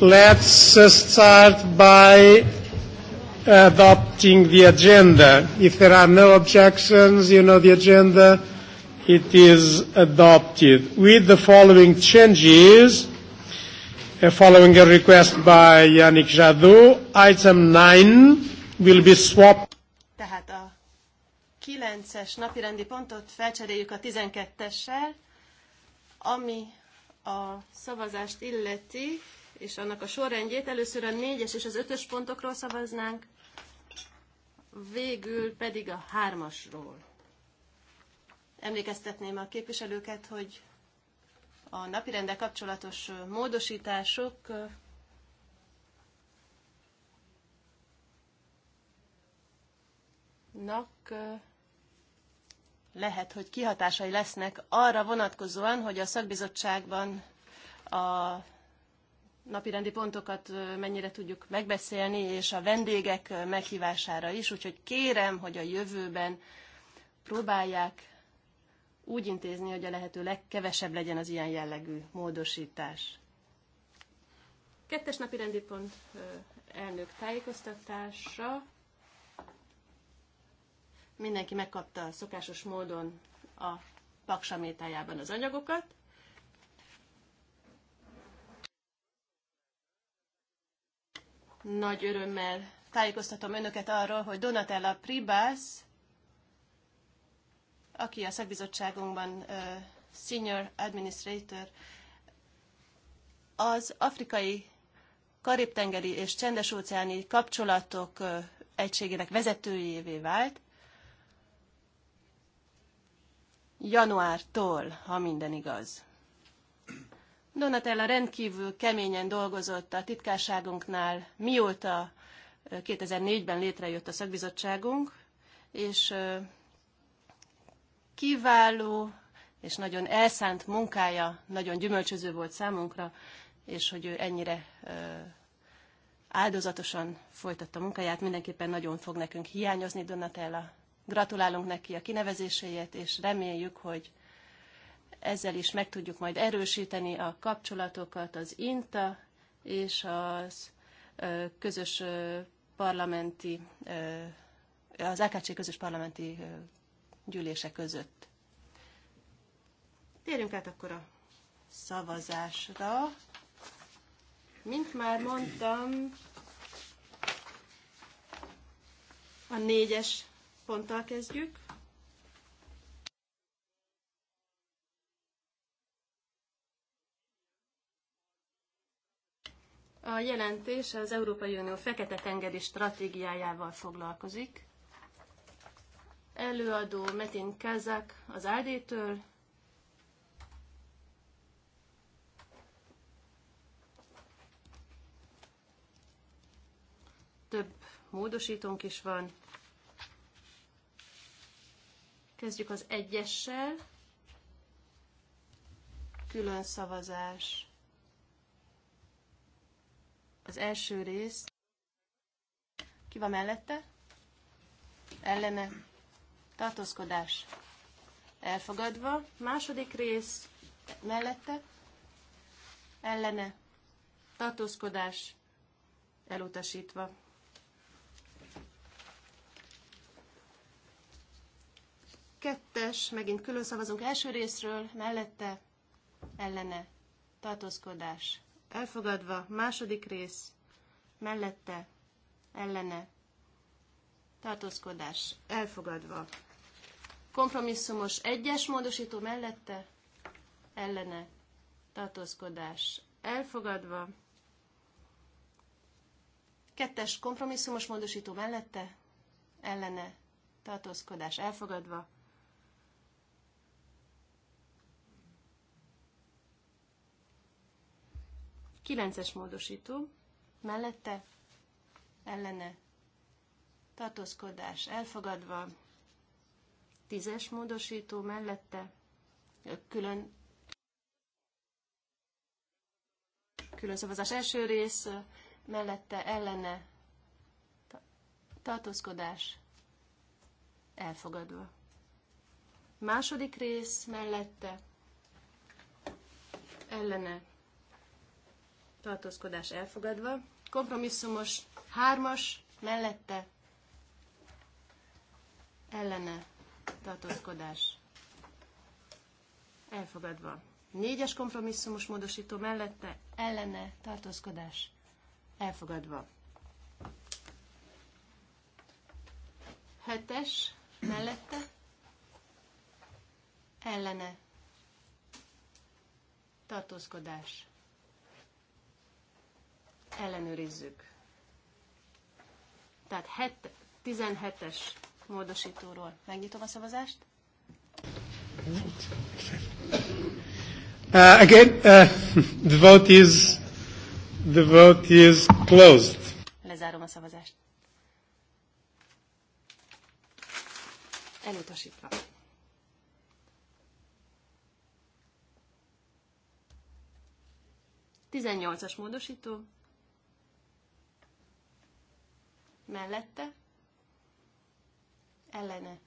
Let's start by adopting the agenda. If there are no objections, you know the agenda, it is adopted with the following changes. Uh, following a request by Yannick Jadot, item 9 will be swapped. Tehát a 9-es napirendi pontot felcseréljük a 12-essel, ami a szavazást illeti, és annak a sorrendjét. Először a négyes és az ötös pontokról szavaznánk, végül pedig a hármasról. Emlékeztetném a képviselőket, hogy a napirendel kapcsolatos módosítások nak lehet, hogy kihatásai lesznek arra vonatkozóan, hogy a szakbizottságban a napirendi pontokat mennyire tudjuk megbeszélni, és a vendégek meghívására is, úgyhogy kérem, hogy a jövőben próbálják úgy intézni, hogy a lehető legkevesebb legyen az ilyen jellegű módosítás. Kettes napi rendi pont elnök tájékoztatása. Mindenki megkapta szokásos módon a paksamétájában az anyagokat. Nagy örömmel tájékoztatom önöket arról, hogy Donatella Pribász, aki a szakbizottságunkban uh, Senior Administrator, az afrikai karib-tengeri és csendes-óceáni kapcsolatok uh, egységének vezetőjévé vált, januártól, ha minden igaz. Donatella rendkívül keményen dolgozott a titkárságunknál, mióta 2004-ben létrejött a szakbizottságunk, és kiváló és nagyon elszánt munkája nagyon gyümölcsöző volt számunkra, és hogy ő ennyire áldozatosan folytatta munkáját, mindenképpen nagyon fog nekünk hiányozni Donatella. Gratulálunk neki a kinevezéséért, és reméljük, hogy ezzel is meg tudjuk majd erősíteni a kapcsolatokat az INTA és az közös parlamenti, az AKC közös parlamenti gyűlése között. Térjünk át akkor a szavazásra. Mint már mondtam, a négyes ponttal kezdjük. A jelentés az Európai Unió Fekete-tengeri stratégiájával foglalkozik. Előadó Metin Kazak az AD-től, több módosítónk is van. Kezdjük az egyessel. Külön szavazás. Az első rész. Ki van mellette? Ellene. Tartózkodás. Elfogadva. Második rész. Mellette. Ellene. Tartózkodás. Elutasítva. Kettes, megint külön szavazunk első részről, mellette, ellene, tartózkodás, elfogadva, második rész, mellette, ellene, tartózkodás, elfogadva. Kompromisszumos egyes módosító mellette, ellene, tartózkodás, elfogadva. Kettes kompromisszumos módosító mellette, ellene, tartózkodás, elfogadva. 9-es módosító, mellette, ellene, tartózkodás elfogadva, 10-es módosító mellette, külön, külön szavazás első rész, mellette, ellene, tartózkodás elfogadva. Második rész mellette, ellene, tartózkodás elfogadva. Kompromisszumos hármas mellette ellene tartózkodás elfogadva. Négyes kompromisszumos módosító mellette ellene tartózkodás elfogadva. Hetes mellette ellene tartózkodás ellenőrizzük. Tehát 17-es módosítóról megnyitom a szavazást. Uh, again, uh, the vote is the vote is closed. Lezárom a szavazást. Elutasítva. Tizennyolcas módosító mellette, ellene,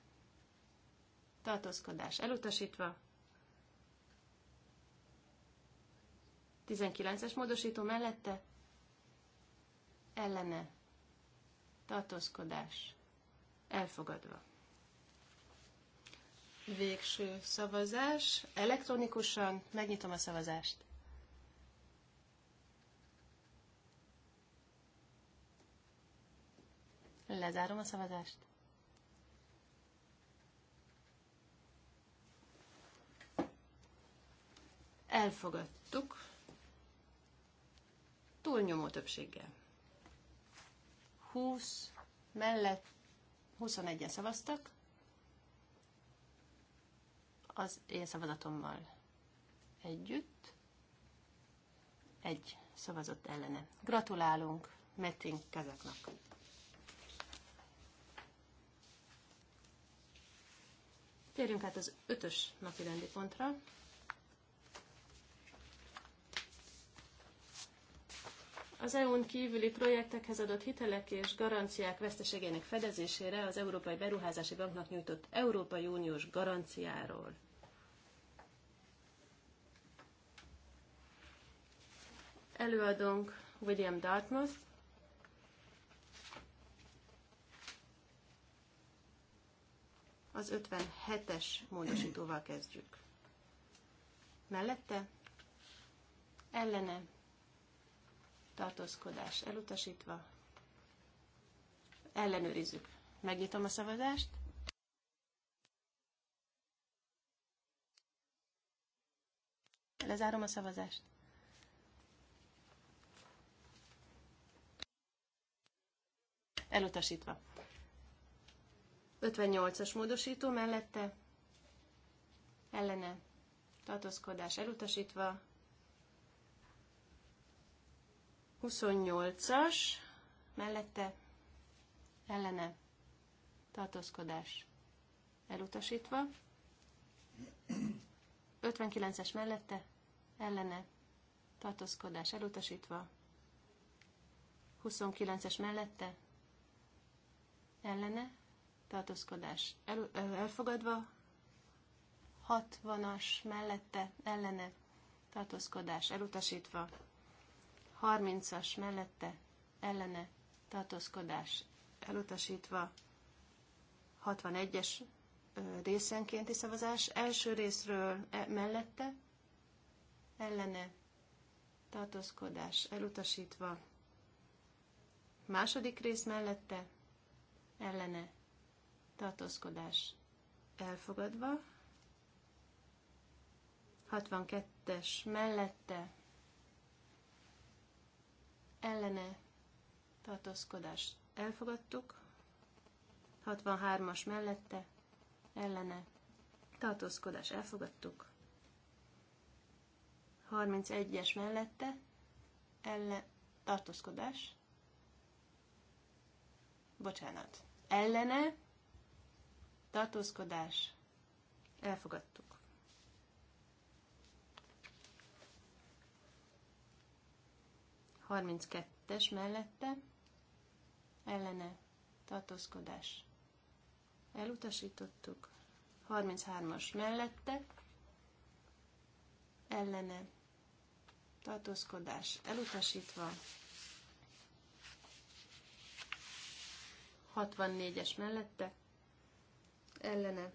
tartózkodás elutasítva, 19-es módosító mellette, ellene, tartózkodás elfogadva. Végső szavazás. Elektronikusan megnyitom a szavazást. Lezárom a szavazást. Elfogadtuk. Túlnyomó többséggel. 20 mellett 21-en szavaztak. Az én szavazatommal együtt. Egy szavazott ellene. Gratulálunk Metin Kazaknak. Térjünk át az ötös napi rendi pontra. Az EU-n kívüli projektekhez adott hitelek és garanciák veszteségének fedezésére az Európai Beruházási Banknak nyújtott Európai Uniós garanciáról. Előadónk William Dartmouth, Az 57-es módosítóval kezdjük. Mellette ellene tartózkodás elutasítva. Ellenőrizzük. Megnyitom a szavazást. Lezárom a szavazást. Elutasítva. 58-as módosító mellette ellene tartózkodás elutasítva. 28-as mellette ellene tartózkodás elutasítva. 59-es mellette ellene tartózkodás elutasítva. 29-es mellette ellene tartózkodás el, elfogadva, 60-as mellette ellene tartózkodás elutasítva, 30-as mellette ellene tartózkodás elutasítva, 61-es részenkénti szavazás első részről e, mellette ellene tartózkodás elutasítva, második rész mellette ellene tartózkodás elfogadva, 62-es mellette ellene tartózkodás elfogadtuk, 63-as mellette ellene tartózkodás elfogadtuk, 31-es mellette ellen tartózkodás, bocsánat, ellene tartózkodás, elfogadtuk. kettes mellette, ellene, tartózkodás, elutasítottuk. 33-as mellette, ellene, tartózkodás, elutasítva. 64-es mellette, ellene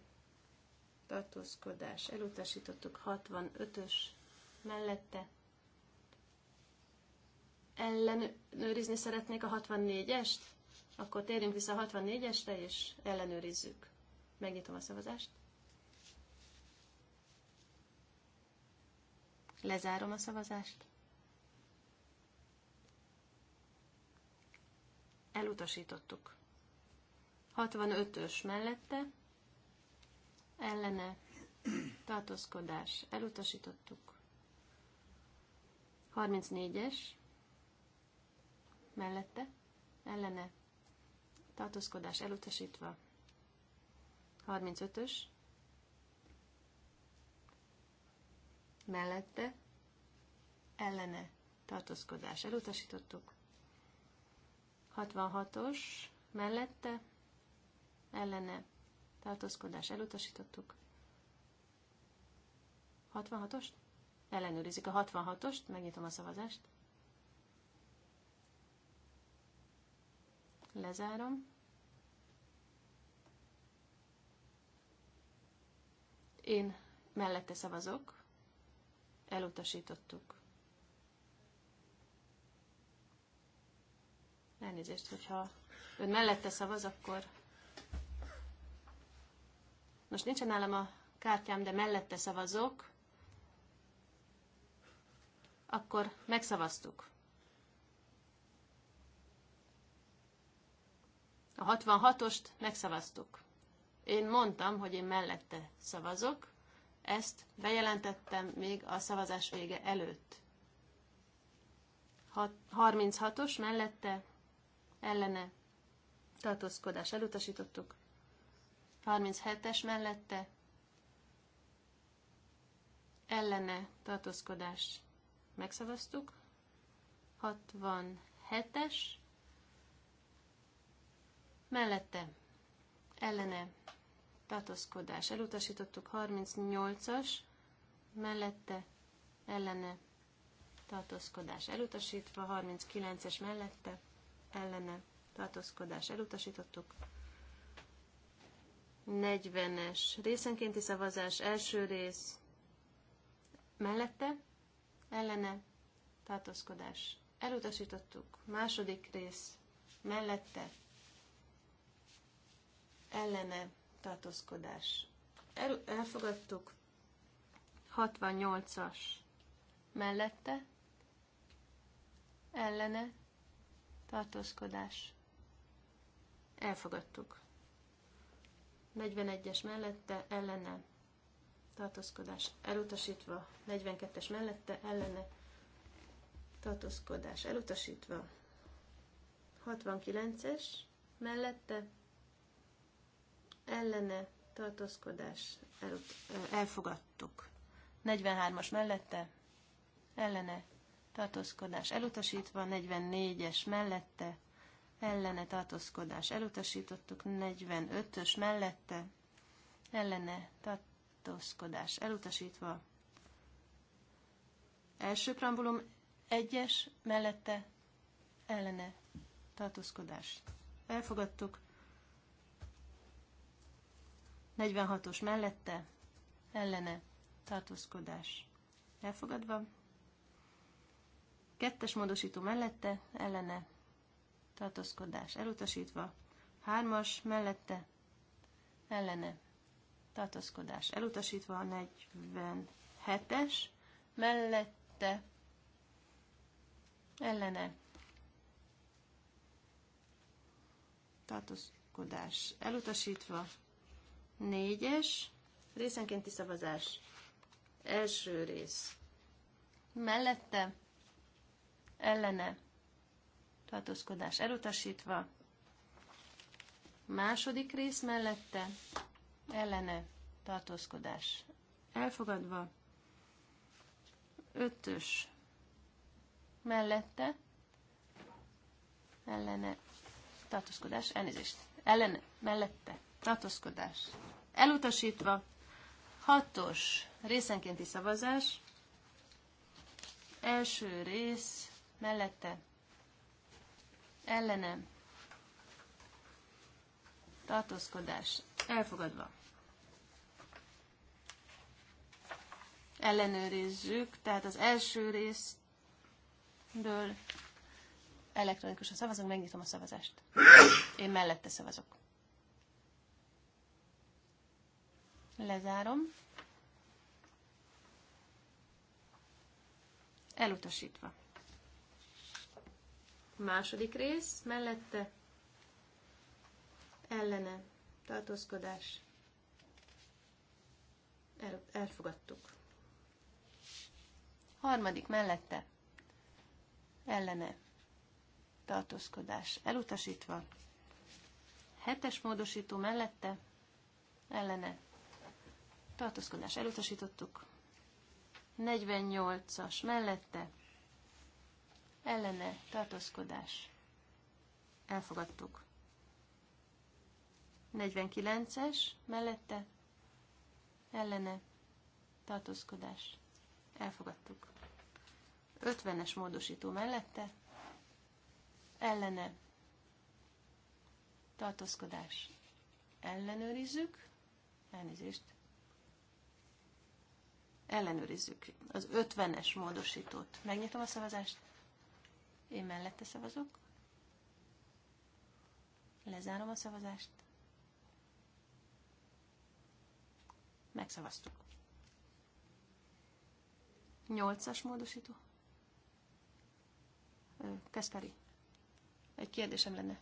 tartózkodás elutasítottuk 65-ös mellette. Ellenőrizni szeretnék a 64-est, akkor térjünk vissza a 64-esre, és ellenőrizzük. Megnyitom a szavazást. Lezárom a szavazást. Elutasítottuk. 65-ös mellette ellene tartózkodás elutasítottuk. 34-es mellette ellene tartózkodás elutasítva. 35-ös mellette ellene tartózkodás elutasítottuk. 66-os mellette ellene tartózkodás elutasítottuk. 66-ost? Ellenőrizik a 66-ost, megnyitom a szavazást. Lezárom. Én mellette szavazok. Elutasítottuk. Elnézést, hogyha ön mellette szavaz, akkor most nincsen nálam a kártyám, de mellette szavazok. Akkor megszavaztuk. A 66-ost megszavaztuk. Én mondtam, hogy én mellette szavazok. Ezt bejelentettem még a szavazás vége előtt. 36-os mellette ellene tartózkodás elutasítottuk. 37-es mellette ellene tartózkodás megszavaztuk. 67-es mellette ellene tartózkodás elutasítottuk. 38-as mellette ellene tartózkodás elutasítva. 39-es mellette ellene tartózkodás elutasítottuk. 40-es részenkénti szavazás, első rész mellette, ellene, tartózkodás. Elutasítottuk. Második rész mellette, ellene, tartózkodás. El, elfogadtuk. 68-as mellette, ellene, tartózkodás. Elfogadtuk. 41-es mellette ellene tartózkodás elutasítva, 42-es mellette ellene tartózkodás elutasítva, 69-es mellette ellene tartózkodás elut- elfogadtuk, 43-as mellette ellene tartózkodás elutasítva, 44-es mellette ellene tartózkodás elutasítottuk, 45-ös mellette ellene tartózkodás elutasítva. Első prambulum 1-es mellette ellene tartózkodás elfogadtuk. 46-os mellette ellene tartózkodás elfogadva. Kettes módosító mellette ellene tartózkodás elutasítva, hármas mellette ellene tartózkodás elutasítva, 47-es mellette ellene tartózkodás elutasítva, 4-es részenkénti szavazás első rész mellette ellene tartózkodás elutasítva. Második rész mellette ellene tartózkodás elfogadva. Ötös mellette ellene tartózkodás, elnézést, ellene, mellette tartózkodás elutasítva. Hatos részenkénti szavazás. Első rész mellette Ellenem. tartózkodás elfogadva. Ellenőrizzük, tehát az első részből elektronikusan szavazunk, megnyitom a szavazást. Én mellette szavazok. Lezárom. Elutasítva. Második rész, mellette ellene tartózkodás. El, elfogadtuk. Harmadik mellette ellene tartózkodás elutasítva. Hetes módosító mellette ellene tartózkodás elutasítottuk. 48-as mellette ellene tartózkodás elfogadtuk. 49-es mellette ellene tartózkodás elfogadtuk. 50-es módosító mellette ellene tartózkodás ellenőrizzük, elnézést, ellenőrizzük az 50-es módosítót. Megnyitom a szavazást. Én mellette szavazok. Lezárom a szavazást. Megszavaztuk. Nyolcas módosító. Keszperi. Egy kérdésem lenne.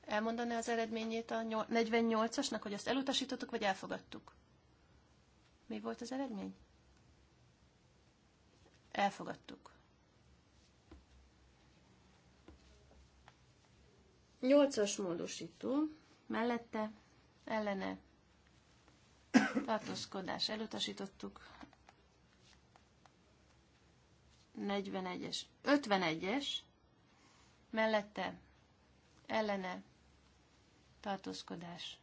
Elmondaná az eredményét a 48-asnak, hogy azt elutasítottuk, vagy elfogadtuk? Mi volt az eredmény? Elfogadtuk. Nyolcas módosító, mellette, ellene, tartózkodás elutasítottuk. 41-es, 51-es, mellette, ellene, tartózkodás.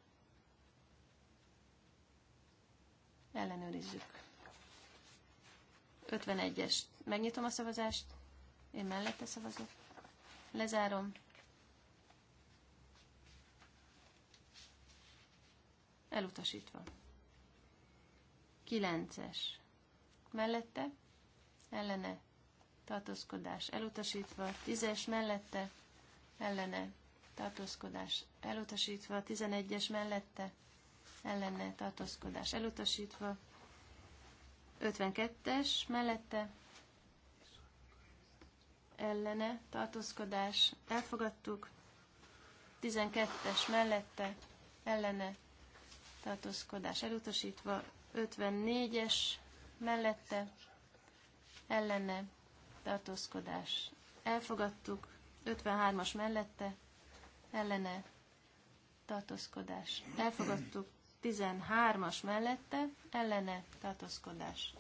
Ellenőrizzük. 51-es. Megnyitom a szavazást. Én mellette szavazok. Lezárom. Elutasítva. Kilences Mellette. Ellene. Tartózkodás elutasítva. Tízes mellette. Ellene. Tartózkodás elutasítva. Tizenegyes mellette. Ellene. Tartózkodás elutasítva. 52-es mellette ellene tartózkodás elfogadtuk, 12-es mellette ellene tartózkodás elutasítva, 54-es mellette ellene tartózkodás elfogadtuk, 53-as mellette ellene tartózkodás elfogadtuk, 13-as mellette ellene tartózkodás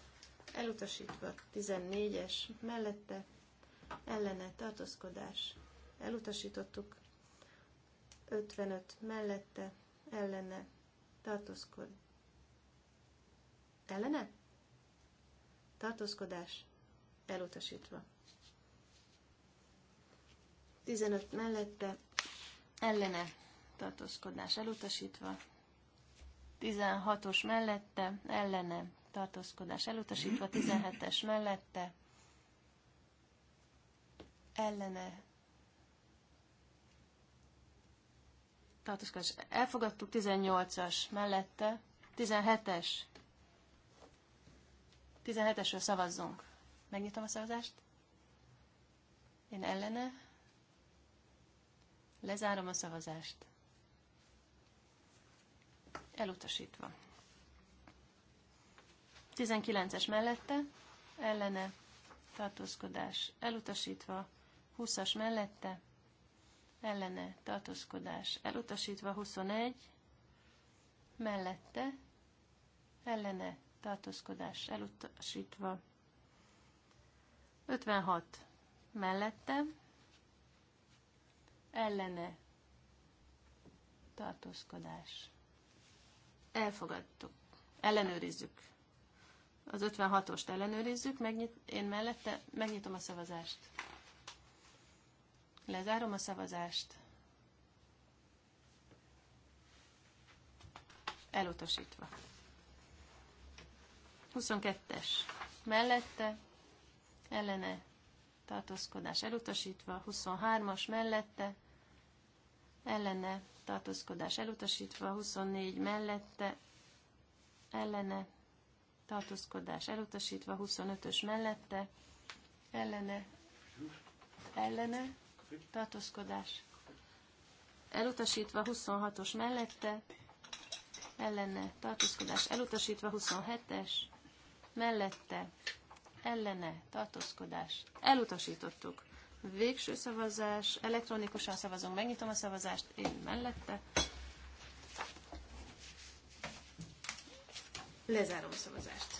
elutasítva, 14-es mellette ellene tartózkodás elutasítottuk, 55 mellette ellene tartózkod. Ellene? Tartózkodás elutasítva. 15 mellette ellene tartózkodás elutasítva. 16-os mellette ellene tartózkodás elutasítva. 17-es mellette ellene tartózkodás elfogadtuk, 18-as mellette, 17-es. 17-esről szavazzunk. Megnyitom a szavazást. Én ellene. Lezárom a szavazást. Elutasítva. 19-es mellette, ellene, tartózkodás elutasítva, 20-as mellette, ellene tartózkodás elutasítva 21, mellette ellene tartózkodás elutasítva 56, mellette ellene tartózkodás elfogadtuk, ellenőrizzük. Az 56-ost ellenőrizzük, megnyit, én mellette megnyitom a szavazást. Lezárom a szavazást. Elutasítva. 22-es. Mellette, ellene, tartózkodás elutasítva. 23-as mellette, ellene, tartózkodás elutasítva. 24 mellette, ellene, tartózkodás elutasítva. 25-ös mellette, ellene, ellene, tartózkodás elutasítva 26-os mellette, ellene tartózkodás elutasítva 27-es, mellette, ellene tartózkodás elutasítottuk. Végső szavazás, elektronikusan szavazunk, megnyitom a szavazást, én mellette. Lezárom a szavazást.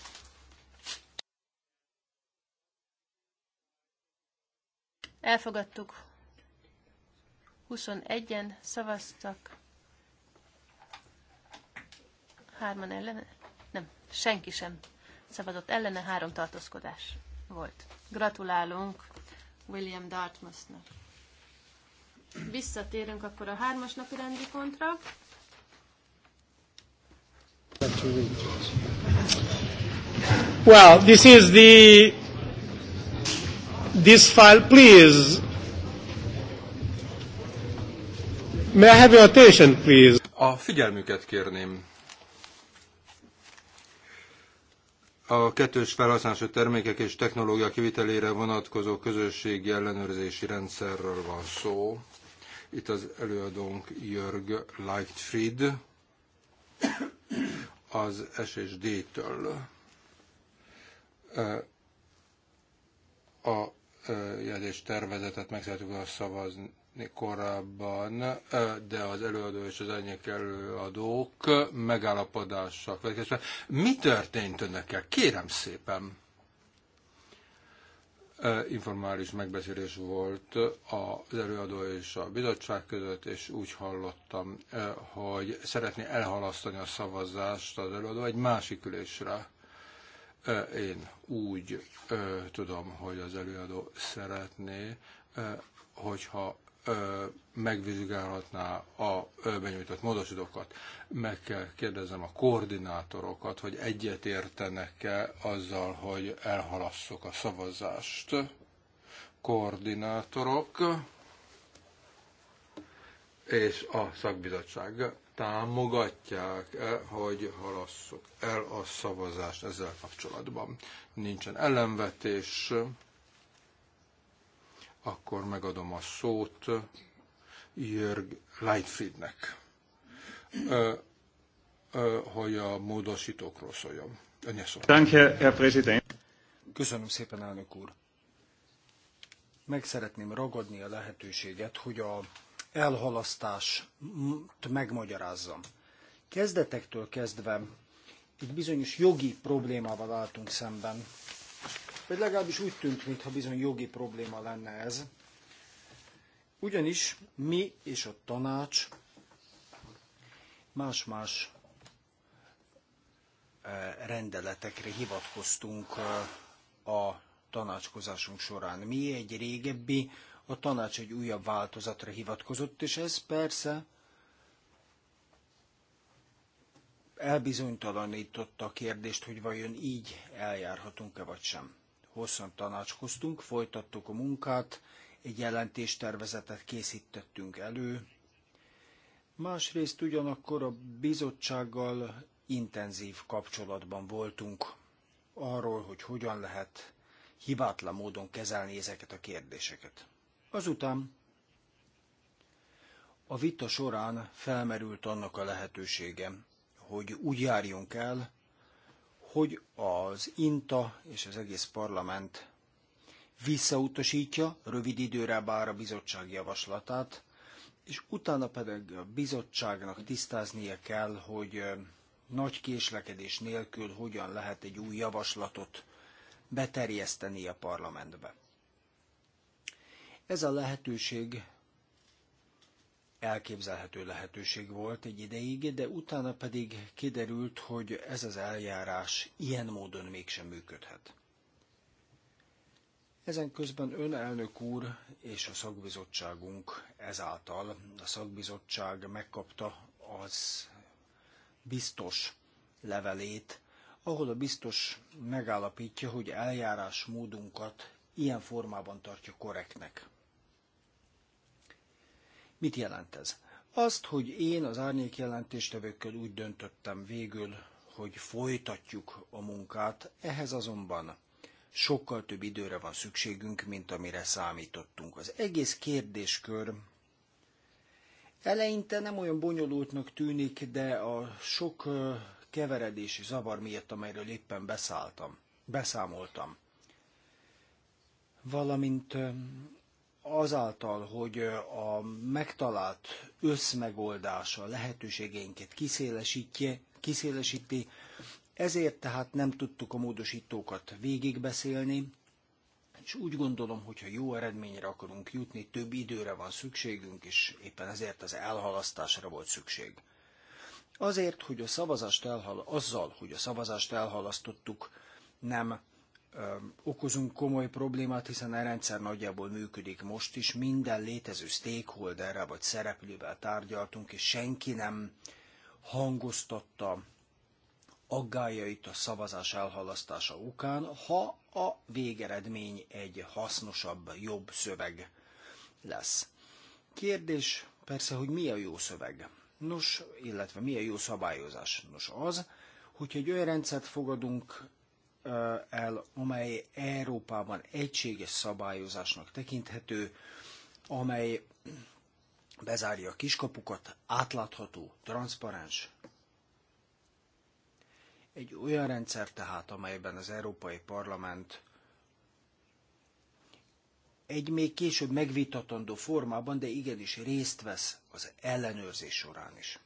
Elfogadtuk 21-en szavaztak, hárman ellene, nem, senki sem szavazott ellene, három tartózkodás volt. Gratulálunk William Dartmouthnak. Visszatérünk akkor a hármas napi rendi pontra. Well, this is the this file, please. May I have your attention, please? A figyelmüket kérném. A kettős felhasználású termékek és technológia kivitelére vonatkozó közösségi ellenőrzési rendszerről van szó. Itt az előadónk Jörg Leichtfried az SSD-től. A jelentés tervezetet meg szeretjük szavazni, korábban, de az előadó és az enyék előadók megállapodással következve. Mi történt önökkel? Kérem szépen! Informális megbeszélés volt az előadó és a bizottság között, és úgy hallottam, hogy szeretné elhalasztani a szavazást az előadó egy másik ülésre. Én úgy tudom, hogy az előadó szeretné, hogyha megvizsgálhatná a benyújtott módosítókat. Meg kell kérdezem a koordinátorokat, hogy egyet értenek-e azzal, hogy elhalasszuk a szavazást. Koordinátorok és a szakbizottság támogatják -e, hogy halasszuk el a szavazást ezzel kapcsolatban. Nincsen ellenvetés akkor megadom a szót Jörg Leitfriednek, hogy a módosítókról szóljon. Önye szól. Köszönöm szépen, elnök úr. Meg szeretném ragadni a lehetőséget, hogy a elhalasztást megmagyarázzam. Kezdetektől kezdve egy bizonyos jogi problémával álltunk szemben, vagy legalábbis úgy tűnt, mintha bizony jogi probléma lenne ez. Ugyanis mi és a tanács más-más e, rendeletekre hivatkoztunk e, a tanácskozásunk során. Mi egy régebbi, a tanács egy újabb változatra hivatkozott, és ez persze elbizonytalanította a kérdést, hogy vajon így eljárhatunk-e vagy sem hosszan tanácskoztunk, folytattuk a munkát, egy jelentéstervezetet készítettünk elő. Másrészt ugyanakkor a bizottsággal intenzív kapcsolatban voltunk arról, hogy hogyan lehet hibátlan módon kezelni ezeket a kérdéseket. Azután a vita során felmerült annak a lehetősége, hogy úgy járjunk el, hogy az INTA és az egész parlament visszautasítja rövid időre bár a bizottság javaslatát, és utána pedig a bizottságnak tisztáznia kell, hogy nagy késlekedés nélkül hogyan lehet egy új javaslatot beterjeszteni a parlamentbe. Ez a lehetőség elképzelhető lehetőség volt egy ideig, de utána pedig kiderült, hogy ez az eljárás ilyen módon mégsem működhet. Ezen közben ön elnök úr és a szakbizottságunk ezáltal, a szakbizottság megkapta az biztos levelét, ahol a biztos megállapítja, hogy eljárásmódunkat ilyen formában tartja korrektnek. Mit jelent ez? Azt, hogy én az árnyék jelentéstevőkkel úgy döntöttem végül, hogy folytatjuk a munkát, ehhez azonban sokkal több időre van szükségünk, mint amire számítottunk. Az egész kérdéskör eleinte nem olyan bonyolultnak tűnik, de a sok keveredési zavar miatt, amelyről éppen beszálltam, beszámoltam, valamint azáltal, hogy a megtalált összmegoldása lehetőségeinket kiszélesíti, ezért tehát nem tudtuk a módosítókat végigbeszélni, és úgy gondolom, hogy ha jó eredményre akarunk jutni, több időre van szükségünk, és éppen ezért az elhalasztásra volt szükség. Azért, hogy a szavazást elhal, azzal, hogy a szavazást elhalasztottuk, nem okozunk komoly problémát, hiszen a rendszer nagyjából működik most is, minden létező stakeholderrel vagy szereplővel tárgyaltunk, és senki nem hangoztatta aggájait a szavazás elhalasztása okán, ha a végeredmény egy hasznosabb, jobb szöveg lesz. Kérdés persze, hogy mi a jó szöveg. Nos, illetve mi a jó szabályozás? Nos, az, hogyha egy olyan rendszert fogadunk el, amely Európában egységes szabályozásnak tekinthető, amely bezárja a kiskapukat, átlátható, transzparens. Egy olyan rendszer tehát, amelyben az Európai Parlament egy még később megvitatandó formában, de igenis részt vesz az ellenőrzés során is.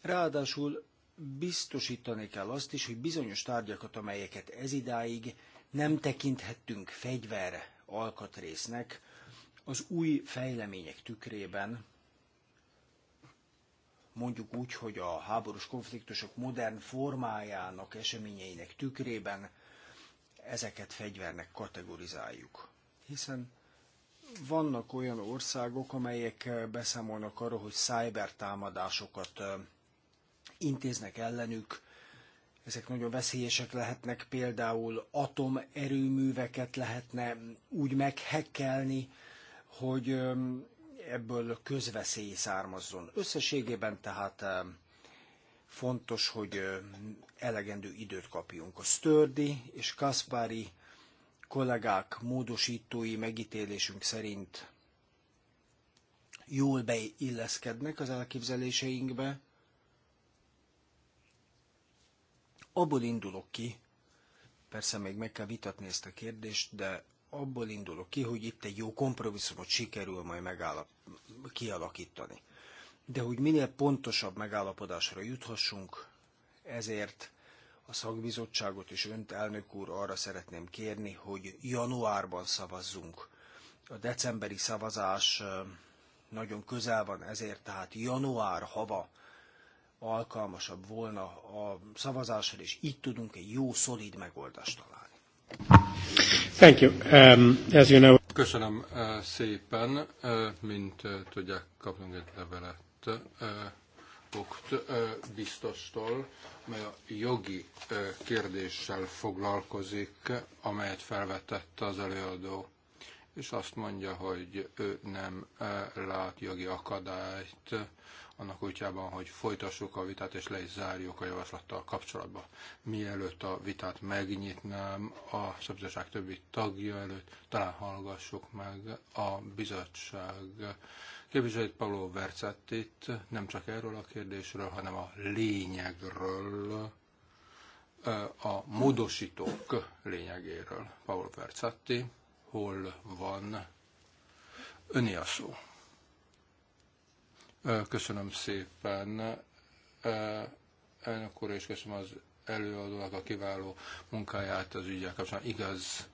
Ráadásul biztosítani kell azt is, hogy bizonyos tárgyakat, amelyeket ez idáig nem tekinthettünk fegyver alkatrésznek, az új fejlemények tükrében, mondjuk úgy, hogy a háborús konfliktusok modern formájának, eseményeinek tükrében ezeket fegyvernek kategorizáljuk. Hiszen vannak olyan országok, amelyek beszámolnak arról, hogy szájbertámadásokat támadásokat intéznek ellenük. Ezek nagyon veszélyesek lehetnek, például atomerőműveket lehetne úgy meghekkelni, hogy ebből közveszély származzon. Összességében tehát fontos, hogy elegendő időt kapjunk. A Stördi és Kaspari kollégák módosítói megítélésünk szerint jól beilleszkednek az elképzeléseinkbe, abból indulok ki, persze még meg kell vitatni ezt a kérdést, de abból indulok ki, hogy itt egy jó kompromisszumot sikerül majd megállap, kialakítani. De hogy minél pontosabb megállapodásra juthassunk, ezért a szakbizottságot és önt, elnök úr, arra szeretném kérni, hogy januárban szavazzunk. A decemberi szavazás nagyon közel van, ezért tehát január hava alkalmasabb volna a szavazásra, és így tudunk egy jó, szolid megoldást találni. Thank you. Um, as you know... Köszönöm uh, szépen, uh, mint uh, tudják, kapunk egy levelet uh, biztostól, mely a jogi kérdéssel foglalkozik, amelyet felvetett az előadó és azt mondja, hogy ő nem e, lát jogi akadályt annak útjában, hogy folytassuk a vitát és le is zárjuk a javaslattal kapcsolatban. Mielőtt a vitát megnyitnám a szabadság többi tagja előtt, talán hallgassuk meg a bizottság képviselőt Pablo Vercettit, nem csak erről a kérdésről, hanem a lényegről, e, a módosítók lényegéről. Paolo Vercetti hol van. Öné a szó. Köszönöm szépen, elnök úr, és köszönöm az előadónak a kiváló munkáját az ügyel kapcsolatban. Igaz,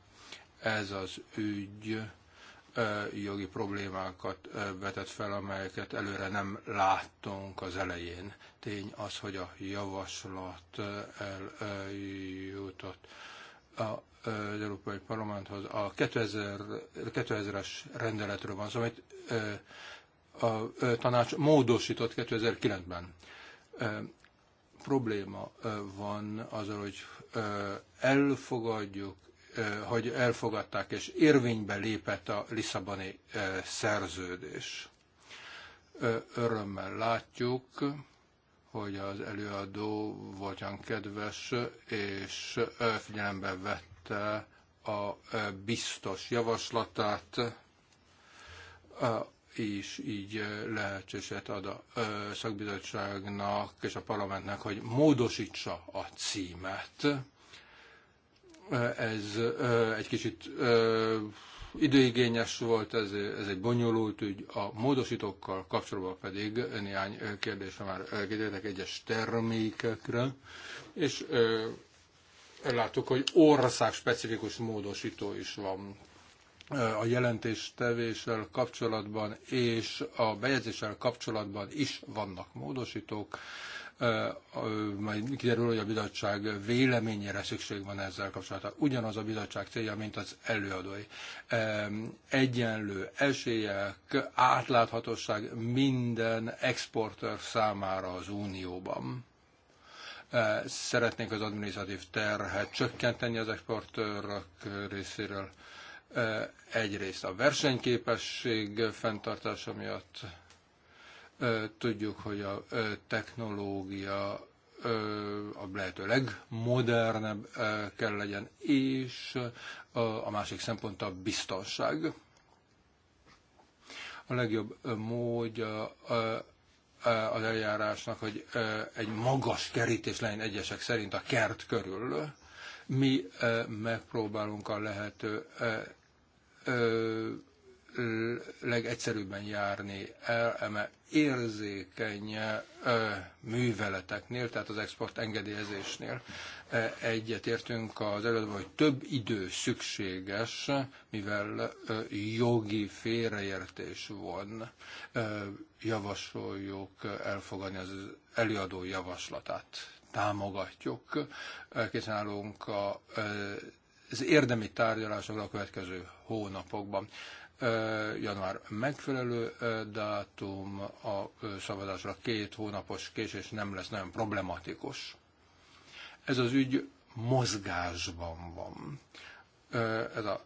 ez az ügy jogi problémákat vetett fel, amelyeket előre nem láttunk az elején. Tény az, hogy a javaslat eljutott a az Európai Parlamenthoz. A 2000, 2000-es rendeletről van szó, amit a tanács módosított 2009-ben. Probléma van azzal, hogy elfogadjuk, hogy elfogadták és érvénybe lépett a Lisszaboni szerződés. Örömmel látjuk, hogy az előadó voltan kedves, és figyelembe vett támogatta eh, a eh, biztos javaslatát, eh, és így lehetséget ad a szakbizottságnak és a parlamentnek, hogy módosítsa a címet. Ez egy kicsit időigényes volt, ez, ez egy bonyolult ügy, a módosítókkal kapcsolatban pedig néhány kérdésre már kérdeztek egyes termékekre, és láttuk, hogy országspecifikus módosító is van a jelentéstevéssel kapcsolatban és a bejegyzéssel kapcsolatban is vannak módosítók. Majd kiderül, hogy a bizottság véleményére szükség van ezzel kapcsolatban. Ugyanaz a bizottság célja, mint az előadói. Egyenlő esélyek, átláthatóság minden exportőr számára az Unióban Szeretnénk az adminisztratív terhet csökkenteni az exportőrök részéről. Egyrészt a versenyképesség fenntartása miatt tudjuk, hogy a technológia a lehető legmodernebb kell legyen, és a másik szempont a biztonság. A legjobb módja az eljárásnak, hogy egy magas kerítés legyen egyesek szerint a kert körül. Mi megpróbálunk a lehető legegyszerűbben járni el eme érzékeny műveleteknél, tehát az export engedélyezésnél. Egyetértünk az előbb, hogy több idő szükséges, mivel jogi félreértés van. Javasoljuk elfogadni az előadó javaslatát. Támogatjuk. Készen állunk a az érdemi tárgyalásokra a következő hónapokban január megfelelő dátum a szavazásra két hónapos késés nem lesz nagyon problematikus. Ez az ügy mozgásban van. Ez a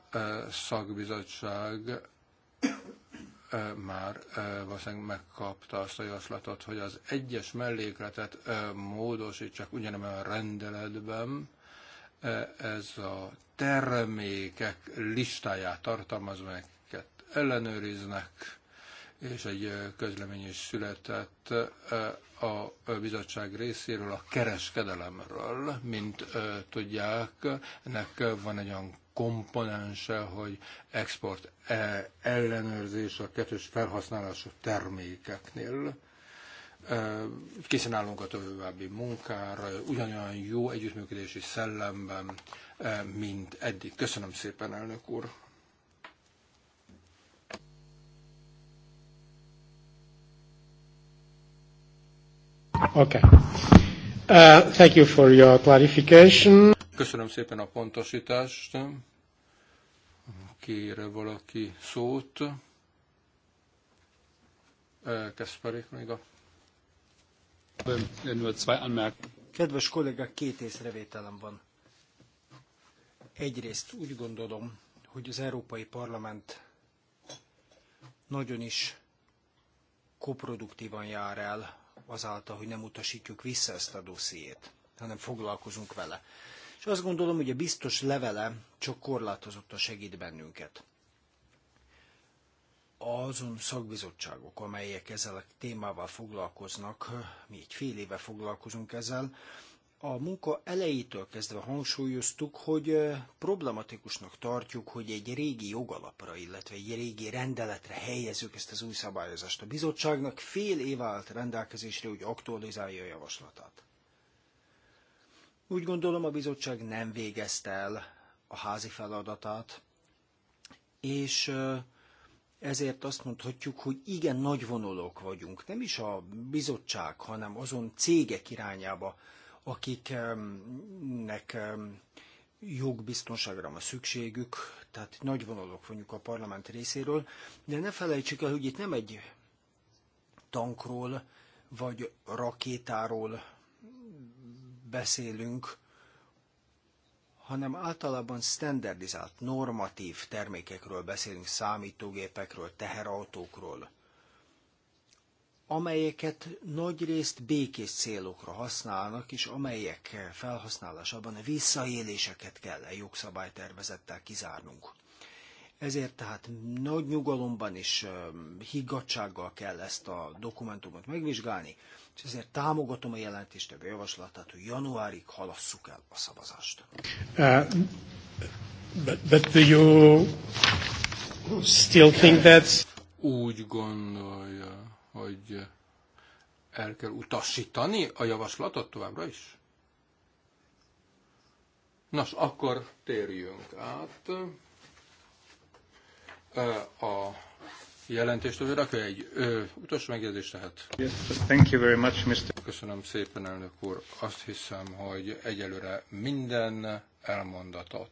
szakbizottság már valószínűleg megkapta azt a javaslatot, hogy az egyes mellékletet módosítsak ugyanebben a rendeletben, ez a termékek listáját tartalmaz, meg ellenőriznek, és egy közlemény is született a bizottság részéről a kereskedelemről, mint tudják, ennek van egy olyan komponense, hogy export e, ellenőrzés a kettős felhasználású termékeknél. Készen állunk a további munkára, ugyanolyan jó együttműködési szellemben, mint eddig. Köszönöm szépen, elnök úr! Okay. Uh, thank you for your clarification. Köszönöm szépen a pontosítást. Kére valaki szót. Uh, még a... Kedves kollégák, két észrevételem van. Egyrészt úgy gondolom, hogy az Európai Parlament nagyon is koproduktívan jár el azáltal, hogy nem utasítjuk vissza ezt a dossziét, hanem foglalkozunk vele. És azt gondolom, hogy a biztos levele csak korlátozottan segít bennünket. Azon szakbizottságok, amelyek ezzel a témával foglalkoznak, mi egy fél éve foglalkozunk ezzel, a munka elejétől kezdve hangsúlyoztuk, hogy problematikusnak tartjuk, hogy egy régi jogalapra, illetve egy régi rendeletre helyezzük ezt az új szabályozást. A bizottságnak fél év állt rendelkezésre, hogy aktualizálja a javaslatát. Úgy gondolom, a bizottság nem végezte el a házi feladatát, és ezért azt mondhatjuk, hogy igen nagy vonulók vagyunk. Nem is a bizottság, hanem azon cégek irányába akiknek jogbiztonságra van szükségük, tehát nagy vonalok vonjuk a parlament részéről, de ne felejtsük el, hogy itt nem egy tankról vagy rakétáról beszélünk, hanem általában standardizált, normatív termékekről beszélünk, számítógépekről, teherautókról, amelyeket nagyrészt békés célokra használnak, és amelyek felhasználásában a visszaéléseket kell a jogszabálytervezettel kizárnunk. Ezért tehát nagy nyugalomban és higgadsággal kell ezt a dokumentumot megvizsgálni, és ezért támogatom a a javaslatát, hogy januárig halasszuk el a szavazást. Uh, but, but do you still think that... Úgy gondolja, hogy el kell utasítani a javaslatot továbbra is? Nos, akkor térjünk át a hogy rakja egy ö, utolsó megjegyzést tehát. Yes, thank you very much, Mr. Köszönöm szépen, elnök úr. Azt hiszem, hogy egyelőre minden elmondatot.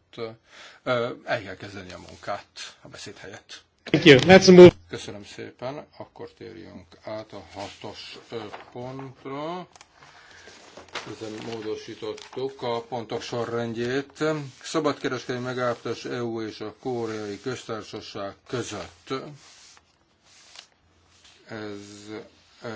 El kell kezdeni a munkát a beszéd helyett. Thank you. Let's move. Köszönöm szépen. Akkor térjünk át a hatos pontra. Ezen módosítottuk a pontok sorrendjét. Szabadkereskedelmi megállapodás EU és a Koreai Köztársaság között. Ez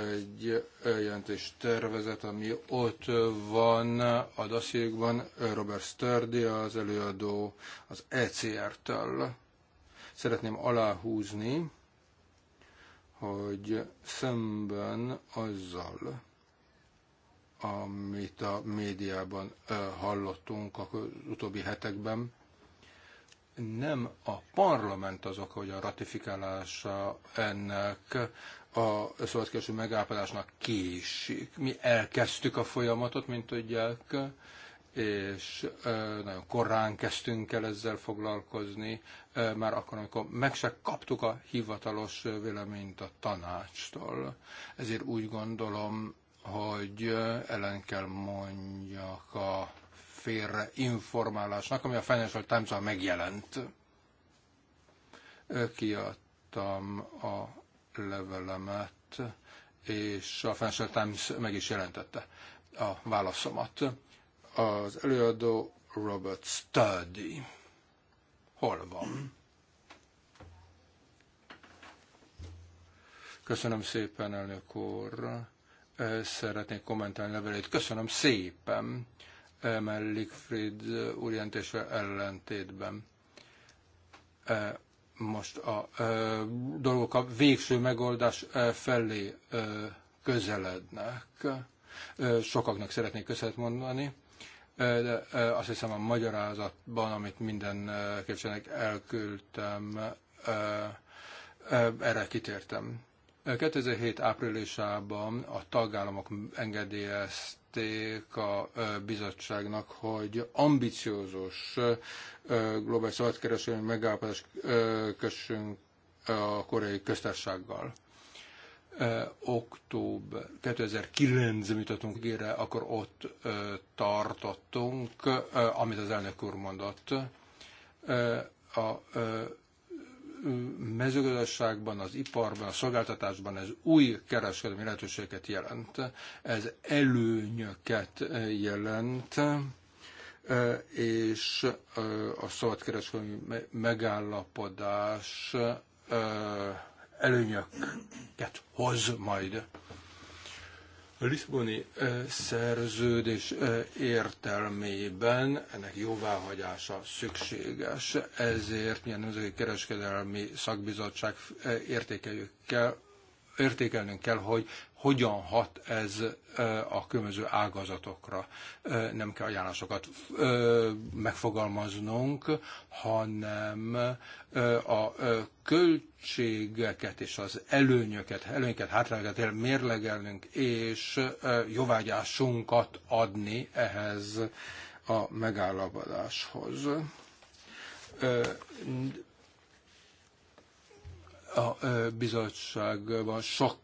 egy jelentés tervezet, ami ott van a daszékban. Robert Sturdy az előadó az ECR-től. Szeretném aláhúzni, hogy szemben azzal, amit a médiában hallottunk az utóbbi hetekben, nem a parlament az oka, hogy a ratifikálása ennek a szabadkereső megállapodásnak késik. Mi elkezdtük a folyamatot, mint tudják, és nagyon korán kezdtünk el ezzel foglalkozni, már akkor, amikor meg se kaptuk a hivatalos véleményt a tanácstól. Ezért úgy gondolom, hogy ellen kell mondjak a félre informálásnak, ami a Financial times megjelent. Kiadtam a levelemet, és a Financial Times meg is jelentette a válaszomat az előadó Robert Sturdy. Hol van? Köszönöm szépen, elnök úr. Eh, szeretnék kommentálni levelét. Köszönöm szépen, eh, mert Ligfried úrjentésre ellentétben eh, most a dolgok a végső megoldás felé közelednek. sokaknak szeretnék köszönet mondani, de azt hiszem a magyarázatban, amit minden képviselőnek elküldtem, erre kitértem. 2007 áprilisában a tagállamok engedélyezték a bizottságnak, hogy ambiciózus globális szabadkereskedelmi megállapodást kössünk a koreai köztársasággal október 2009 mutatunk ére, akkor ott tartottunk, amit az elnök úr mondott. A mezőgazdaságban, az iparban, a szolgáltatásban ez új kereskedelmi lehetőséget jelent, ez előnyöket jelent, és a szabadkereskedelmi megállapodás előnyöket hoz majd. A Lisboni szerződés értelmében ennek jóváhagyása szükséges, ezért mi a Nemzeti Kereskedelmi Szakbizottság értékeljük kell, értékelnünk kell, hogy hogyan hat ez a különböző ágazatokra. Nem kell ajánlásokat megfogalmaznunk, hanem a költségeket és az előnyöket, előnyöket, hátrányokat mérlegelnünk, és jóvágyásunkat adni ehhez a megállapodáshoz a bizottságban sok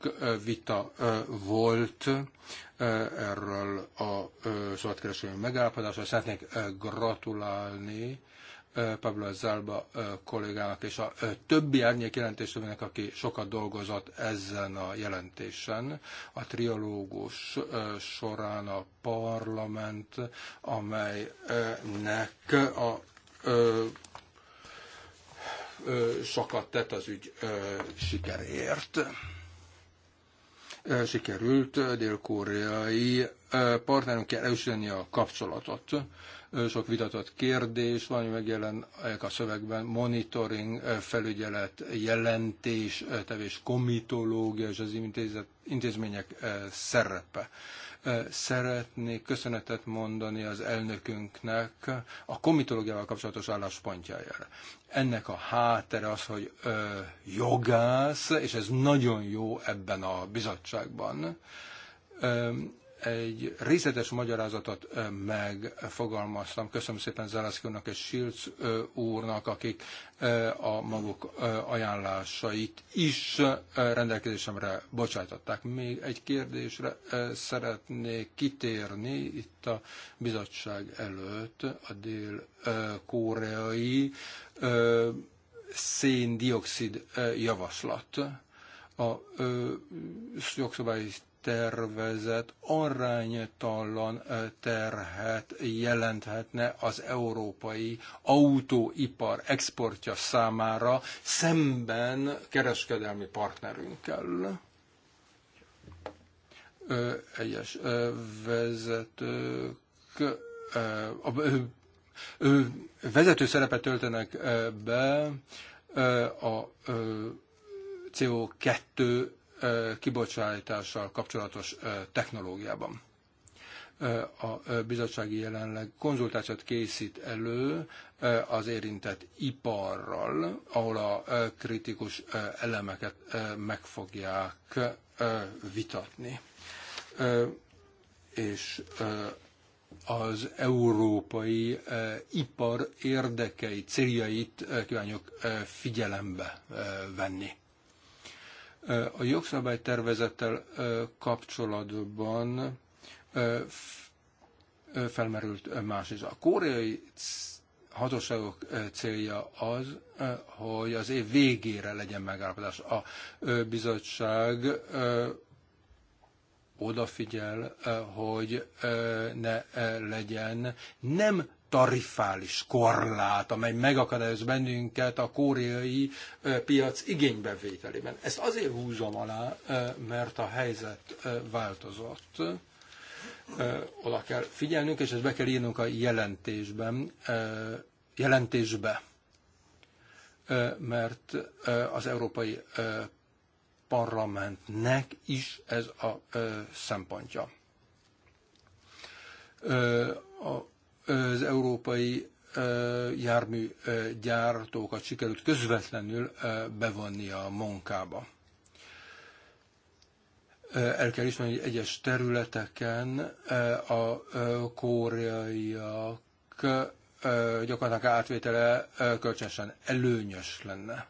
vita volt erről a szabadkereskedelmi megállapodásról. Szeretnék gratulálni Pablo Zalba kollégának és a többi árnyék jelentéstevőnek, aki sokat dolgozott ezen a jelentésen. A triológus során a parlament, amelynek a sokat tett az ügy sikerért, Sikerült dél-koreai kell erősíteni a kapcsolatot. Sok vitatott kérdés van, megjelenek a szövegben monitoring, felügyelet, jelentés, tevés komitológia és az intézet, intézmények szerepe. Szeretnék köszönetet mondani az elnökünknek a komitológiával kapcsolatos álláspontjájára. Ennek a háttere az, hogy jogász, és ez nagyon jó ebben a bizottságban, egy részletes magyarázatot megfogalmaztam. Köszönöm szépen Zelászki úrnak és Silc úrnak, akik a maguk ajánlásait is rendelkezésemre bocsátották. Még egy kérdésre szeretnék kitérni itt a bizottság előtt a dél-koreai széndiokszid javaslat a jogszabályi tervezet aránytalan terhet jelenthetne az európai autóipar exportja számára szemben kereskedelmi partnerünkkel. Egyes vezetők a vezető szerepet töltenek be a CO2 kibocsátással kapcsolatos technológiában. A bizottsági jelenleg konzultációt készít elő az érintett iparral, ahol a kritikus elemeket meg fogják vitatni. És az európai ipar érdekei, céljait kívánjuk figyelembe venni a jogszabálytervezettel kapcsolatban felmerült más is. A koreai hatóságok célja az, hogy az év végére legyen megállapodás. A bizottság odafigyel, hogy ne legyen nem tarifális korlát, amely megakadályoz bennünket a koreai piac igénybevételében. Ezt azért húzom alá, mert a helyzet változott. Oda kell figyelnünk, és ezt be kell írnunk a jelentésben, jelentésbe. Mert az Európai Parlamentnek is ez a szempontja. A az európai járműgyártókat sikerült közvetlenül bevonni a munkába. El kell ismerni, hogy egyes területeken a koreaiak gyakorlatilag átvétele kölcsönösen előnyös lenne.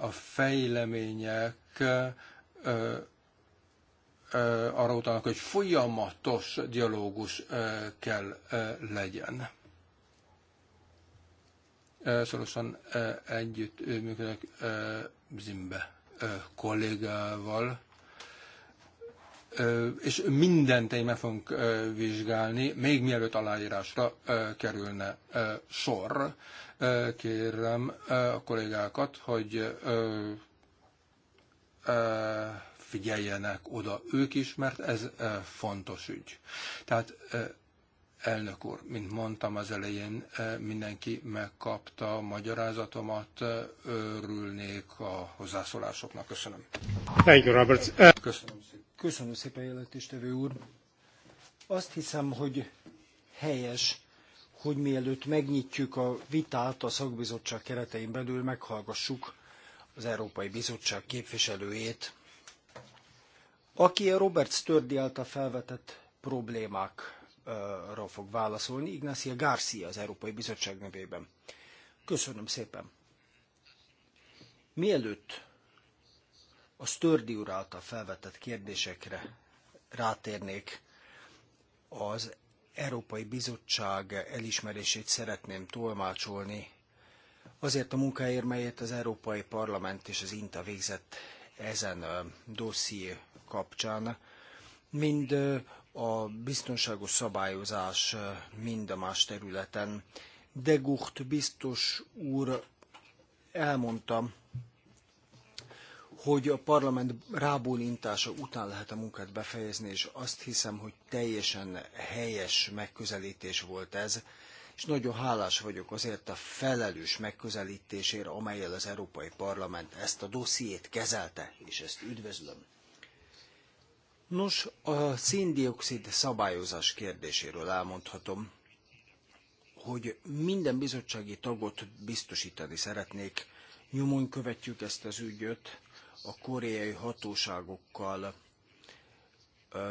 A fejlemények arra utalnak, hogy folyamatos dialógus kell legyen. Szorosan együtt működök Zimbe kollégával, és mindent én meg fogunk vizsgálni, még mielőtt aláírásra kerülne sor. Kérem a kollégákat, hogy figyeljenek oda ők is, mert ez eh, fontos ügy. Tehát eh, elnök úr, mint mondtam az elején, eh, mindenki megkapta a magyarázatomat, örülnék a hozzászólásoknak. Köszönöm. Thank you, Robert. Köszönöm szépen. Köszönöm szépen, jelentéstevő úr. Azt hiszem, hogy helyes, hogy mielőtt megnyitjuk a vitát a szakbizottság keretein belül, meghallgassuk az Európai Bizottság képviselőjét, aki a Robert Sturdy által felvetett problémákra fog válaszolni, Ignacia Garcia az Európai Bizottság nevében. Köszönöm szépen! Mielőtt a Sturdy úr által felvetett kérdésekre rátérnék, az Európai Bizottság elismerését szeretném tolmácsolni, azért a munkáért, melyet az Európai Parlament és az INTA végzett ezen a dosszié kapcsán, mind a biztonságos szabályozás, mind a más területen. De Gucht biztos úr elmondta, hogy a parlament rábólintása után lehet a munkát befejezni, és azt hiszem, hogy teljesen helyes megközelítés volt ez és nagyon hálás vagyok azért a felelős megközelítésére, amelyel az Európai Parlament ezt a dossziét kezelte, és ezt üdvözlöm. Nos, a széndiokszid szabályozás kérdéséről elmondhatom, hogy minden bizottsági tagot biztosítani szeretnék. Nyomon követjük ezt az ügyöt, a koreai hatóságokkal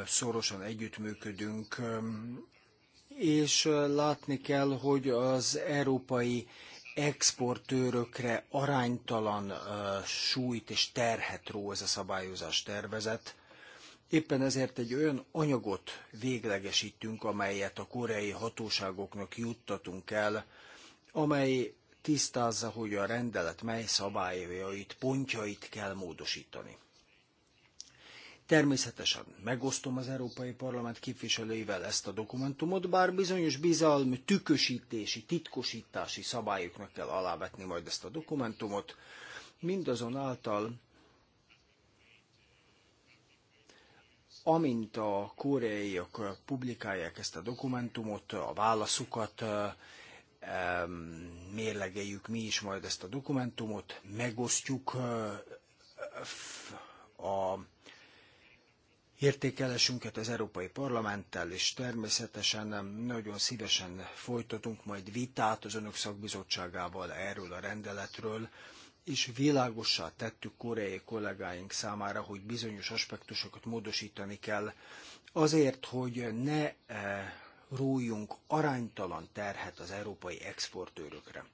szorosan együttműködünk, és látni kell, hogy az európai exportőrökre aránytalan súlyt és terhet ró ez a szabályozás tervezet. Éppen ezért egy olyan anyagot véglegesítünk, amelyet a koreai hatóságoknak juttatunk el, amely tisztázza, hogy a rendelet mely szabályait, pontjait kell módosítani. Természetesen megosztom az Európai Parlament képviselőivel ezt a dokumentumot, bár bizonyos bizalmi tükösítési, titkosítási szabályoknak kell alávetni majd ezt a dokumentumot. Mindazonáltal, amint a koreaiak publikálják ezt a dokumentumot, a válaszukat, mérlegeljük mi is majd ezt a dokumentumot, megosztjuk a értékelésünket az Európai Parlamenttel, és természetesen nagyon szívesen folytatunk majd vitát az Önök szakbizottságával erről a rendeletről, és világossá tettük koreai kollégáink számára, hogy bizonyos aspektusokat módosítani kell, azért, hogy ne eh, rójunk aránytalan terhet az európai exportőrökre.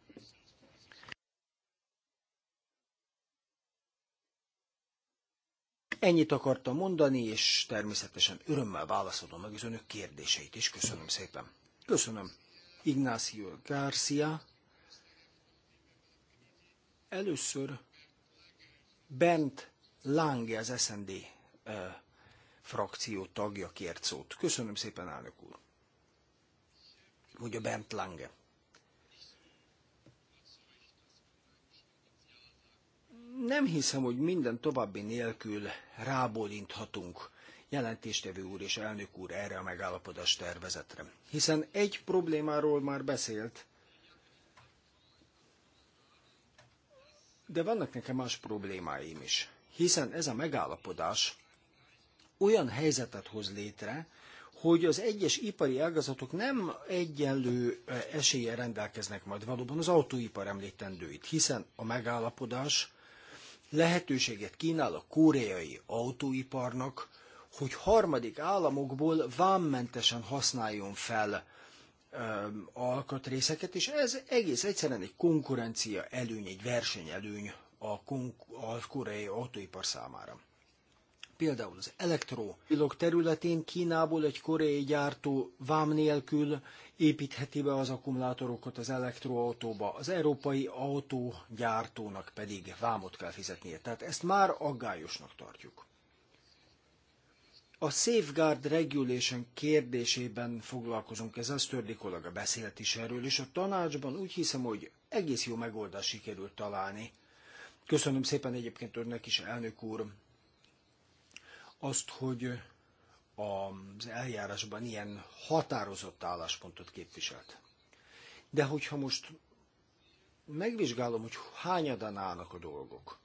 Ennyit akartam mondani, és természetesen örömmel válaszolom meg az önök kérdéseit is. Köszönöm szépen. Köszönöm. Ignacio Garcia. Először Bent Lange, az SND eh, frakció tagja kért szót. Köszönöm szépen, elnök úr. Mondja Bent Lange. nem hiszem, hogy minden további nélkül rábólinthatunk jelentéstevő úr és elnök úr erre a megállapodás tervezetre. Hiszen egy problémáról már beszélt, de vannak nekem más problémáim is. Hiszen ez a megállapodás olyan helyzetet hoz létre, hogy az egyes ipari ágazatok nem egyenlő eh, eséllyel rendelkeznek majd valóban az autóipar említendőit, hiszen a megállapodás lehetőséget kínál a koreai autóiparnak, hogy harmadik államokból vámmentesen használjon fel ö, alkatrészeket, és ez egész egyszerűen egy konkurencia előny, egy versenyelőny a, kon- a koreai autóipar számára. Például az vilog területén Kínából egy koreai gyártó vám nélkül építheti be az akkumulátorokat az elektroautóba, az európai autógyártónak pedig vámot kell fizetnie. Tehát ezt már aggályosnak tartjuk. A Safeguard Regulation kérdésében foglalkozunk, ez a Stördi kollega beszélt is erről, és a tanácsban úgy hiszem, hogy egész jó megoldást sikerült találni. Köszönöm szépen egyébként önnek is, elnök úr, azt, hogy az eljárásban ilyen határozott álláspontot képviselt. De hogyha most megvizsgálom, hogy hányadan állnak a dolgok,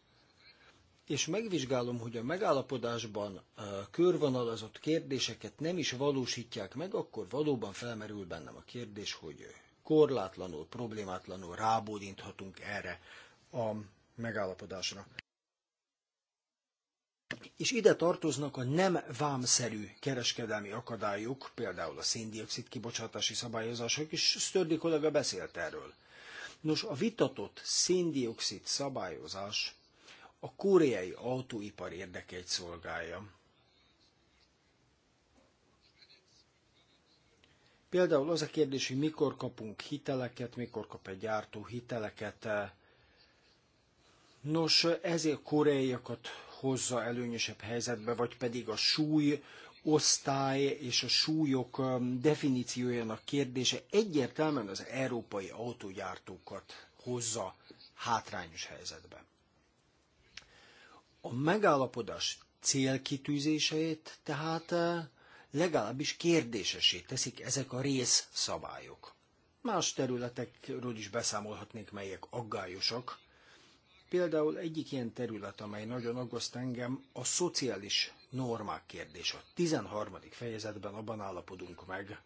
és megvizsgálom, hogy a megállapodásban a körvonalazott kérdéseket nem is valósítják meg, akkor valóban felmerül bennem a kérdés, hogy korlátlanul, problémátlanul rábódinthatunk erre a megállapodásra és ide tartoznak a nem vámszerű kereskedelmi akadályok, például a széndiokszid kibocsátási szabályozások, és Sztördi kollega beszélt erről. Nos, a vitatott széndiokszid szabályozás a koreai autóipar érdekeit szolgálja. Például az a kérdés, hogy mikor kapunk hiteleket, mikor kap egy gyártó hiteleket. Nos, ezért koreaiakat hozza előnyösebb helyzetbe, vagy pedig a súly, osztály és a súlyok um, definíciójának kérdése egyértelműen az európai autógyártókat hozza hátrányos helyzetbe. A megállapodás célkitűzéseit tehát uh, legalábbis kérdésesé teszik ezek a részszabályok. Más területekről is beszámolhatnék, melyek aggályosak, Például egyik ilyen terület, amely nagyon aggaszt engem, a szociális normák kérdése. A 13. fejezetben abban állapodunk meg,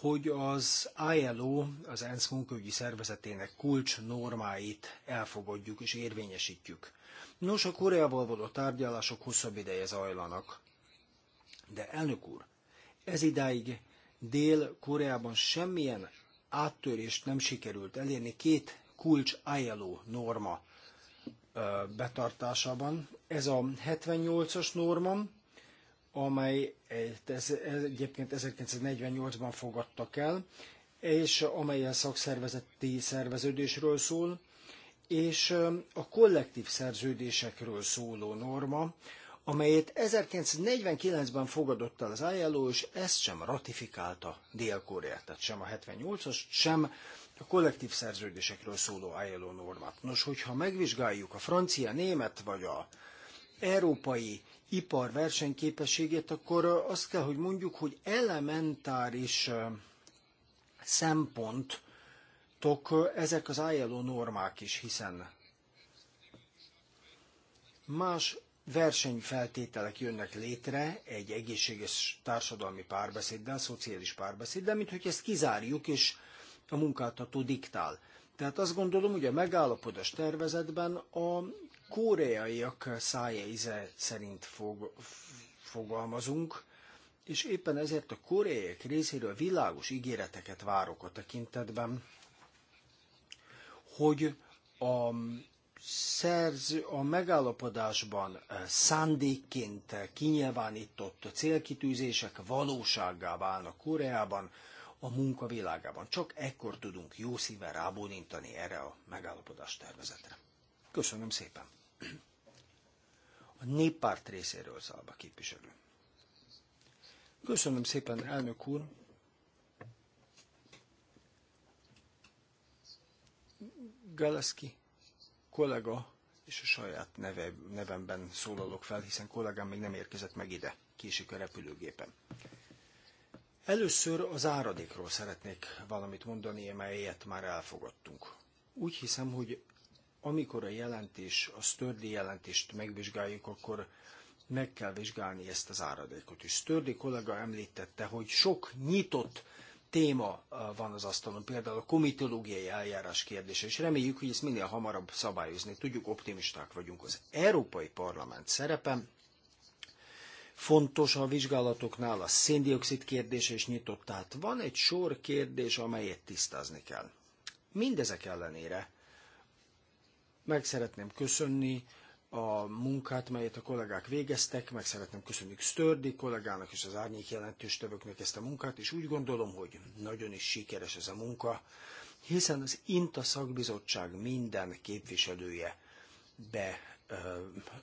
hogy az ILO, az ENSZ munkaügyi szervezetének kulcs normáit elfogadjuk és érvényesítjük. Nos, a Koreával való tárgyalások hosszabb ideje zajlanak. De elnök úr, ez idáig Dél-Koreában semmilyen áttörést nem sikerült elérni. Két kulcs ILO norma betartásában. Ez a 78-as norma, amely ez, egyébként 1948-ban fogadtak el, és amely a szakszervezeti szerveződésről szól, és a kollektív szerződésekről szóló norma, amelyet 1949-ben fogadott el az ILO, és ezt sem ratifikálta Dél-Korea, tehát sem a 78-as, sem a kollektív szerződésekről szóló ILO normát. Nos, hogyha megvizsgáljuk a francia, német vagy a európai ipar versenyképességét, akkor azt kell, hogy mondjuk, hogy elementáris szempontok ezek az ILO normák is, hiszen más versenyfeltételek jönnek létre egy egészséges társadalmi párbeszéddel, szociális párbeszéddel, mint hogy ezt kizárjuk, és a munkáltató diktál. Tehát azt gondolom, hogy a megállapodás tervezetben a koreaiak szájaize szerint fog, fogalmazunk, és éppen ezért a koreaiak részéről világos ígéreteket várok a tekintetben, hogy a szerző a megállapodásban eh, szándékként kinyilvánított célkitűzések valósággá válnak Koreában, a munka világában. Csak ekkor tudunk jó szíven rábólintani erre a megállapodás tervezetre. Köszönöm szépen! A néppárt részéről Szalba képviselő. Köszönöm szépen, elnök úr! Galeszki kollega, és a saját neve, nevemben szólalok fel, hiszen kollégám még nem érkezett meg ide, késik a repülőgépen. Először az áradékról szeretnék valamit mondani, amelyet már elfogadtunk. Úgy hiszem, hogy amikor a jelentés, a Sturdy jelentést megvizsgáljuk, akkor meg kell vizsgálni ezt az áradékot is. Sturdy kollega említette, hogy sok nyitott téma uh, van az asztalon, például a komitológiai eljárás kérdése, és reméljük, hogy ezt minél hamarabb szabályozni tudjuk, optimisták vagyunk. Az Európai Parlament szerepe Fontos a vizsgálatoknál a széndiokszid kérdés is nyitott, tehát van egy sor kérdés, amelyet tisztázni kell. Mindezek ellenére meg szeretném köszönni a munkát, melyet a kollégák végeztek, meg szeretném köszönni Stördi kollégának és az árnyék jelentős tevőknek ezt a munkát, és úgy gondolom, hogy nagyon is sikeres ez a munka, hiszen az INTA szakbizottság minden képviselője be, ö,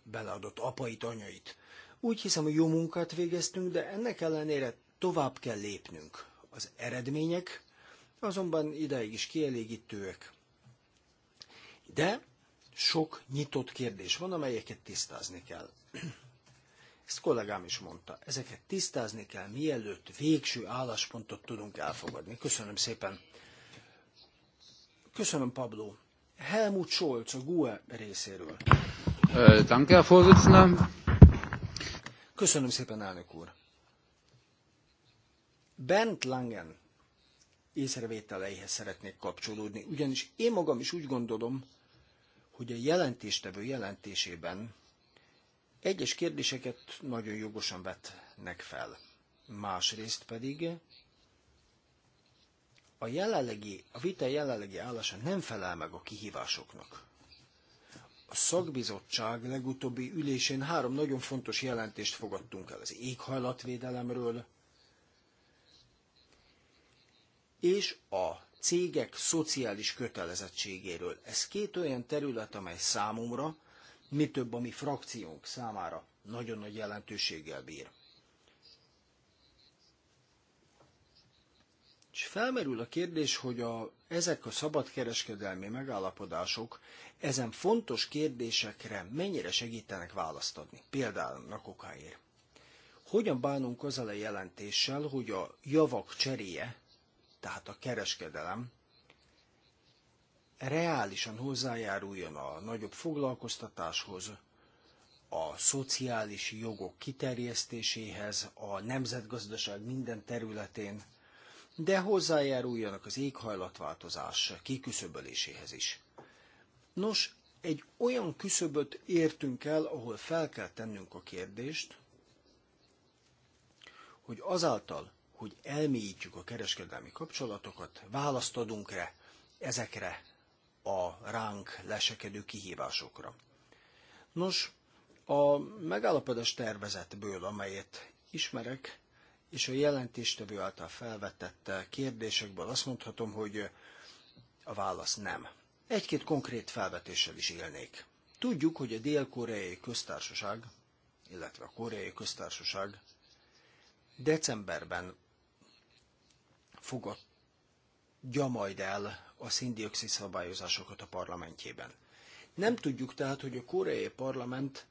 beleadott apait, anyait úgy hiszem, hogy jó munkát végeztünk, de ennek ellenére tovább kell lépnünk. Az eredmények azonban ideig is kielégítőek. De sok nyitott kérdés van, amelyeket tisztázni kell. Ezt kollégám is mondta, ezeket tisztázni kell, mielőtt végső álláspontot tudunk elfogadni. Köszönöm szépen. Köszönöm, Pablo. Helmut Scholz a GUE részéről. Äh, danke, Herr Vorsitzender. Köszönöm szépen, elnök úr. Bent Langen észrevételeihez szeretnék kapcsolódni, ugyanis én magam is úgy gondolom, hogy a jelentéstevő jelentésében egyes kérdéseket nagyon jogosan vetnek fel. Másrészt pedig a jelenlegi, a vita jelenlegi állása nem felel meg a kihívásoknak a szakbizottság legutóbbi ülésén három nagyon fontos jelentést fogadtunk el az éghajlatvédelemről, és a cégek szociális kötelezettségéről. Ez két olyan terület, amely számomra, mi több a mi frakciónk számára nagyon nagy jelentőséggel bír. És felmerül a kérdés, hogy a, ezek a szabadkereskedelmi megállapodások ezen fontos kérdésekre mennyire segítenek választ adni, például a kokáért. Hogyan bánunk azzal a jelentéssel, hogy a javak cseréje, tehát a kereskedelem, reálisan hozzájáruljon a nagyobb foglalkoztatáshoz, a szociális jogok kiterjesztéséhez, a nemzetgazdaság minden területén, de hozzájáruljanak az éghajlatváltozás kiküszöböléséhez is. Nos, egy olyan küszöböt értünk el, ahol fel kell tennünk a kérdést, hogy azáltal, hogy elmélyítjük a kereskedelmi kapcsolatokat, választ adunk -e ezekre a ránk lesekedő kihívásokra. Nos, a megállapodás tervezetből, amelyet ismerek, és a jelentéstevő által felvetett kérdésekből azt mondhatom, hogy a válasz nem. Egy-két konkrét felvetéssel is élnék. Tudjuk, hogy a Dél-Koreai Köztársaság, illetve a Koreai Köztársaság decemberben fogadja majd el a szindioxid szabályozásokat a parlamentjében. Nem tudjuk tehát, hogy a koreai parlament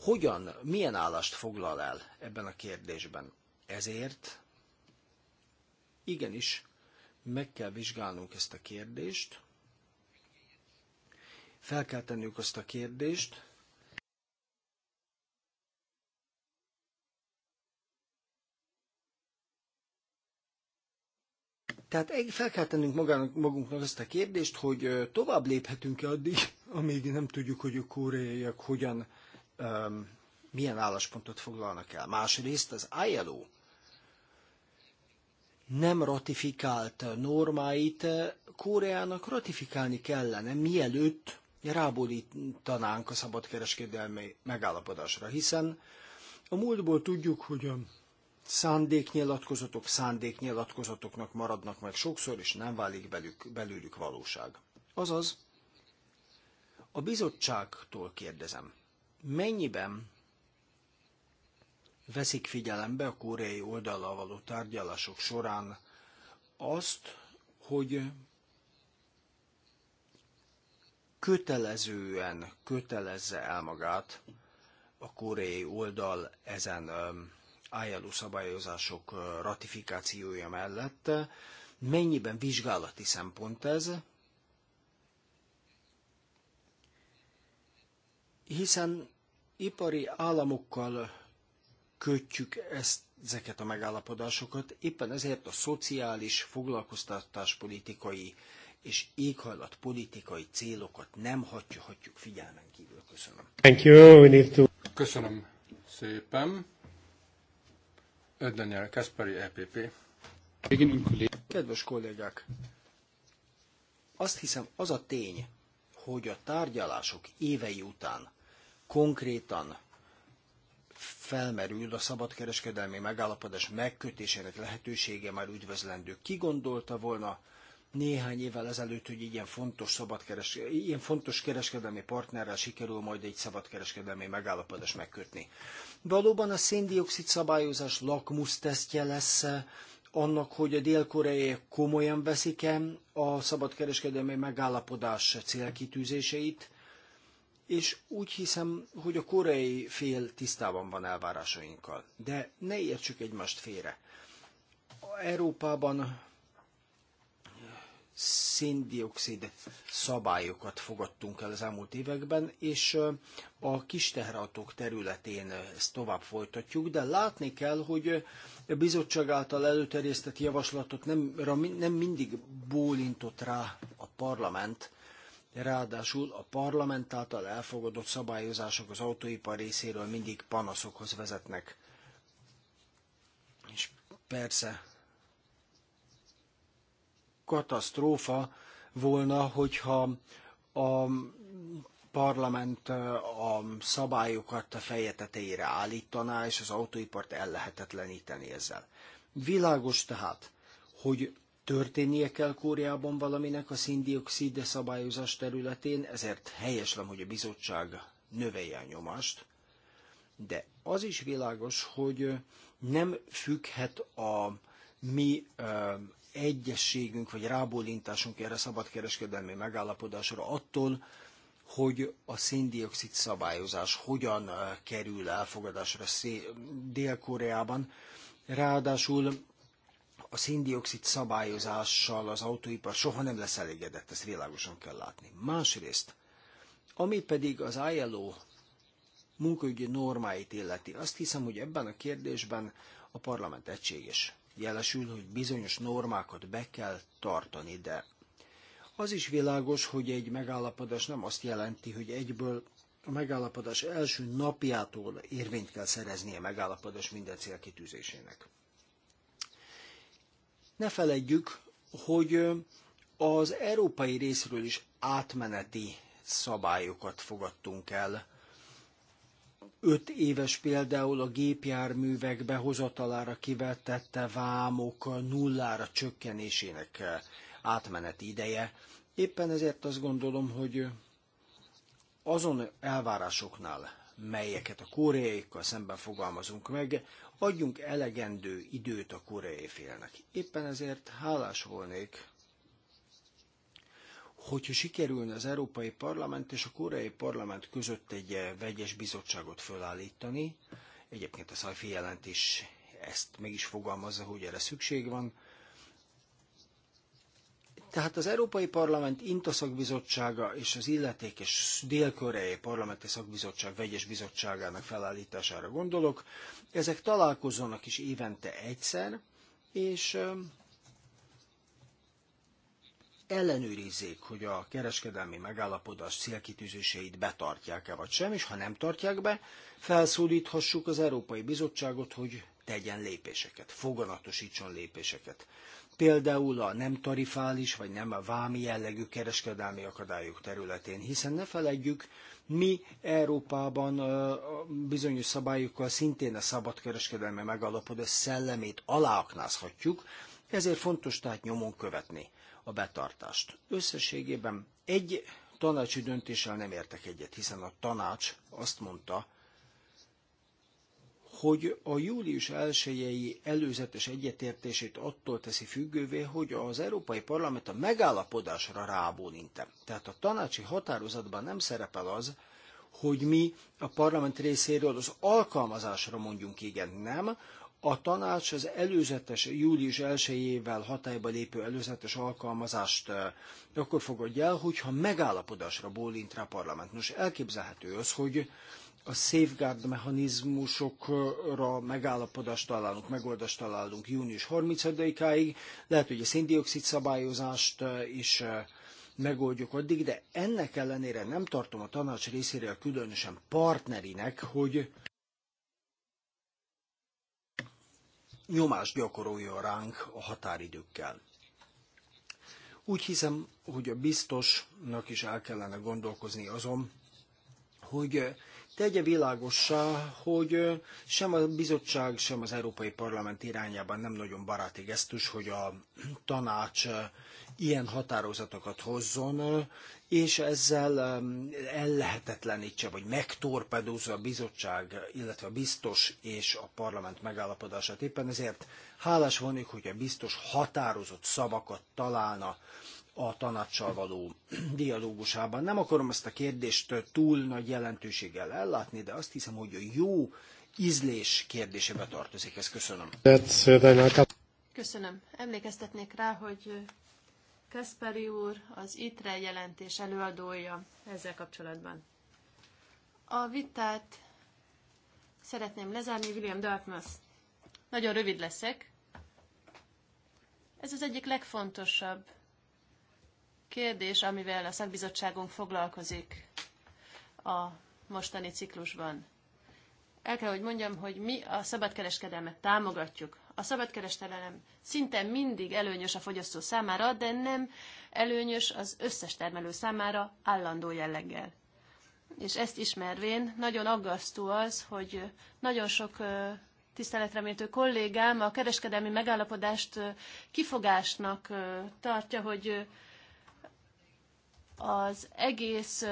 hogyan, milyen állást foglal el ebben a kérdésben. Ezért igenis meg kell vizsgálnunk ezt a kérdést, fel kell tennünk azt a kérdést, Tehát fel kell tennünk magának, magunknak azt a kérdést, hogy tovább léphetünk-e addig, amíg nem tudjuk, hogy a koreaiak hogyan, um, milyen álláspontot foglalnak el. Másrészt az ILO nem ratifikált normáit Koreának ratifikálni kellene, mielőtt rábólítanánk a szabadkereskedelmi megállapodásra, hiszen a múltból tudjuk, hogy a szándéknyilatkozatok szándéknyilatkozatoknak maradnak meg sokszor, és nem válik belük, belőlük valóság. Azaz, a bizottságtól kérdezem, mennyiben veszik figyelembe a koreai oldallal való tárgyalások során azt, hogy kötelezően kötelezze el magát a koreai oldal ezen ILO szabályozások ratifikációja mellett. Mennyiben vizsgálati szempont ez? Hiszen ipari államokkal kötjük ezt, ezeket a megállapodásokat, éppen ezért a szociális foglalkoztatáspolitikai politikai és politikai célokat nem hagyhatjuk figyelmen kívül. Köszönöm. Thank you. We need to... Köszönöm szépen. Ödlenyel Kaspari, EPP. Kedves kollégák! Azt hiszem, az a tény, hogy a tárgyalások évei után konkrétan felmerül a szabadkereskedelmi megállapodás megkötésének lehetősége már üdvözlendő. Ki gondolta volna, néhány évvel ezelőtt, hogy ilyen fontos, szabadkeres, ilyen fontos kereskedelmi partnerrel sikerül majd egy szabadkereskedelmi megállapodást megkötni. Valóban a széndiokszid szabályozás lakmusztesztje lesz eh, annak, hogy a dél-koreaiak komolyan veszik-e a szabadkereskedelmi megállapodás célkitűzéseit, és úgy hiszem, hogy a koreai fél tisztában van elvárásainkkal. De ne értsük egymást félre. Európában széndiokszid szabályokat fogadtunk el az elmúlt években, és a kis teherautók területén ezt tovább folytatjuk, de látni kell, hogy a bizottság által előterjesztett javaslatot nem, nem mindig bólintott rá a parlament, Ráadásul a parlament által elfogadott szabályozások az autóipar részéről mindig panaszokhoz vezetnek. És persze katasztrófa volna, hogyha a parlament a szabályokat a feje tetejére állítaná, és az autóipart ellehetetleníteni ezzel. Világos tehát, hogy történnie kell Kóriában valaminek a szindioxid szabályozás területén, ezért helyeslem, hogy a bizottság növelje a nyomást, de az is világos, hogy nem függhet a mi egyességünk vagy rábólintásunk erre szabadkereskedelmi megállapodásra attól, hogy a széndiokszid szabályozás hogyan eh, kerül elfogadásra Dél-Koreában. Ráadásul a széndiokszid szabályozással az autóipar soha nem lesz elégedett, ezt világosan kell látni. Másrészt, ami pedig az ILO munkaügyi normáit illeti, azt hiszem, hogy ebben a kérdésben a parlament egységes jelesül, hogy bizonyos normákat be kell tartani, de az is világos, hogy egy megállapodás nem azt jelenti, hogy egyből a megállapodás első napjától érvényt kell szerezni a megállapodás minden célkitűzésének. Ne feledjük, hogy az európai részről is átmeneti szabályokat fogadtunk el öt éves például a gépjárművek behozatalára kivetette vámok nullára csökkenésének átmeneti ideje. Éppen ezért azt gondolom, hogy azon elvárásoknál, melyeket a koreaiakkal szemben fogalmazunk meg, adjunk elegendő időt a koreai félnek. Éppen ezért hálás volnék, hogyha sikerülne az Európai Parlament és a Koreai Parlament között egy eh, vegyes bizottságot fölállítani, egyébként a Szajfi jelentés ezt meg is fogalmazza, hogy erre szükség van, tehát az Európai Parlament INTA szakbizottsága és az illetékes dél-koreai parlamenti szakbizottság vegyes bizottságának felállítására gondolok. Ezek találkozzanak is évente egyszer, és eh, ellenőrizzék, hogy a kereskedelmi megállapodás célkitűzéseit betartják-e vagy sem, és ha nem tartják be, felszólíthassuk az Európai Bizottságot, hogy tegyen lépéseket, foganatosítson lépéseket. Például a nem tarifális vagy nem a vámi jellegű kereskedelmi akadályok területén, hiszen ne feledjük, mi Európában bizonyos szabályokkal szintén a szabadkereskedelmi megállapodás szellemét aláaknázhatjuk, ezért fontos tehát nyomon követni a betartást. Összességében egy tanácsi döntéssel nem értek egyet, hiszen a tanács azt mondta, hogy a július elsőjei előzetes egyetértését attól teszi függővé, hogy az Európai Parlament a megállapodásra rábólint Tehát a tanácsi határozatban nem szerepel az, hogy mi a parlament részéről az alkalmazásra mondjunk igen, nem, a tanács az előzetes július 1-ével hatályba lépő előzetes alkalmazást akkor fogadja el, hogyha megállapodásra bólint rá a parlament. Nos, elképzelhető az, hogy a safeguard mechanizmusokra megállapodást találunk, megoldást találunk június 30-áig, lehet, hogy a széndiokszid szabályozást is megoldjuk addig, de ennek ellenére nem tartom a tanács részéről különösen partnerinek, hogy nyomást gyakoroljon ránk a határidőkkel. Úgy hiszem, hogy a biztosnak is el kellene gondolkozni azon, hogy tegye világossá, hogy sem a bizottság, sem az Európai Parlament irányában nem nagyon baráti gesztus, hogy a tanács ilyen határozatokat hozzon, és ezzel ellehetetlenítse, vagy megtorpedózza a bizottság, illetve a biztos és a parlament megállapodását. Éppen ezért hálás vannak, hogy a biztos határozott szavakat találna a tanácssal való dialógusában. Nem akarom ezt a kérdést túl nagy jelentőséggel ellátni, de azt hiszem, hogy a jó ízlés kérdésébe tartozik. Ezt köszönöm. Köszönöm. Emlékeztetnék rá, hogy Keszperi úr az ITRE jelentés előadója ezzel kapcsolatban. A vitát szeretném lezárni, William Dartmouth. Nagyon rövid leszek. Ez az egyik legfontosabb kérdés, amivel a szakbizottságunk foglalkozik a mostani ciklusban. El kell, hogy mondjam, hogy mi a szabadkereskedelmet támogatjuk. A szabadkereskedelem szinte mindig előnyös a fogyasztó számára, de nem előnyös az összes termelő számára állandó jelleggel. És ezt ismervén nagyon aggasztó az, hogy nagyon sok tiszteletreméltő kollégám a kereskedelmi megállapodást kifogásnak tartja, hogy az egész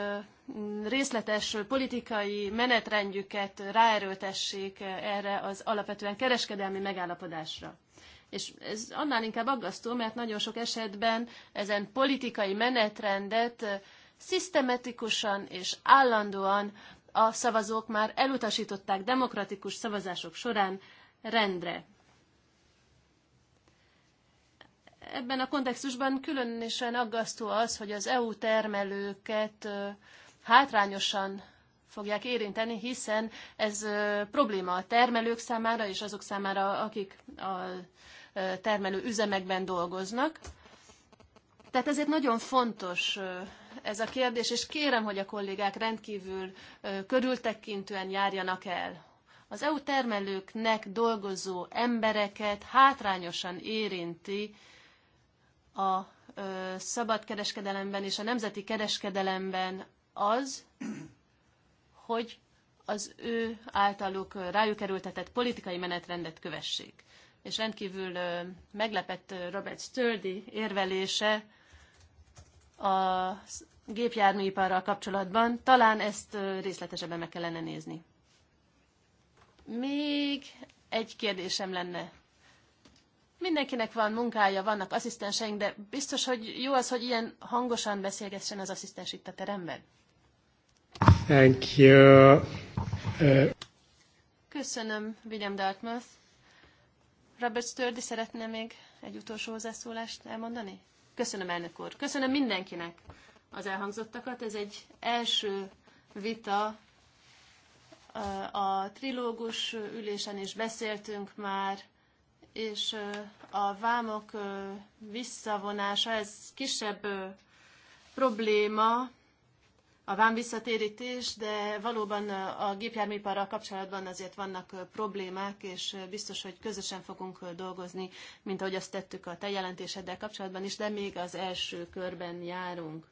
részletes politikai menetrendjüket ráerőltessék erre az alapvetően kereskedelmi megállapodásra. És ez annál inkább aggasztó, mert nagyon sok esetben ezen politikai menetrendet szisztematikusan és állandóan a szavazók már elutasították demokratikus szavazások során rendre. Ebben a kontextusban különösen aggasztó az, hogy az EU termelőket hátrányosan fogják érinteni, hiszen ez probléma a termelők számára és azok számára, akik a termelő üzemekben dolgoznak. Tehát ezért nagyon fontos ez a kérdés, és kérem, hogy a kollégák rendkívül körültekintően járjanak el. Az EU termelőknek dolgozó embereket hátrányosan érinti a szabad kereskedelemben és a nemzeti kereskedelemben az, hogy az ő általuk rájuk erőltetett politikai menetrendet kövessék. És rendkívül meglepett Robert Sturdy érvelése a gépjárműiparral kapcsolatban. Talán ezt részletesebben meg kellene nézni. Még egy kérdésem lenne Mindenkinek van munkája, vannak asszisztenseink, de biztos, hogy jó az, hogy ilyen hangosan beszélgessen az asszisztens itt a teremben. Thank you. Uh... Köszönöm, William Dartmouth. Robert Sturdy szeretne még egy utolsó hozzászólást elmondani? Köszönöm, elnök úr. Köszönöm mindenkinek az elhangzottakat. Ez egy első vita uh, a trilógus ülésen is beszéltünk már és a vámok visszavonása, ez kisebb probléma, a vám visszatérítés, de valóban a gépjárműiparral kapcsolatban azért vannak problémák, és biztos, hogy közösen fogunk dolgozni, mint ahogy azt tettük a te jelentéseddel kapcsolatban is, de még az első körben járunk,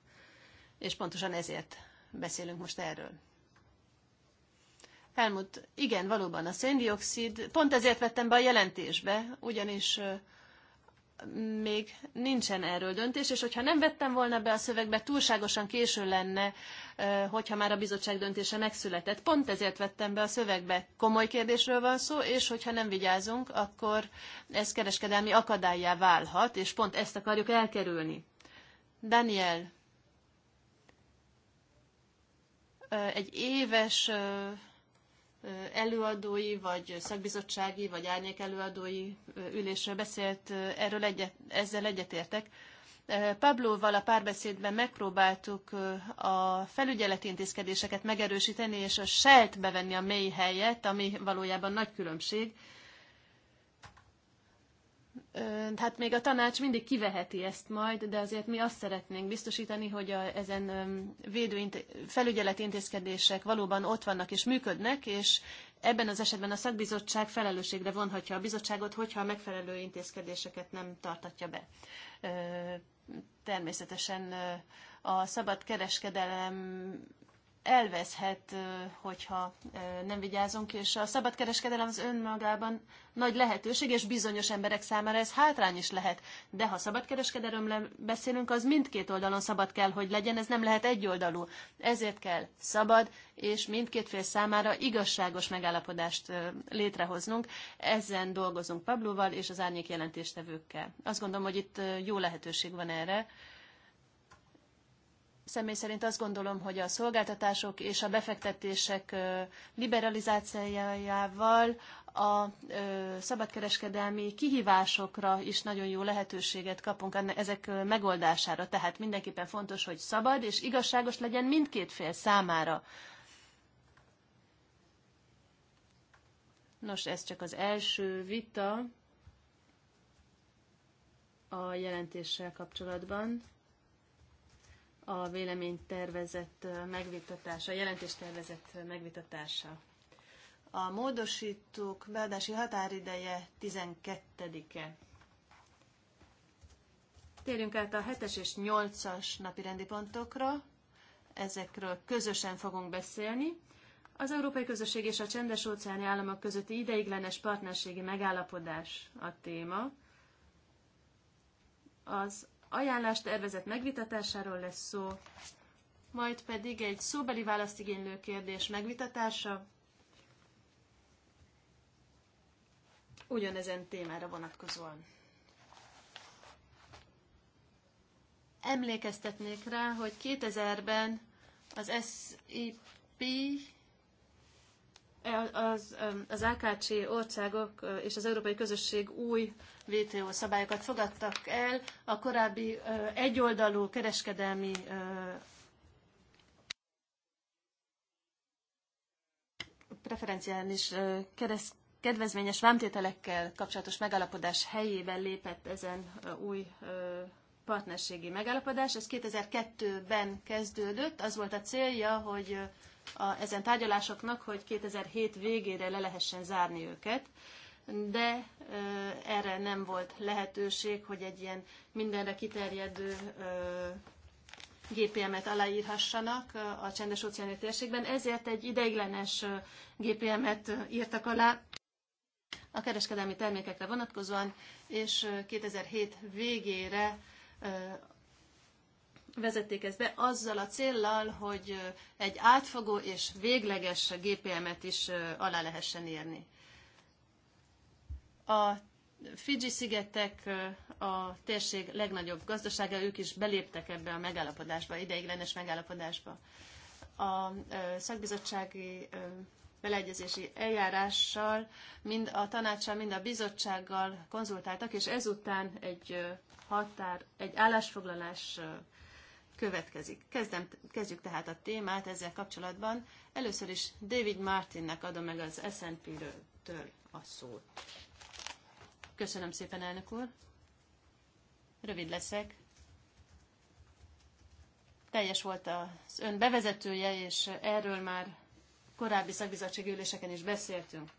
és pontosan ezért beszélünk most erről. Helmut, igen, valóban a széndiokszid, pont ezért vettem be a jelentésbe, ugyanis még nincsen erről döntés, és hogyha nem vettem volna be a szövegbe, túlságosan késő lenne, hogyha már a bizottság döntése megszületett. Pont ezért vettem be a szövegbe. Komoly kérdésről van szó, és hogyha nem vigyázunk, akkor ez kereskedelmi akadályá válhat, és pont ezt akarjuk elkerülni. Daniel, egy éves előadói, vagy szakbizottsági, vagy árnyék előadói ülésről beszélt, erről egyet, ezzel egyetértek. Pablóval a párbeszédben megpróbáltuk a felügyeleti intézkedéseket megerősíteni, és a selt bevenni a mély helyet, ami valójában nagy különbség, Hát még a tanács mindig kiveheti ezt majd, de azért mi azt szeretnénk biztosítani, hogy a, ezen védő felügyeleti intézkedések valóban ott vannak és működnek, és ebben az esetben a szakbizottság felelősségre vonhatja a bizottságot, hogyha a megfelelő intézkedéseket nem tartatja be. Természetesen a szabad kereskedelem elveszhet, hogyha nem vigyázunk, és a szabadkereskedelem az önmagában nagy lehetőség, és bizonyos emberek számára ez hátrány is lehet. De ha szabadkereskedelemről beszélünk, az mindkét oldalon szabad kell, hogy legyen, ez nem lehet egyoldalú. Ezért kell szabad, és mindkét fél számára igazságos megállapodást létrehoznunk. Ezen dolgozunk Pablóval és az árnyék jelentéstevőkkel. Azt gondolom, hogy itt jó lehetőség van erre személy szerint azt gondolom, hogy a szolgáltatások és a befektetések liberalizációjával a szabadkereskedelmi kihívásokra is nagyon jó lehetőséget kapunk ezek megoldására. Tehát mindenképpen fontos, hogy szabad és igazságos legyen mindkét fél számára. Nos, ez csak az első vita a jelentéssel kapcsolatban a véleménytervezet megvitatása, a jelentéstervezet megvitatása. A módosítók beadási határideje 12-e. Térjünk át a 7-es és 8-as napi rendi pontokra. Ezekről közösen fogunk beszélni. Az Európai Közösség és a Csendes óceáni államok közötti ideiglenes partnerségi megállapodás a téma. Az ajánlás tervezet megvitatásáról lesz szó, majd pedig egy szóbeli választigénylő kérdés megvitatása, ugyanezen témára vonatkozóan. Emlékeztetnék rá, hogy 2000-ben az SIP az, az AKC országok és az Európai Közösség új WTO szabályokat fogadtak el, a korábbi egyoldalú kereskedelmi preferenciális kereszt, kedvezményes vámtételekkel kapcsolatos megállapodás helyében lépett ezen új partnerségi megállapodás. Ez 2002-ben kezdődött. Az volt a célja, hogy a, ezen tárgyalásoknak, hogy 2007 végére le lehessen zárni őket, de e, erre nem volt lehetőség, hogy egy ilyen mindenre kiterjedő e, GPM-et aláírhassanak a csendes óceáni térségben, ezért egy ideiglenes GPM-et írtak alá a kereskedelmi termékekre vonatkozóan, és 2007 végére vezették ezt be azzal a céllal, hogy egy átfogó és végleges GPM-et is alá lehessen érni. A Fidzsi-szigetek a térség legnagyobb gazdasága, ők is beléptek ebbe a megállapodásba, ideiglenes megállapodásba. A szakbizottsági beleegyezési eljárással mind a tanácssal, mind a bizottsággal konzultáltak, és ezután egy határ, egy állásfoglalás következik. Kezdem, kezdjük tehát a témát ezzel kapcsolatban. Először is David Martinnek adom meg az SNP-től a szót. Köszönöm szépen, elnök úr. Rövid leszek. Teljes volt az ön bevezetője, és erről már korábbi szakbizottsági üléseken is beszéltünk.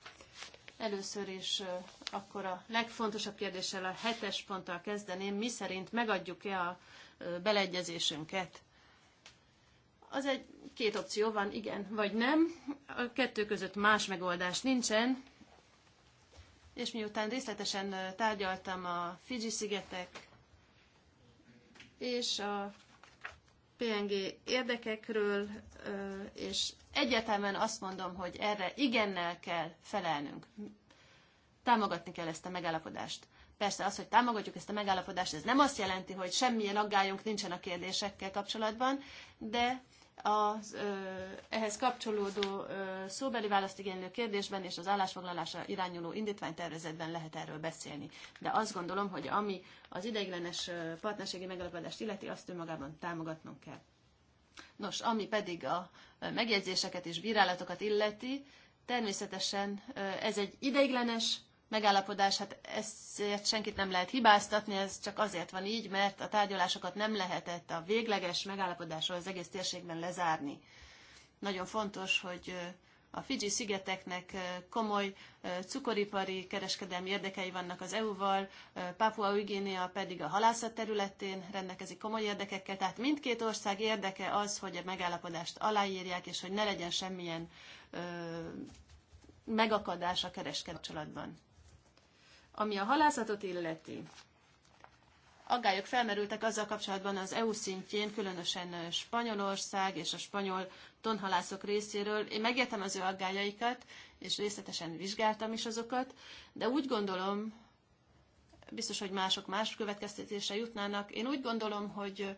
Először is akkor a legfontosabb kérdéssel a hetes ponttal kezdeném, mi szerint megadjuk-e a beleegyezésünket. Az egy két opció van, igen vagy nem. A kettő között más megoldás nincsen. És miután részletesen tárgyaltam a Fidzsi-szigetek és a PNG érdekekről, és egyetemen azt mondom, hogy erre igennel kell felelnünk. Támogatni kell ezt a megállapodást. Persze az, hogy támogatjuk ezt a megállapodást, ez nem azt jelenti, hogy semmilyen aggályunk nincsen a kérdésekkel kapcsolatban, de az ö, ehhez kapcsolódó ö, szóbeli választigénylő kérdésben és az állásfoglalásra irányuló indítványtervezetben lehet erről beszélni. De azt gondolom, hogy ami az ideiglenes partnerségi megállapodást illeti, azt önmagában támogatnunk kell. Nos, ami pedig a megjegyzéseket és bírálatokat illeti, természetesen ez egy ideiglenes megállapodás, hát ezért senkit nem lehet hibáztatni, ez csak azért van így, mert a tárgyalásokat nem lehetett a végleges megállapodásról az egész térségben lezárni. Nagyon fontos, hogy a Fidzsi szigeteknek komoly cukoripari kereskedelmi érdekei vannak az EU-val, Papua Ügénia pedig a halászat területén rendelkezik komoly érdekekkel, tehát mindkét ország érdeke az, hogy a megállapodást aláírják, és hogy ne legyen semmilyen megakadás a kereskedelemben. Ami a halászatot illeti, aggályok felmerültek azzal kapcsolatban az EU szintjén, különösen Spanyolország és a spanyol tonhalászok részéről. Én megértem az ő aggájaikat, és részletesen vizsgáltam is azokat, de úgy gondolom, biztos, hogy mások más következtetése jutnának. Én úgy gondolom, hogy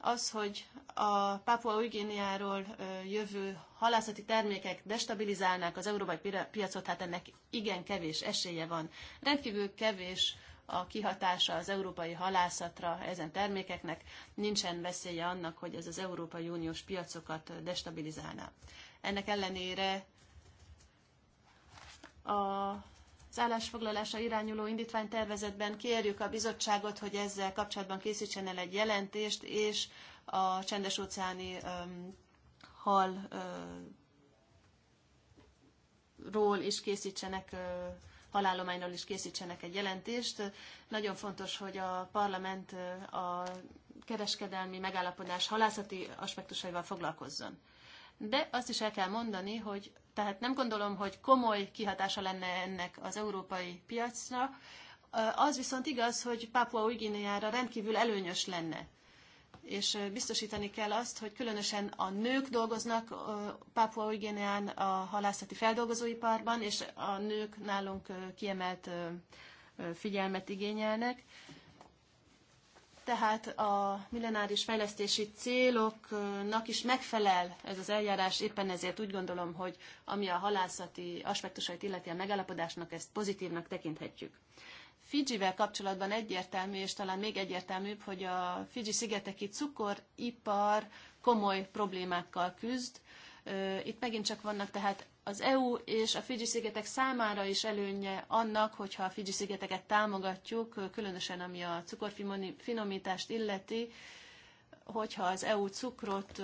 az, hogy a Pápua Új-Guineáról jövő halászati termékek destabilizálnák az európai piacot, hát ennek igen kevés esélye van. Rendkívül kevés a kihatása az európai halászatra ezen termékeknek, nincsen veszélye annak, hogy ez az Európai Uniós piacokat destabilizálná. Ennek ellenére a az állásfoglalásra irányuló indítványtervezetben kérjük a bizottságot, hogy ezzel kapcsolatban készítsen el egy jelentést, és a csendes óceáni um, hal uh, ról is készítsenek uh, halállományról is készítsenek egy jelentést. Nagyon fontos, hogy a parlament a kereskedelmi megállapodás halászati aspektusaival foglalkozzon de azt is el kell mondani, hogy tehát nem gondolom, hogy komoly kihatása lenne ennek az európai piacra. Az viszont igaz, hogy Papua új rendkívül előnyös lenne és biztosítani kell azt, hogy különösen a nők dolgoznak Pápua új a halászati feldolgozóiparban, és a nők nálunk kiemelt figyelmet igényelnek tehát a millenáris fejlesztési céloknak is megfelel ez az eljárás, éppen ezért úgy gondolom, hogy ami a halászati aspektusait illeti a megállapodásnak, ezt pozitívnak tekinthetjük. Fidzsivel kapcsolatban egyértelmű, és talán még egyértelműbb, hogy a Fidzsi-szigeteki cukoripar komoly problémákkal küzd. Itt megint csak vannak tehát az EU és a Fidzsi-szigetek számára is előnye annak, hogyha a Fidzsi-szigeteket támogatjuk, különösen ami a cukorfinomítást illeti, hogyha az EU cukrot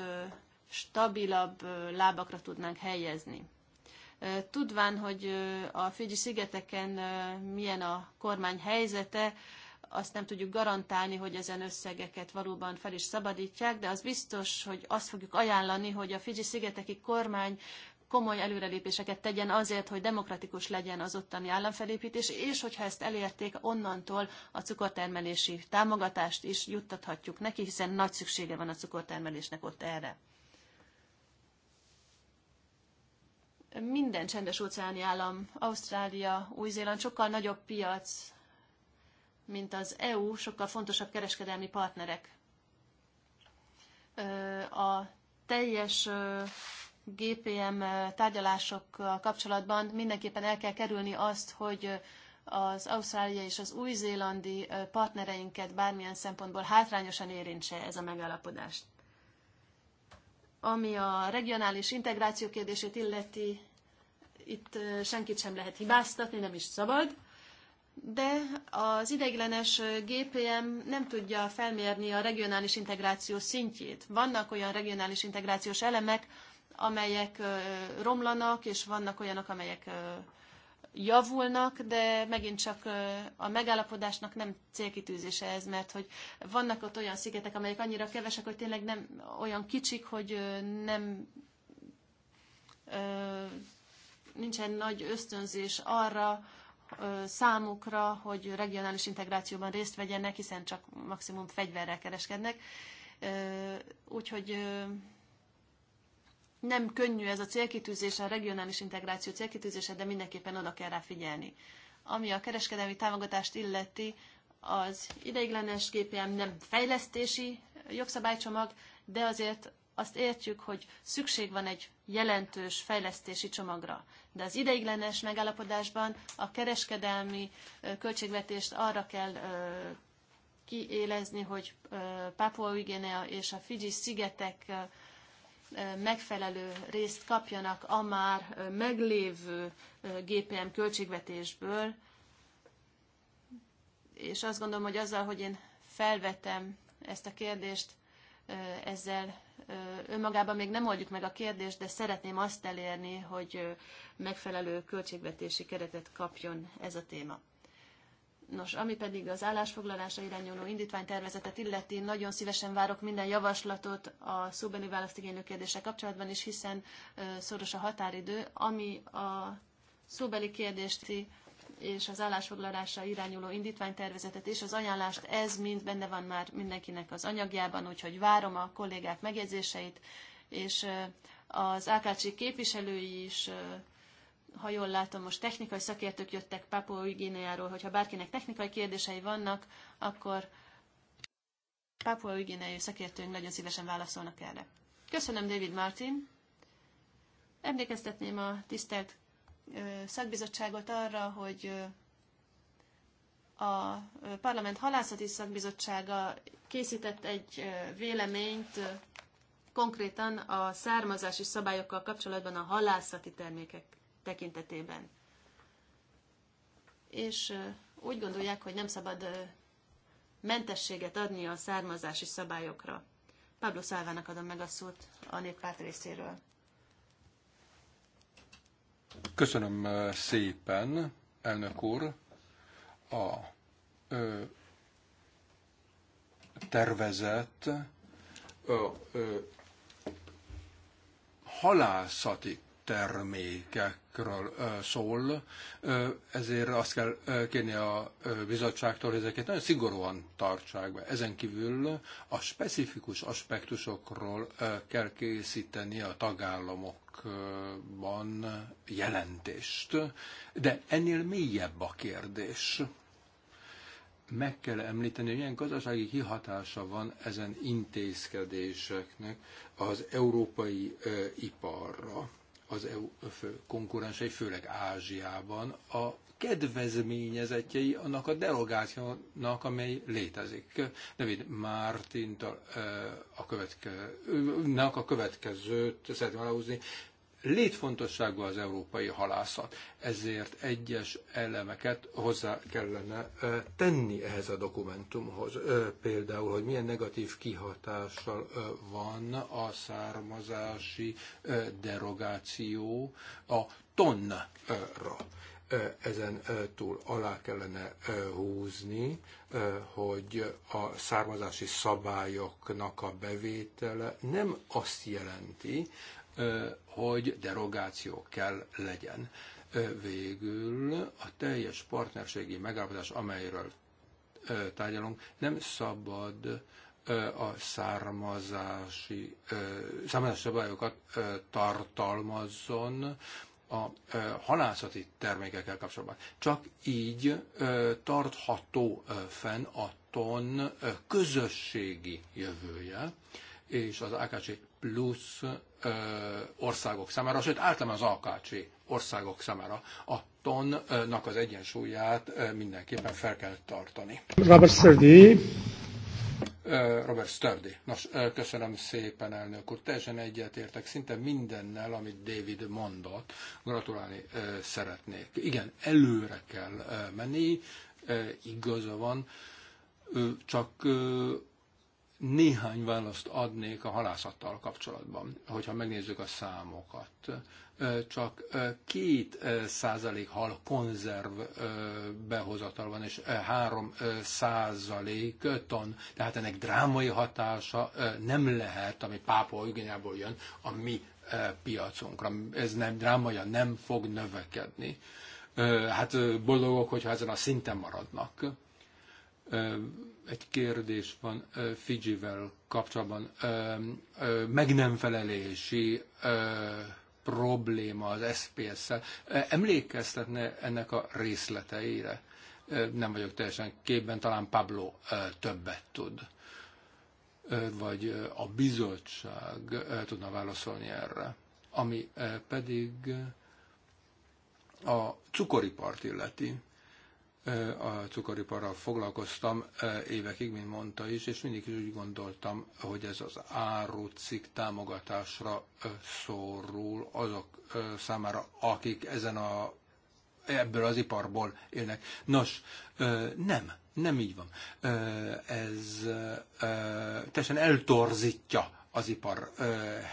stabilabb lábakra tudnánk helyezni. Tudván, hogy a Fidzsi-szigeteken milyen a kormány helyzete, azt nem tudjuk garantálni, hogy ezen összegeket valóban fel is szabadítják, de az biztos, hogy azt fogjuk ajánlani, hogy a Fidzsi-szigeteki kormány komoly előrelépéseket tegyen azért, hogy demokratikus legyen az ottani államfelépítés, és hogyha ezt elérték, onnantól a cukortermelési támogatást is juttathatjuk neki, hiszen nagy szüksége van a cukortermelésnek ott erre. Minden csendes óceáni állam, Ausztrália, Új-Zéland sokkal nagyobb piac, mint az EU, sokkal fontosabb kereskedelmi partnerek. A teljes GPM tárgyalásokkal kapcsolatban mindenképpen el kell kerülni azt, hogy az ausztráliai és az új-zélandi partnereinket bármilyen szempontból hátrányosan érintse ez a megállapodás. Ami a regionális integráció kérdését illeti, itt senkit sem lehet hibáztatni, nem is szabad, de az ideiglenes GPM nem tudja felmérni a regionális integráció szintjét. Vannak olyan regionális integrációs elemek, amelyek romlanak, és vannak olyanok, amelyek javulnak, de megint csak a megállapodásnak nem célkitűzése ez, mert hogy vannak ott olyan szigetek, amelyek annyira kevesek, hogy tényleg nem olyan kicsik, hogy nem nincsen nagy ösztönzés arra számukra, hogy regionális integrációban részt vegyenek, hiszen csak maximum fegyverrel kereskednek. Úgyhogy nem könnyű ez a célkitűzés, a regionális integráció célkitűzése, de mindenképpen oda kell rá figyelni. Ami a kereskedelmi támogatást illeti, az ideiglenes GPM nem fejlesztési jogszabálycsomag, de azért azt értjük, hogy szükség van egy jelentős fejlesztési csomagra. De az ideiglenes megállapodásban a kereskedelmi költségvetést arra kell kiélezni, hogy Papua Ügénea és a Fiji szigetek megfelelő részt kapjanak a már meglévő GPM költségvetésből, és azt gondolom, hogy azzal, hogy én felvetem ezt a kérdést, ezzel önmagában még nem oldjuk meg a kérdést, de szeretném azt elérni, hogy megfelelő költségvetési keretet kapjon ez a téma. Nos, ami pedig az állásfoglalásra irányuló indítványtervezetet illeti, nagyon szívesen várok minden javaslatot a szóbeli választigénylő kérdése kapcsolatban is, hiszen szoros a határidő, ami a szóbeli kérdést és az állásfoglalásra irányuló indítványtervezetet és az ajánlást, ez mind benne van már mindenkinek az anyagjában, úgyhogy várom a kollégák megjegyzéseit, és az AKC képviselői is ha jól látom, most technikai szakértők jöttek Papua Ügéneáról, hogyha bárkinek technikai kérdései vannak, akkor Papua Ügéneai szakértőink nagyon szívesen válaszolnak erre. Köszönöm, David Martin. Emlékeztetném a tisztelt szakbizottságot arra, hogy a Parlament Halászati Szakbizottsága készített egy véleményt konkrétan a származási szabályokkal kapcsolatban a halászati termékek tekintetében. És úgy gondolják, hogy nem szabad mentességet adni a származási szabályokra. Pablo Szálvának adom meg a szót a néppárt részéről. Köszönöm szépen, elnök úr, a ö, tervezett ö, ö, halászati termékekről szól, ezért azt kell kérni a bizottságtól, hogy ezeket nagyon szigorúan tartsák be. Ezen kívül a specifikus aspektusokról kell készíteni a tagállamokban jelentést, de ennél mélyebb a kérdés meg kell említeni, hogy milyen gazdasági kihatása van ezen intézkedéseknek az európai e, iparra az EU fő konkurensei, főleg Ázsiában, a kedvezményezetjei annak a derogációnak, amely létezik. David Martint a, a következő, a következőt szeretném aláhúzni, létfontosságú az európai halászat, ezért egyes elemeket hozzá kellene tenni ehhez a dokumentumhoz. Például, hogy milyen negatív kihatással van a származási derogáció a tonnra. Ezen túl alá kellene húzni, hogy a származási szabályoknak a bevétele nem azt jelenti, hogy derogáció kell legyen. Végül a teljes partnerségi megállapodás, amelyről tárgyalunk, nem szabad a származási, származási szabályokat tartalmazzon a halászati termékekkel kapcsolatban. Csak így tartható fenn a ton közösségi jövője, és az AKC plusz ö, országok számára, sőt általában az AKC országok számára a tonnak az egyensúlyát ö, mindenképpen fel kell tartani. Robert Sturdy. Robert Sturdy. Nos, köszönöm szépen, elnök úr. Teljesen egyetértek szinte mindennel, amit David mondott. Gratulálni szeretnék. Igen, előre kell menni, igaza van, csak néhány választ adnék a halászattal kapcsolatban, hogyha megnézzük a számokat. Csak két százalék hal konzerv behozatal van, és három százalék ton. Tehát ennek drámai hatása nem lehet, ami pápa Ügényából jön, a mi piacunkra. Ez nem drámaja, nem fog növekedni. Hát boldogok, hogyha ezen a szinten maradnak egy kérdés van Fidzsivel kapcsolatban. Meg nem felelési probléma az SPS-szel. Emlékeztetne ennek a részleteire? Nem vagyok teljesen képben, talán Pablo többet tud. Vagy a bizottság tudna válaszolni erre. Ami pedig a cukoripart illeti a cukoriparral foglalkoztam évekig, mint mondta is, és mindig is úgy gondoltam, hogy ez az árucik támogatásra szorul azok számára, akik ezen a, ebből az iparból élnek. Nos, nem, nem így van. Ez teljesen eltorzítja az ipar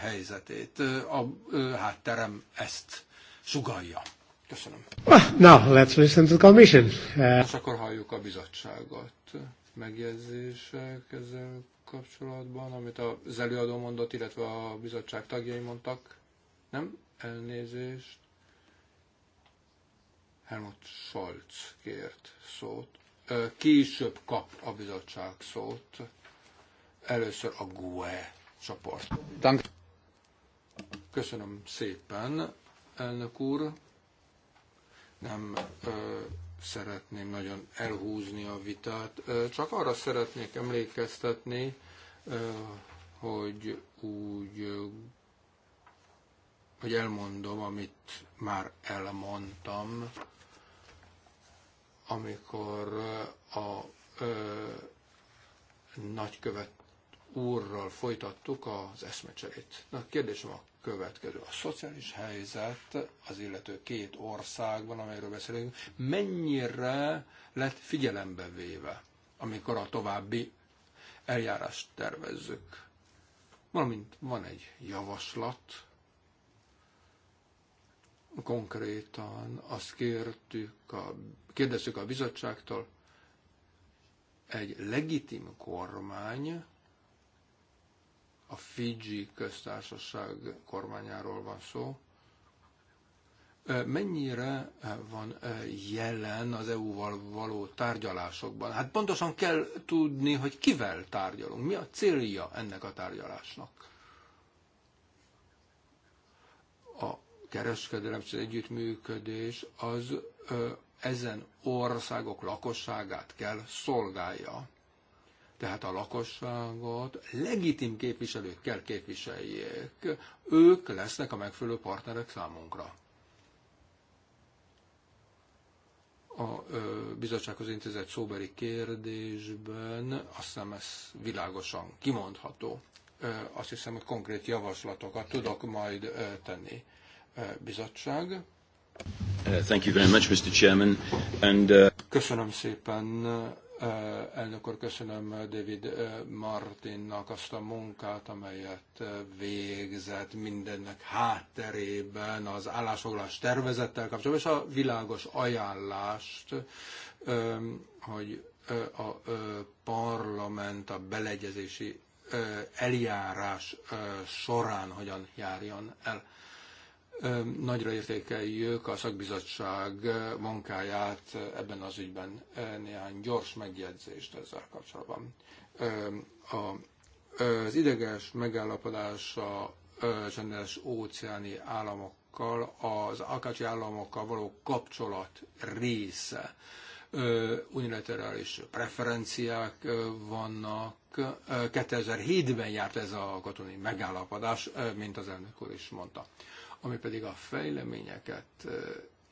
helyzetét. A hátterem ezt sugalja. Köszönöm. Ah, now, let's listen to the commission. Uh, És akkor halljuk a bizottságot. Megjegyzések ezzel kapcsolatban, amit az előadó mondott, illetve a bizottság tagjai mondtak. Nem? Elnézést. Helmut Scholz kért szót. Később kap a bizottság szót. Először a GUE csoport. Köszönöm szépen, elnök úr nem szeretném nagyon elhúzni a vitát, csak arra szeretnék emlékeztetni, hogy úgy, hogy elmondom, amit már elmondtam, amikor a ö, nagykövet úrral folytattuk az eszmecserét. Na, kérdésem a következő. A szociális helyzet az illető két országban, amelyről beszélünk, mennyire lett figyelembe véve, amikor a további eljárást tervezzük. Valamint van egy javaslat, konkrétan azt kértük a, kérdeztük a bizottságtól, egy legitim kormány a Fiji köztársaság kormányáról van szó. Mennyire van jelen az EU-val való tárgyalásokban? Hát pontosan kell tudni, hogy kivel tárgyalunk, mi a célja ennek a tárgyalásnak. A kereskedelem együttműködés az ezen országok lakosságát kell szolgálja. Tehát a lakosságot legitim képviselők kell képviseljék. Ők lesznek a megfelelő partnerek számunkra. a bizottsághoz intézett szóberi kérdésben, azt hiszem ez világosan kimondható. Azt hiszem, hogy konkrét javaslatokat tudok majd tenni. Bizottság. Uh, thank you very much, Mr. Chairman. And, uh... Köszönöm szépen, Elnök úr, köszönöm David Martinnak azt a munkát, amelyet végzett mindennek hátterében az állásfoglalás tervezettel kapcsolatban, és a világos ajánlást, hogy a parlament a beleegyezési eljárás során hogyan járjon el. Nagyra értékeljük a szakbizottság munkáját ebben az ügyben. Néhány gyors megjegyzést ezzel kapcsolatban. Az ideges megállapodása csendes óceáni államokkal, az akácsi államokkal való kapcsolat része. Unilaterális preferenciák vannak. 2007-ben járt ez a katonai megállapodás, mint az elnök úr is mondta. Ami pedig a fejleményeket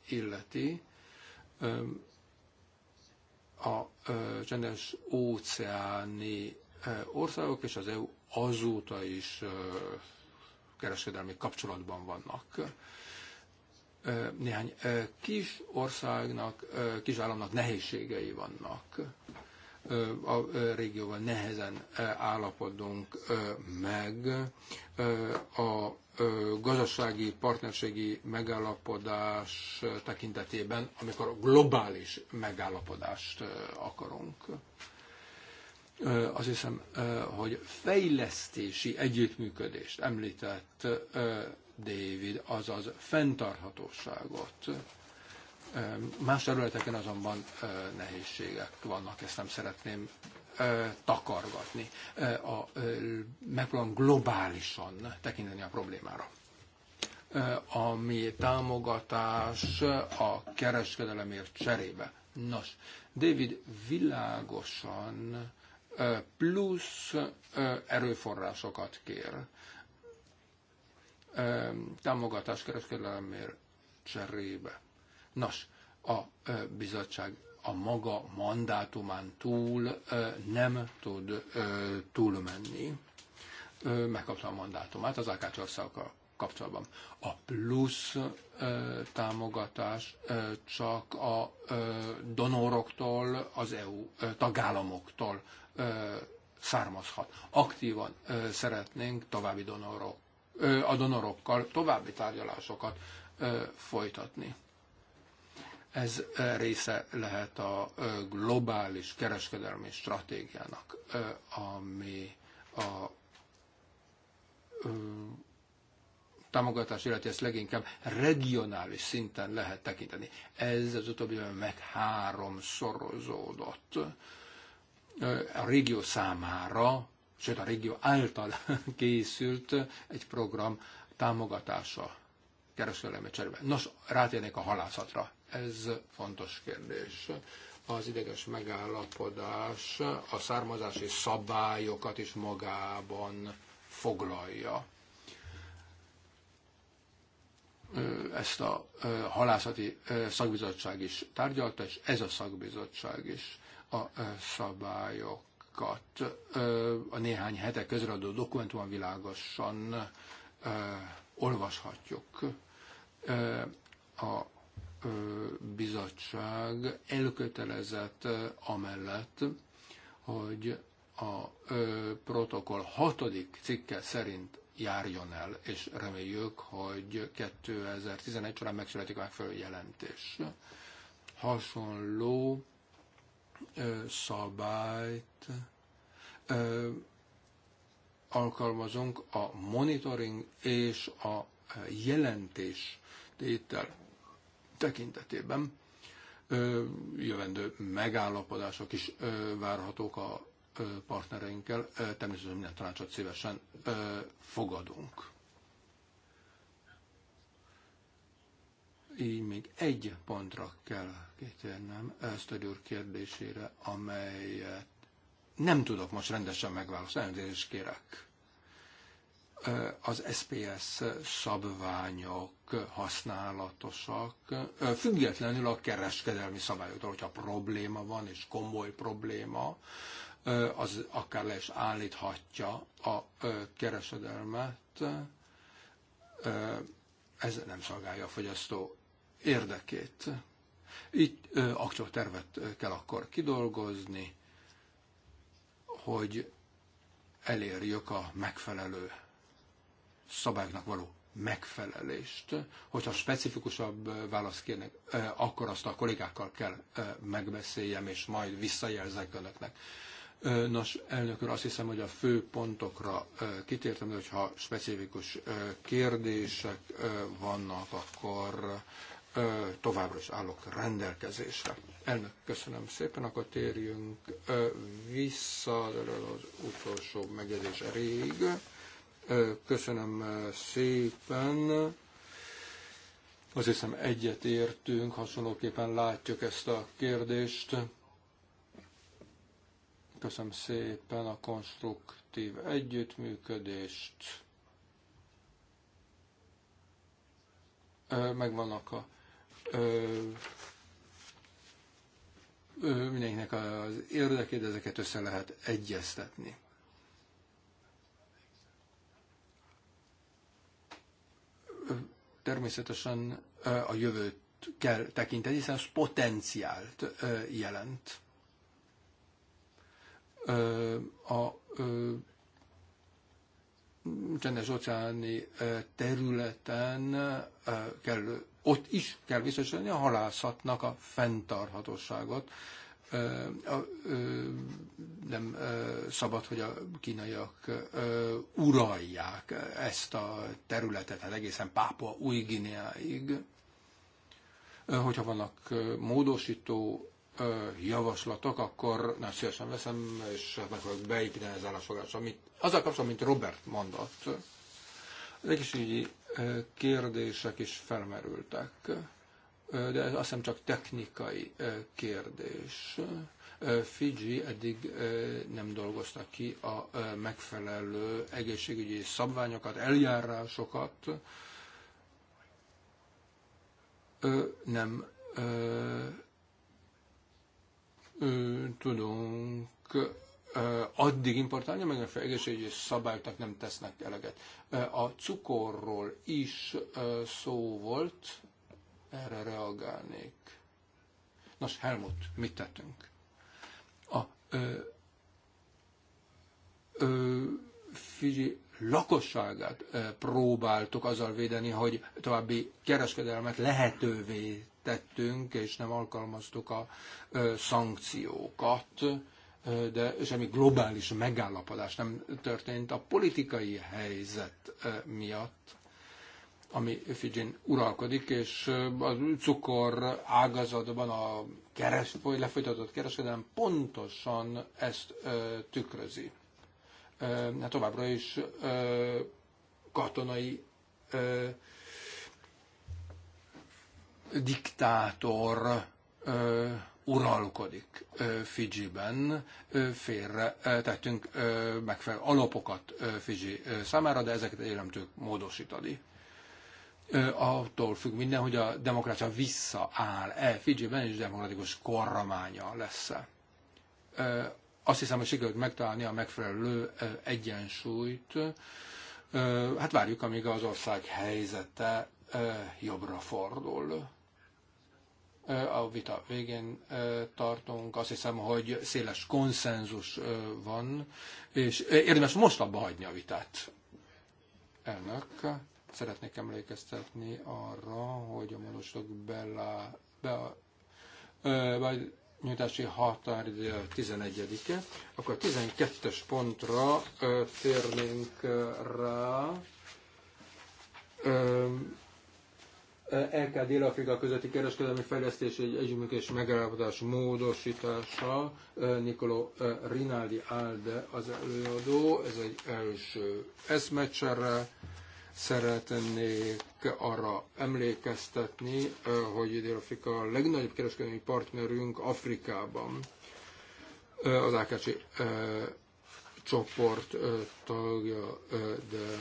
illeti, a csendes óceáni országok és az EU azóta is kereskedelmi kapcsolatban vannak. Néhány kis országnak, kis államnak nehézségei vannak. A régióval nehezen állapodunk meg a gazdasági partnerségi megállapodás tekintetében, amikor globális megállapodást akarunk. Azt hiszem, hogy fejlesztési együttműködést említett David, azaz fenntarthatóságot. Más területeken azonban nehézségek vannak, ezt nem szeretném takargatni. A, megpróbálom globálisan tekinteni a problémára ami támogatás a kereskedelemért cserébe. Nos, David világosan plusz erőforrásokat kér. Támogatás kereskedelemért cserébe. Nos, a bizottság a maga mandátumán túl nem tud túlmenni. Megkapta a mandátumát az Ákács országokkal kapcsolatban. A plusz támogatás csak a donoroktól, az EU tagállamoktól származhat. Aktívan szeretnénk további donorok, a donorokkal további tárgyalásokat folytatni. Ez része lehet a globális kereskedelmi stratégiának, ami a támogatás, illetve ezt leginkább regionális szinten lehet tekinteni. Ez az utóbbi évben meg háromszorozódott a régió számára, sőt a régió által készült egy program támogatása kereskedelmi cserébe. Nos, rátérnék a halászatra. Ez fontos kérdés. Az ideges megállapodás a származási szabályokat is magában foglalja ezt a halászati szakbizottság is tárgyalta, és ez a szakbizottság is a szabályokat a néhány hete közreadó dokumentumon világosan olvashatjuk. A bizottság elkötelezett amellett, hogy a protokoll hatodik cikke szerint járjon el, és reméljük, hogy 2011 során megszületik a megfelelő jelentés. Hasonló szabályt alkalmazunk a monitoring és a jelentés tétel tekintetében jövendő megállapodások is várhatók a partnereinkkel. Természetesen minden tanácsot szívesen fogadunk. Így még egy pontra kell kitérnem, a úr kérdésére, amelyet nem tudok most rendesen megválaszolni, és kérek az SPS szabványok használatosak, függetlenül a kereskedelmi szabályoktól, hogyha probléma van, és komoly probléma, az akár le is állíthatja a kereskedelmet, ez nem szolgálja a fogyasztó érdekét. Így akciótervet kell akkor kidolgozni, hogy elérjük a megfelelő szabályoknak való megfelelést. Hogyha specifikusabb választ kérnek, akkor azt a kollégákkal kell megbeszéljem, és majd visszajelzek önöknek. Nos, elnök úr, azt hiszem, hogy a fő pontokra kitértem, hogyha specifikus kérdések vannak, akkor továbbra is állok rendelkezésre. Elnök, köszönöm szépen, akkor térjünk vissza az utolsó megjegyzésre rég. Köszönöm szépen. Azt hiszem egyet értünk, hasonlóképpen látjuk ezt a kérdést. Köszönöm szépen a konstruktív együttműködést. Megvannak a mindenkinek az érdekét, ezeket össze lehet egyeztetni. természetesen a jövőt kell tekinteni, hiszen az potenciált jelent. A csendes óceáni területen kell, ott is kell biztosítani a halászatnak a fenntarthatóságot, nem szabad, hogy a kínaiak uralják ezt a területet, hát egészen pápa új Guineáig. Hogyha vannak módosító javaslatok, akkor nagyon szívesen veszem, és hát meg fogok beépíteni az állásfoglalásra. Amit, azzal kapcsolatban, mint Robert mondott, az egészségügyi kérdések is felmerültek de azt hiszem csak technikai kérdés. Fiji eddig nem dolgoztak ki a megfelelő egészségügyi szabványokat, eljárásokat, nem tudunk addig importálni, meg a egészségügyi szabályoknak nem tesznek eleget. A cukorról is szó volt, erre reagálnék. Nos, Helmut, mit tettünk? A ö, ö, Fiji lakosságát ö, próbáltuk azzal védeni, hogy további kereskedelmet lehetővé tettünk, és nem alkalmaztuk a ö, szankciókat, ö, de semmi globális megállapodás nem történt a politikai helyzet ö, miatt ami Fidzsin uralkodik, és a cukor ágazatban a keres, lefolytatott kereskedelem pontosan ezt ö, tükrözi. Ö, hát továbbra is ö, katonai ö, diktátor ö, uralkodik Fidzsiben, félre tettünk megfelelő alapokat Fidzsi számára, de ezeket egyre módosítani attól függ minden, hogy a demokrácia visszaáll-e Fidzsiben, és demokratikus kormánya lesz-e. Azt hiszem, hogy sikerült megtalálni a megfelelő egyensúlyt. Hát várjuk, amíg az ország helyzete jobbra fordul. A vita végén tartunk, azt hiszem, hogy széles konszenzus van, és érdemes most abba hagyni a vitát. Elnök. Szeretnék emlékeztetni arra, hogy a módosok bela, be a, ö, vagy nyújtási határ 11-e, akkor a 12-es pontra ö, térnénk rá. Ö, LK Dél-Afrika közötti kereskedelmi fejlesztés egy együttműködés megállapodás módosítása. Nikoló Rinaldi Alde az előadó, ez egy első eszmecsere. Szeretnék arra emlékeztetni, hogy Dél-Afrika a legnagyobb kereskedelmi partnerünk Afrikában, az AKC csoport tagja, de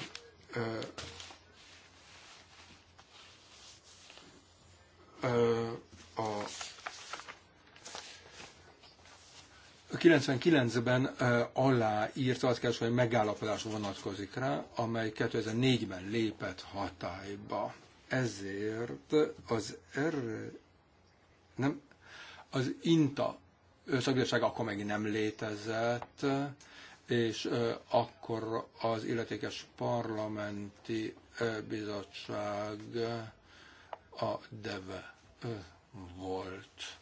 a 99-ben aláírt hogy megállapodás vonatkozik rá, amely 2004-ben lépett hatályba. Ezért az erre nem, az INTA szakbizottság akkor még nem létezett, és akkor az illetékes parlamenti bizottság a DEVE volt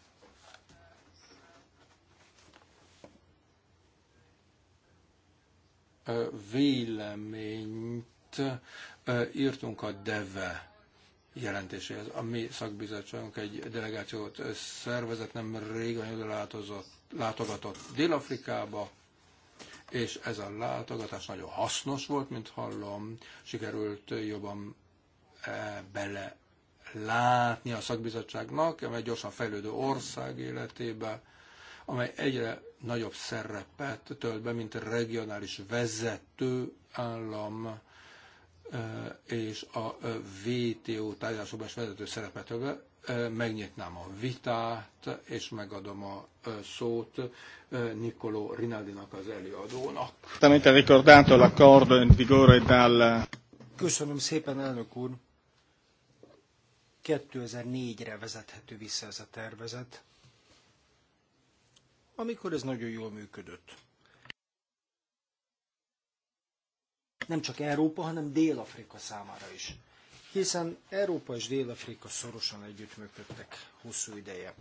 véleményt írtunk a DEVE jelentéséhez. A mi szakbizottságunk egy delegációt szervezett, nem régen oda látogatott Dél-Afrikába, és ez a látogatás nagyon hasznos volt, mint hallom, sikerült jobban bele látni a szakbizottságnak, amely gyorsan fejlődő ország életébe, amely egyre nagyobb szerepet tölt be, mint regionális vezető állam és a VTO tárgyalásokban is vezető szerepet tölt be. Megnyitnám a vitát, és megadom a szót Nicolo Rinaldinak az előadónak. Tanítani ricordato l'accordo in vigore dal... Köszönöm szépen, elnök úr! 2004-re vezethető vissza ez a tervezet amikor ez nagyon jól működött. Nem csak Európa, hanem Dél-Afrika számára is. Hiszen Európa és Dél-Afrika szorosan együttműködtek hosszú ideje.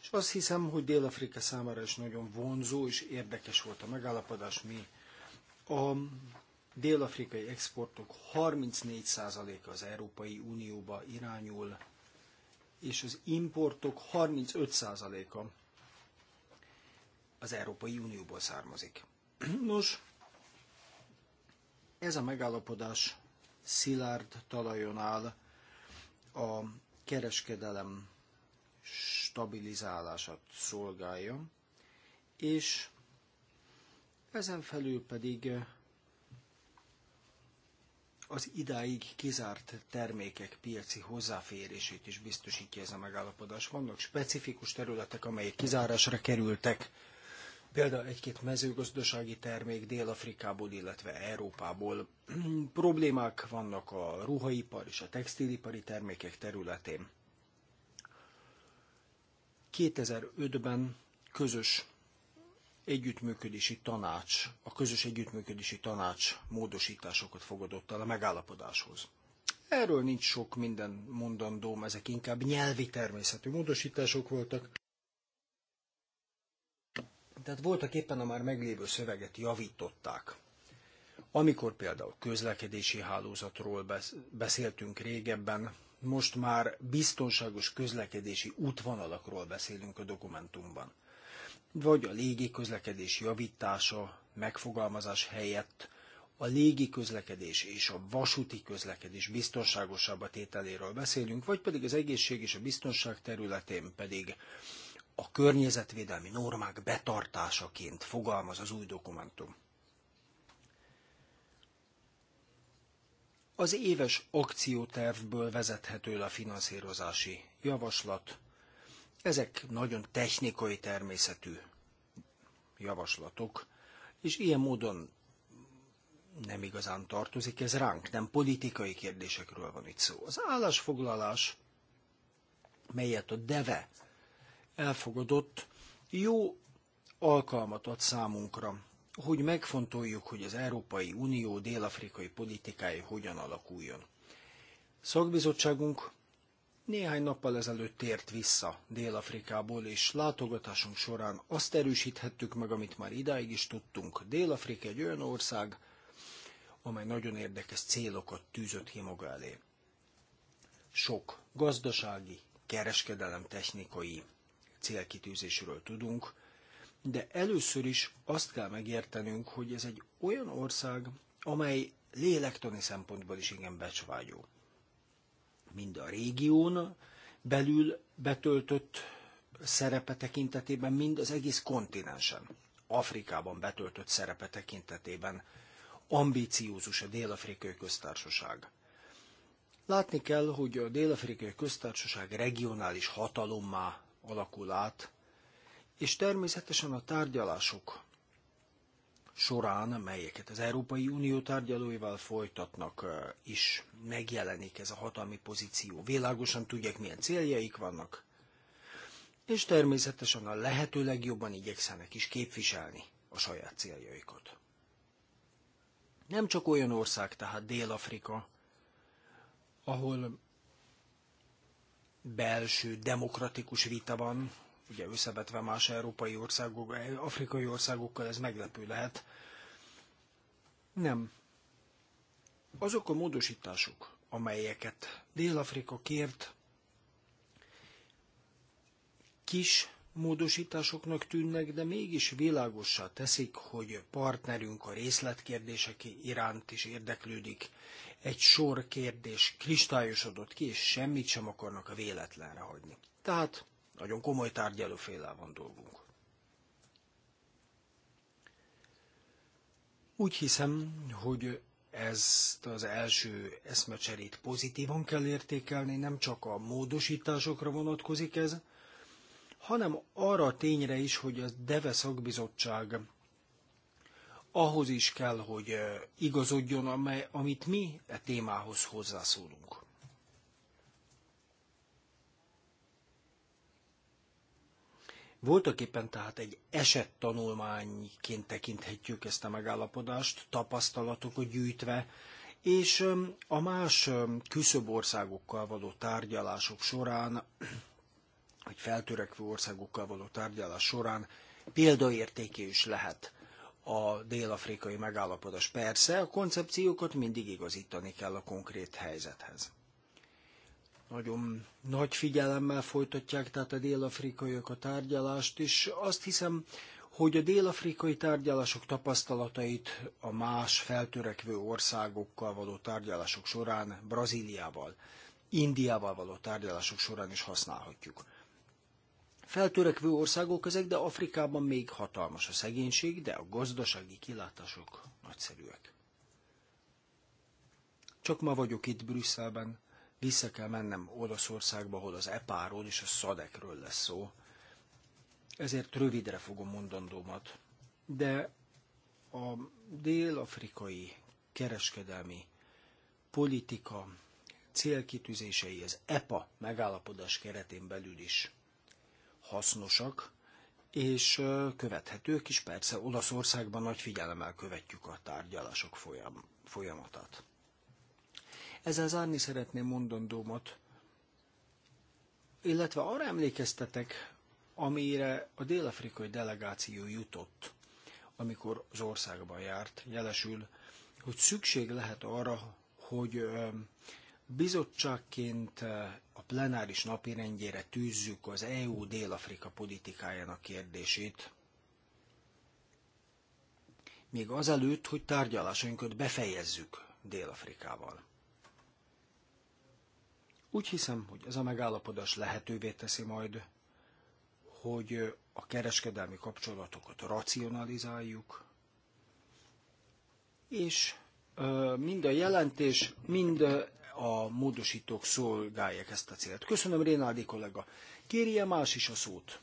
És azt hiszem, hogy Dél-Afrika számára is nagyon vonzó és érdekes volt a megállapodás. Mi a dél-afrikai exportok 34%-a az Európai Unióba irányul, és az importok 35%-a az Európai Unióból származik. Nos, ez a megállapodás szilárd talajon áll a kereskedelem stabilizálását szolgálja, és ezen felül pedig az idáig kizárt termékek piaci hozzáférését is biztosítja ez a megállapodás. Vannak specifikus területek, amelyek kizárásra kerültek például egy-két mezőgazdasági termék Dél-Afrikából, illetve Európából. Problémák vannak a ruhaipar és a textilipari termékek területén. 2005-ben közös együttműködési tanács, a közös együttműködési tanács módosításokat fogadott el a megállapodáshoz. Erről nincs sok minden mondandóm, ezek inkább nyelvi természetű módosítások voltak tehát voltak éppen a már meglévő szöveget javították. Amikor például közlekedési hálózatról beszéltünk régebben, most már biztonságos közlekedési útvonalakról beszélünk a dokumentumban. Vagy a légi közlekedés javítása, megfogalmazás helyett a légi közlekedés és a vasúti közlekedés biztonságosabb a tételéről beszélünk, vagy pedig az egészség és a biztonság területén pedig a környezetvédelmi normák betartásaként fogalmaz az új dokumentum. Az éves akciótervből vezethető a finanszírozási javaslat. Ezek nagyon technikai természetű javaslatok, és ilyen módon nem igazán tartozik ez ránk, nem politikai kérdésekről van itt szó. Az állásfoglalás, melyet a DEVE elfogadott jó alkalmat ad számunkra, hogy megfontoljuk, hogy az Európai Unió dél-afrikai politikája hogyan alakuljon. Szakbizottságunk néhány nappal ezelőtt tért vissza Dél-Afrikából, és látogatásunk során azt erősíthettük meg, amit már idáig is tudtunk. Dél-Afrika egy olyan ország, amely nagyon érdekes célokat tűzött ki maga elé. Sok gazdasági, kereskedelem technikai célkitűzésről tudunk, de először is azt kell megértenünk, hogy ez egy olyan ország, amely lélektani szempontból is igen becsvágyó. Mind a régión belül betöltött szerepe tekintetében, mind az egész kontinensen, Afrikában betöltött szerepe tekintetében ambíciózus a Dél-Afrikai Köztársaság. Látni kell, hogy a Dél-Afrikai Köztársaság regionális hatalommá alakul át, és természetesen a tárgyalások során, melyeket az Európai Unió tárgyalóival folytatnak, is megjelenik ez a hatalmi pozíció. Világosan tudják, milyen céljaik vannak, és természetesen a lehető legjobban igyekszenek is képviselni a saját céljaikat. Nem csak olyan ország, tehát Dél-Afrika, ahol belső demokratikus vita van, ugye összevetve más európai országok, afrikai országokkal ez meglepő lehet. Nem. Azok a módosítások, amelyeket Dél-Afrika kért, kis módosításoknak tűnnek, de mégis világossá teszik, hogy partnerünk a részletkérdések iránt is érdeklődik. Egy sor kérdés kristályosodott ki, és semmit sem akarnak a véletlenre hagyni. Tehát nagyon komoly tárgyalófélel van dolgunk. Úgy hiszem, hogy ezt az első eszmecserét pozitívan kell értékelni, nem csak a módosításokra vonatkozik ez, hanem arra a tényre is, hogy a DEVE szakbizottság ahhoz is kell, hogy igazodjon, amely, amit mi a e témához hozzászólunk. Voltak éppen tehát egy esettanulmányként tekinthetjük ezt a megállapodást, tapasztalatokat gyűjtve, és a más küszöbországokkal való tárgyalások során hogy feltörekvő országokkal való tárgyalás során példaértékű is lehet a dél-afrikai megállapodás. Persze, a koncepciókat mindig igazítani kell a konkrét helyzethez. Nagyon nagy figyelemmel folytatják tehát a dél-afrikaiak a tárgyalást, és azt hiszem, hogy a dél-afrikai tárgyalások tapasztalatait a más feltörekvő országokkal való tárgyalások során, Brazíliával, Indiával való tárgyalások során is használhatjuk. Feltörekvő országok ezek, de Afrikában még hatalmas a szegénység, de a gazdasági kilátások nagyszerűek. Csak ma vagyok itt Brüsszelben, vissza kell mennem Olaszországba, ahol az epáról és a szadekről lesz szó. Ezért rövidre fogom mondandómat. De a dél-afrikai kereskedelmi politika célkitűzései az EPA megállapodás keretén belül is hasznosak, és követhetők is. Persze Olaszországban nagy figyelemmel követjük a tárgyalások folyam, folyamatát. Ezzel zárni szeretném mondandómat, illetve arra emlékeztetek, amire a dél-afrikai delegáció jutott, amikor az országban járt, jelesül, hogy szükség lehet arra, hogy Bizottságként eh, a plenáris napirendjére tűzzük az EU Dél-Afrika politikájának kérdését, még azelőtt, hogy tárgyalásainkat befejezzük Dél-Afrikával. Úgy hiszem, hogy ez a megállapodás lehetővé teszi majd, hogy eh, a kereskedelmi kapcsolatokat racionalizáljuk, és eh, mind a jelentés, mind a módosítók szolgálják ezt a célt. Köszönöm, Rénádi kollega. Kérje más is a szót.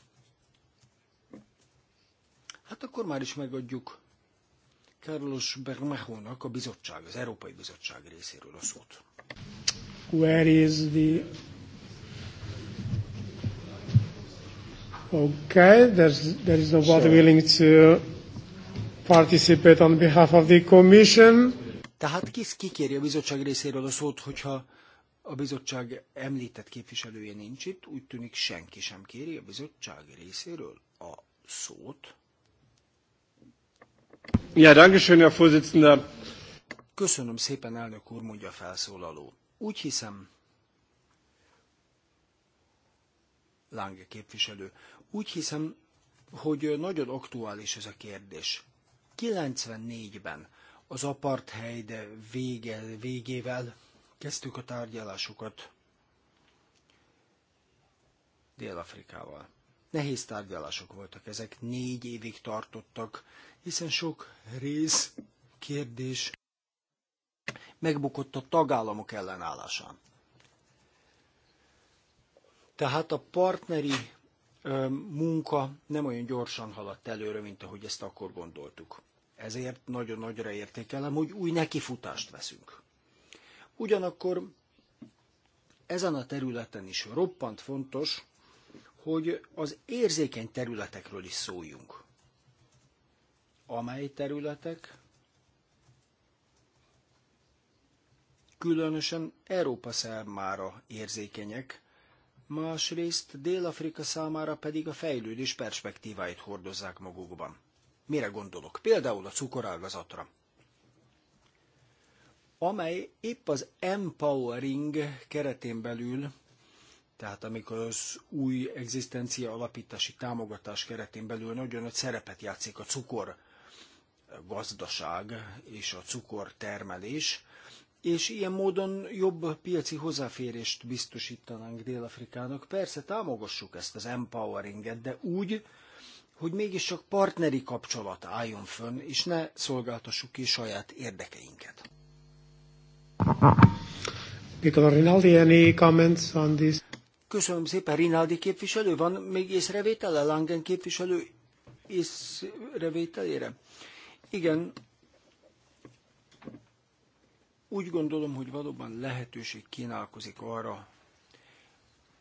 Hát akkor már is megadjuk Carlos Bermejónak a bizottság, az Európai Bizottság részéről a szót. Where is the... Okay, there's, there is nobody so... willing to participate on behalf of the Commission. Tehát ki, ki kéri a bizottság részéről a szót, hogyha a bizottság említett képviselője nincs itt, úgy tűnik senki sem kéri a bizottság részéről a szót. Ja, dankeschön, Herr Vorsitzender. Köszönöm szépen, elnök úr, mondja felszólaló. Úgy hiszem, Lange képviselő, úgy hiszem, hogy nagyon aktuális ez a kérdés. 94-ben az apartheid vége, végével kezdtük a tárgyalásokat Dél-Afrikával. Nehéz tárgyalások voltak ezek, négy évig tartottak, hiszen sok rész, kérdés megbukott a tagállamok ellenállásán. Tehát a partneri munka nem olyan gyorsan haladt előre, mint ahogy ezt akkor gondoltuk. Ezért nagyon nagyra értékelem, hogy új nekifutást veszünk. Ugyanakkor ezen a területen is roppant fontos, hogy az érzékeny területekről is szóljunk. Amely területek különösen Európa számára érzékenyek, másrészt Dél-Afrika számára pedig a fejlődés perspektíváit hordozzák magukban. Mire gondolok? Például a cukorágazatra amely épp az empowering keretén belül, tehát amikor az új egzisztencia alapítási támogatás keretén belül nagyon nagy szerepet játszik a cukor gazdaság és a cukortermelés, és ilyen módon jobb piaci hozzáférést biztosítanánk Dél-Afrikának. Persze támogassuk ezt az empoweringet, de úgy, hogy mégiscsak partneri kapcsolat álljon fönn, és ne szolgáltassuk ki saját érdekeinket. any comments on this? Köszönöm szépen, Rinaldi képviselő. Van még észrevétele Langen képviselő észrevételére? Igen, úgy gondolom, hogy valóban lehetőség kínálkozik arra,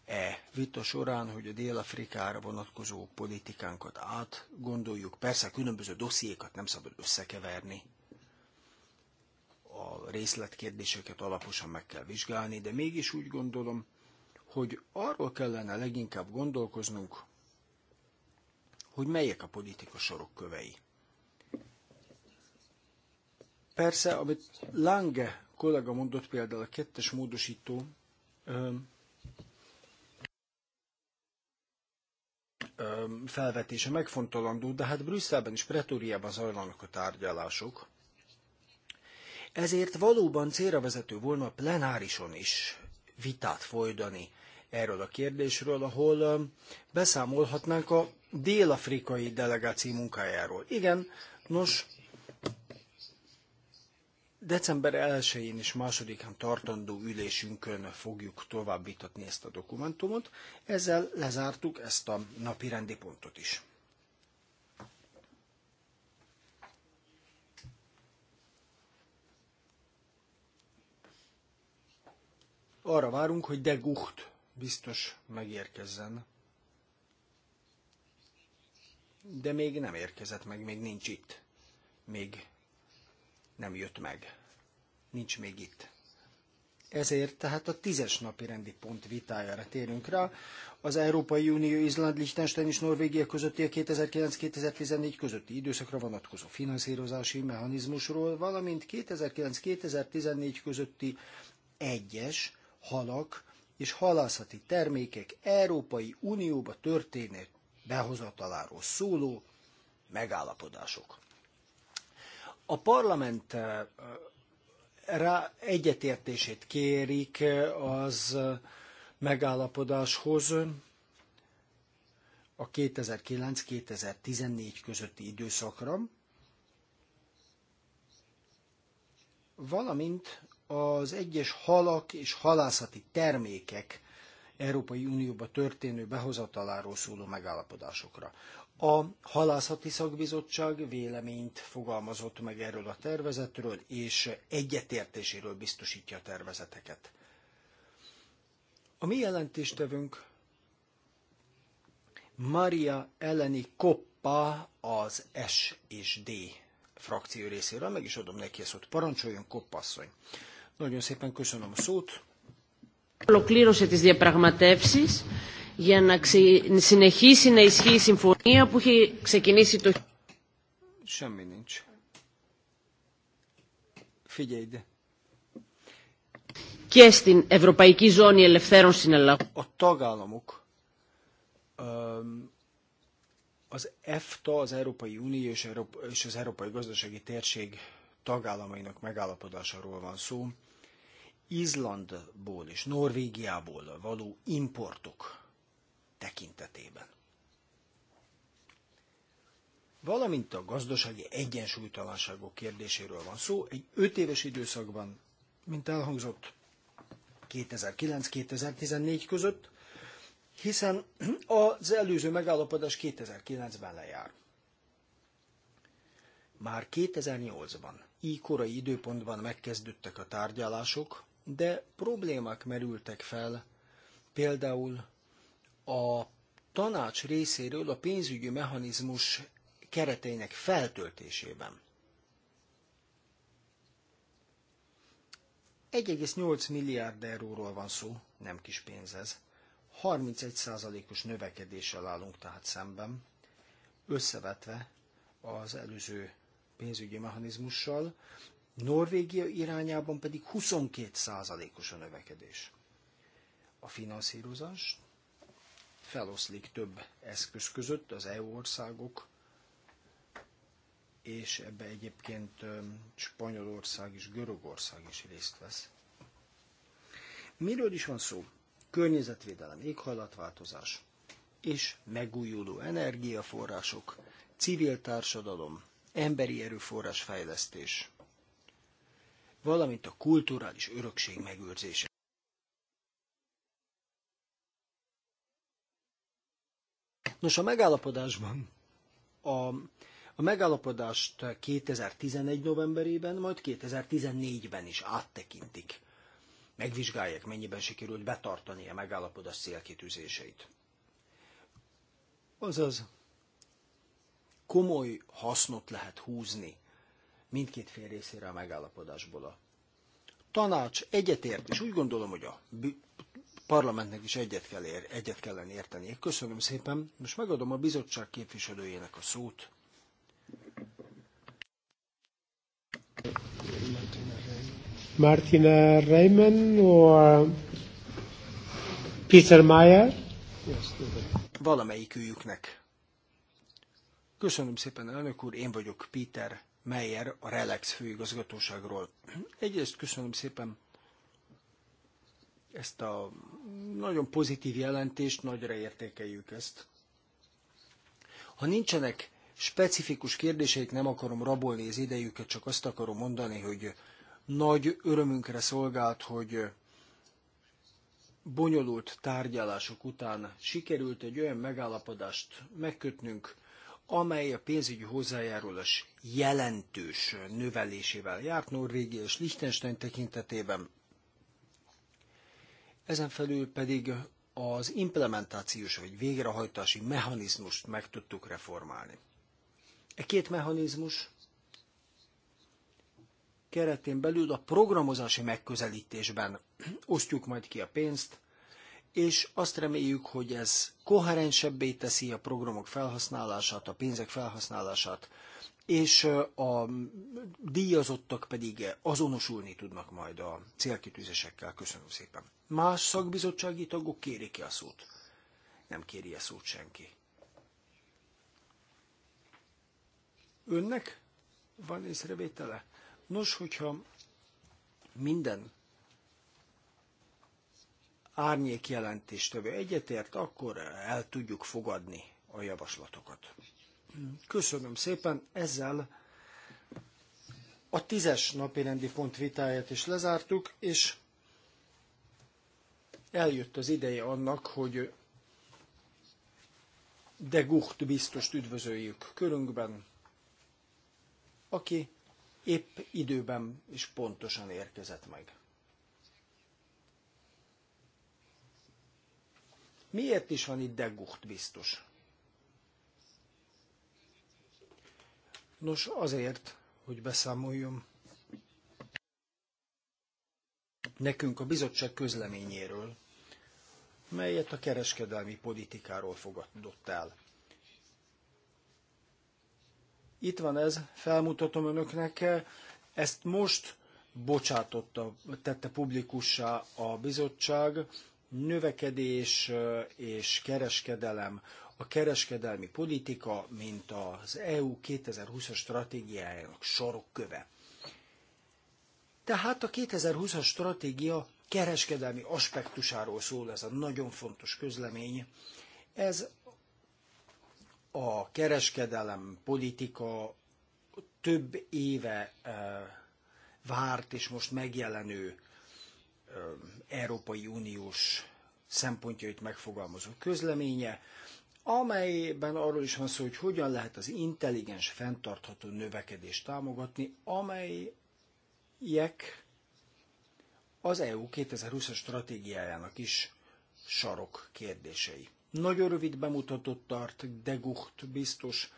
e vita során, hogy a Dél-Afrikára vonatkozó politikánkat átgondoljuk. Persze a különböző dossziékat nem szabad összekeverni, a részletkérdéseket alaposan meg kell vizsgálni, de mégis úgy gondolom, hogy arról kellene leginkább gondolkoznunk, hogy melyek a politika sorok kövei. Persze, amit Lange kollega mondott például a kettes módosító, felvetése megfontolandó, de hát Brüsszelben és Pretóriában zajlanak a tárgyalások. Ezért valóban célra vezető volna a plenárison is vitát folytani erről a kérdésről, ahol beszámolhatnánk a dél-afrikai delegáció munkájáról. Igen, nos, december 1-én és 2-án tartandó ülésünkön fogjuk továbbítatni ezt a dokumentumot. Ezzel lezártuk ezt a napi rendi pontot is. Arra várunk, hogy de Gucht biztos megérkezzen. De még nem érkezett meg, még nincs itt. Még nem jött meg nincs még itt. Ezért tehát a tízes napi rendi pont vitájára térünk rá. Az Európai Unió, Izland, Liechtenstein és Norvégia közötti a 2009-2014 közötti időszakra vonatkozó finanszírozási mechanizmusról, valamint 2009-2014 közötti egyes halak és halászati termékek Európai Unióba történő behozataláról szóló megállapodások. A parlament rá egyetértését kérik az megállapodáshoz a 2009-2014 közötti időszakra, valamint az egyes halak és halászati termékek Európai Unióba történő behozataláról szóló megállapodásokra. A halászati szakbizottság véleményt fogalmazott meg erről a tervezetről, és egyetértéséről biztosítja a tervezeteket. A mi jelentéstevünk Maria Eleni Koppa az S és D frakció részéről, meg is adom neki a szót. Parancsoljon, Koppasszony. Nagyon szépen köszönöm a szót για να συνεχίσει να ισχύει η συμφωνία που έχει ξεκινήσει το... Και στην Ευρωπαϊκή Ζώνη Ελευθέρων Συναλλαγών. A tagállamok az EFTA, az Európai Unió és az Európai Gazdasági Térség tagállamainak megállapodásáról van szó. Izlandból és Norvégiából való importok tekintetében. Valamint a gazdasági egyensúlytalanságok kérdéséről van szó, egy 5 éves időszakban, mint elhangzott, 2009-2014 között, hiszen az előző megállapodás 2009-ben lejár. Már 2008-ban, így korai időpontban megkezdődtek a tárgyalások, de problémák merültek fel, például a tanács részéről a pénzügyi mechanizmus kereteinek feltöltésében. 1,8 milliárd euróról van szó, nem kis pénz ez. 31%-os növekedéssel állunk tehát szemben, összevetve az előző pénzügyi mechanizmussal, Norvégia irányában pedig 22%-os a növekedés. A finanszírozás feloszlik több eszköz között az EU országok, és ebbe egyébként Spanyolország és Görögország is részt vesz. Miről is van szó? Környezetvédelem, éghajlatváltozás és megújuló energiaforrások, civil társadalom, emberi erőforrás fejlesztés, valamint a kulturális örökség megőrzése. Nos, a megállapodásban a, a megállapodást 2011 novemberében, majd 2014-ben is áttekintik. Megvizsgálják, mennyiben sikerült betartani a megállapodás célkitűzéseit. Azaz, komoly hasznot lehet húzni mindkét fél részére a megállapodásból. A tanács egyetért, és úgy gondolom, hogy a parlamentnek is egyet, kell ér, egyet kellene érteni. Köszönöm szépen. Most megadom a bizottság képviselőjének a szót. Martina Raymond or Peter Meyer? Valamelyikőjüknek. Köszönöm szépen, elnök úr, én vagyok Peter Meyer, a Relax főigazgatóságról. Egyrészt köszönöm szépen ezt a nagyon pozitív jelentést, nagyra értékeljük ezt. Ha nincsenek specifikus kérdéseik, nem akarom rabolni az idejüket, csak azt akarom mondani, hogy nagy örömünkre szolgált, hogy bonyolult tárgyalások után sikerült egy olyan megállapodást megkötnünk, amely a pénzügyi hozzájárulás jelentős növelésével járt Norvégia és Liechtenstein tekintetében. Ezen felül pedig az implementációs vagy végrehajtási mechanizmust meg tudtuk reformálni. E két mechanizmus keretén belül a programozási megközelítésben osztjuk majd ki a pénzt, és azt reméljük, hogy ez koherensebbé teszi a programok felhasználását, a pénzek felhasználását, és a díjazottak pedig azonosulni tudnak majd a célkitűzésekkel. Köszönöm szépen. Más szakbizottsági tagok kérik ki a szót? Nem kéri a szót senki. Önnek van észrevétele? Nos, hogyha minden árnyék jelentéstevő egyetért, akkor el tudjuk fogadni a javaslatokat. Köszönöm szépen, ezzel a tízes napi rendi pont vitáját is lezártuk, és eljött az ideje annak, hogy de Gucht biztos üdvözöljük körünkben, aki épp időben és pontosan érkezett meg. Miért is van itt Degucht biztos? Nos, azért, hogy beszámoljon nekünk a bizottság közleményéről, melyet a kereskedelmi politikáról fogadott el. Itt van ez, felmutatom önöknek, ezt most bocsátotta, tette publikussá a bizottság, növekedés és kereskedelem a kereskedelmi politika, mint az EU 2020-as stratégiájának köve. Tehát a 2020-as stratégia kereskedelmi aspektusáról szól ez a nagyon fontos közlemény. Ez a kereskedelem politika több éve e, várt és most megjelenő e, Európai Uniós szempontjait megfogalmazó közleménye, amelyben arról is van szó, hogy hogyan lehet az intelligens, fenntartható növekedést támogatni, amelyek az EU 2020-as stratégiájának is sarok kérdései. Nagyon rövid bemutatott tart de Gucht biztos,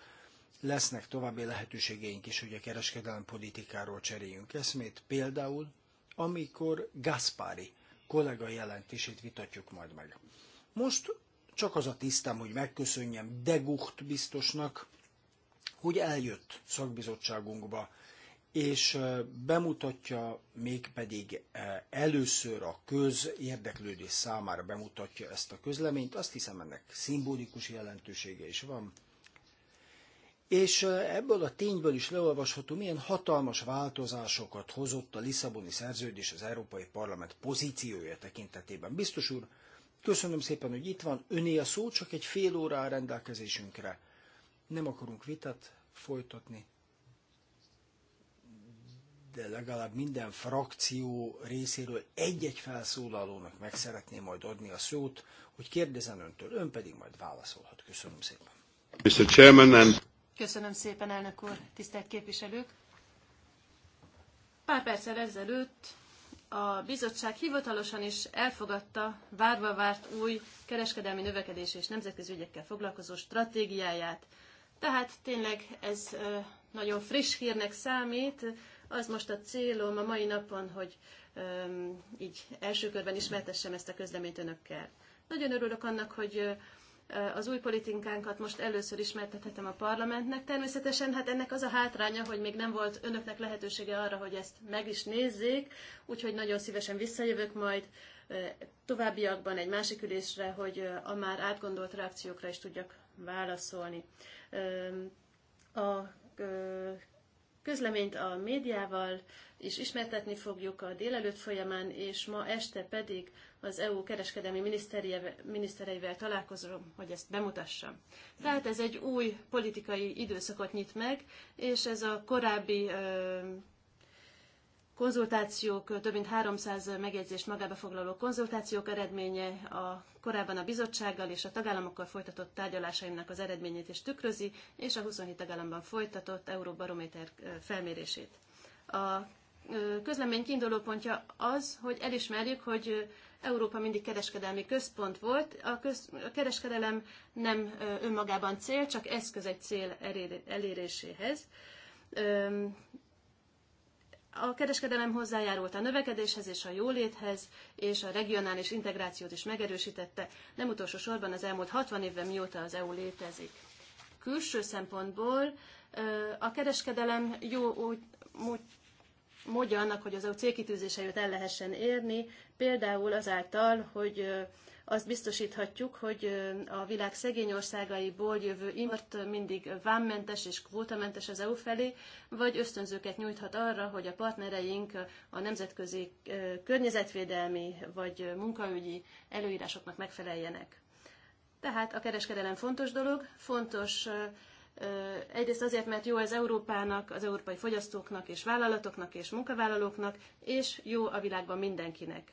lesznek további lehetőségeink is, hogy a kereskedelmi politikáról cseréljünk eszmét, például amikor Gaspari kollega jelentését vitatjuk majd meg. Most csak az a tisztem, hogy megköszönjem Degucht biztosnak, hogy eljött szakbizottságunkba, és bemutatja, mégpedig először a köz érdeklődés számára bemutatja ezt a közleményt. Azt hiszem, ennek szimbolikus jelentősége is van. És ebből a tényből is leolvasható, milyen hatalmas változásokat hozott a Lisszaboni szerződés az Európai Parlament pozíciója tekintetében. Biztos úr, Köszönöm szépen, hogy itt van. Öné a szó, csak egy fél óra a rendelkezésünkre. Nem akarunk vitat folytatni, de legalább minden frakció részéről egy-egy felszólalónak meg szeretném majd adni a szót, hogy kérdezen öntől, ön pedig majd válaszolhat. Köszönöm szépen. Mr. Chairman and... Köszönöm szépen, elnök úr, tisztelt képviselők. Pár perccel ezelőtt a bizottság hivatalosan is elfogadta várva várt új kereskedelmi növekedés és nemzetközi ügyekkel foglalkozó stratégiáját. Tehát tényleg ez nagyon friss hírnek számít. Az most a célom a mai napon, hogy így első körben ismertessem ezt a közleményt önökkel. Nagyon örülök annak, hogy az új politikánkat most először ismertethetem a parlamentnek. Természetesen hát ennek az a hátránya, hogy még nem volt önöknek lehetősége arra, hogy ezt meg is nézzék, úgyhogy nagyon szívesen visszajövök majd továbbiakban egy másik ülésre, hogy a már átgondolt reakciókra is tudjak válaszolni. A közleményt a médiával is ismertetni fogjuk a délelőtt folyamán, és ma este pedig az EU kereskedelmi minisztereivel találkozom, hogy ezt bemutassam. Tehát ez egy új politikai időszakot nyit meg, és ez a korábbi konzultációk, több mint 300 megjegyzést magába foglaló konzultációk eredménye a korábban a bizottsággal és a tagállamokkal folytatott tárgyalásaimnak az eredményét is tükrözi, és a 27 tagállamban folytatott Euróbarométer felmérését. A közlemény kiindulópontja az, hogy elismerjük, hogy Európa mindig kereskedelmi központ volt. A, köz, a kereskedelem nem önmagában cél, csak eszköz egy cél eléréséhez. A kereskedelem hozzájárult a növekedéshez és a jóléthez, és a regionális integrációt is megerősítette, nem utolsó sorban az elmúlt 60 évben mióta az EU létezik. Külső szempontból a kereskedelem jó úgy módja annak, hogy az EU célkitűzéseit el lehessen érni, például azáltal, hogy azt biztosíthatjuk, hogy a világ szegény országaiból jövő import mindig vámmentes és kvótamentes az EU felé, vagy ösztönzőket nyújthat arra, hogy a partnereink a nemzetközi környezetvédelmi vagy munkaügyi előírásoknak megfeleljenek. Tehát a kereskedelem fontos dolog, fontos Egyrészt azért, mert jó az Európának, az európai fogyasztóknak és vállalatoknak és munkavállalóknak, és jó a világban mindenkinek.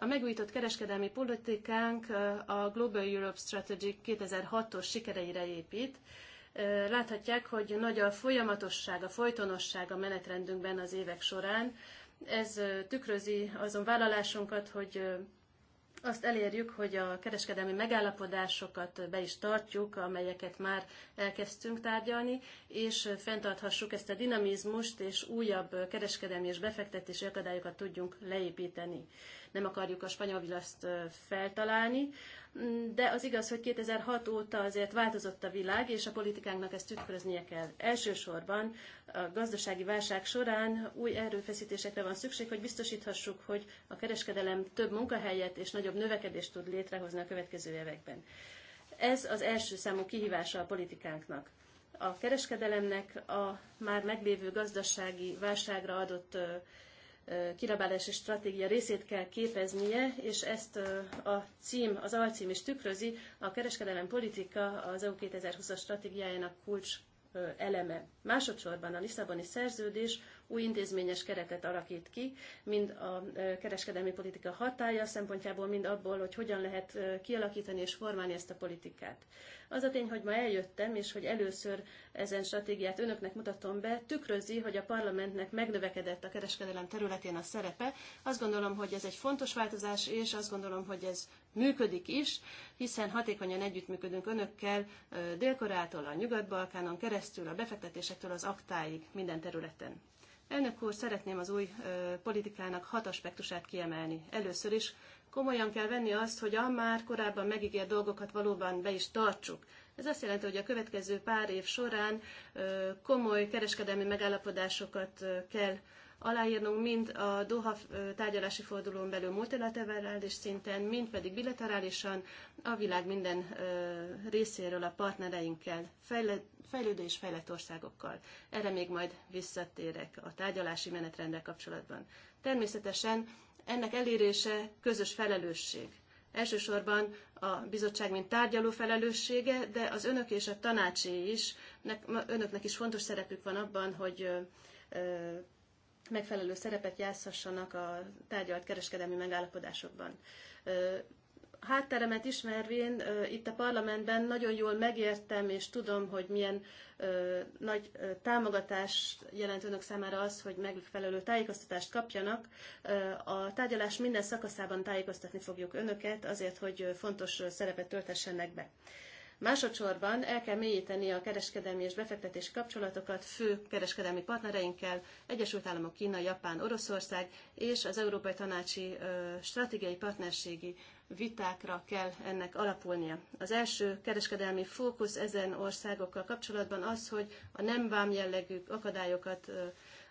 A megújított kereskedelmi politikánk a Global Europe Strategy 2006-os sikereire épít. Láthatják, hogy nagy a folyamatosság, a folytonosság a menetrendünkben az évek során. Ez tükrözi azon vállalásunkat, hogy azt elérjük, hogy a kereskedelmi megállapodásokat be is tartjuk, amelyeket már elkezdtünk tárgyalni, és fenntarthassuk ezt a dinamizmust, és újabb kereskedelmi és befektetési akadályokat tudjunk leépíteni. Nem akarjuk a spanyol feltalálni, de az igaz, hogy 2006 óta azért változott a világ, és a politikánknak ezt tükröznie kell. Elsősorban a gazdasági válság során új erőfeszítésekre van szükség, hogy biztosíthassuk, hogy a kereskedelem több munkahelyet és nagyobb növekedést tud létrehozni a következő években. Ez az első számú kihívása a politikánknak. A kereskedelemnek a már meglévő gazdasági válságra adott kirabálási stratégia részét kell képeznie, és ezt a cím, az alcím is tükrözi, a kereskedelem politika az EU 2020-as stratégiájának kulcs eleme. Másodszorban a Lisszaboni szerződés új intézményes keretet alakít ki, mind a kereskedelmi politika hatája szempontjából, mind abból, hogy hogyan lehet kialakítani és formálni ezt a politikát. Az a tény, hogy ma eljöttem, és hogy először ezen stratégiát önöknek mutatom be, tükrözi, hogy a parlamentnek megnövekedett a kereskedelem területén a szerepe. Azt gondolom, hogy ez egy fontos változás, és azt gondolom, hogy ez működik is, hiszen hatékonyan együttműködünk önökkel dél a Nyugat-Balkánon keresztül, a befektetésektől az aktáig minden területen. Elnök úr, szeretném az új ö, politikának hat aspektusát kiemelni. Először is komolyan kell venni azt, hogy a már korábban megígért dolgokat valóban be is tartsuk. Ez azt jelenti, hogy a következő pár év során ö, komoly kereskedelmi megállapodásokat ö, kell aláírnunk mind a Doha tárgyalási fordulón belül multilaterális szinten, mind pedig bilaterálisan a világ minden részéről a partnereinkkel, fejlődő és fejlett országokkal. Erre még majd visszatérek a tárgyalási menetrendel kapcsolatban. Természetesen ennek elérése közös felelősség. Elsősorban a bizottság, mint tárgyaló felelőssége, de az önök és a tanácsé is, önöknek is fontos szerepük van abban, hogy megfelelő szerepet játszhassanak a tárgyalt kereskedelmi megállapodásokban. Hátteremet ismervén itt a parlamentben nagyon jól megértem, és tudom, hogy milyen nagy támogatás jelent önök számára az, hogy megfelelő tájékoztatást kapjanak. A tárgyalás minden szakaszában tájékoztatni fogjuk önöket azért, hogy fontos szerepet töltessenek be. Másodszorban el kell mélyíteni a kereskedelmi és befektetési kapcsolatokat fő kereskedelmi partnereinkkel, Egyesült Államok, Kína, Japán, Oroszország, és az Európai Tanácsi Stratégiai Partnerségi vitákra kell ennek alapulnia. Az első kereskedelmi fókusz ezen országokkal kapcsolatban az, hogy a nem vám jellegű akadályokat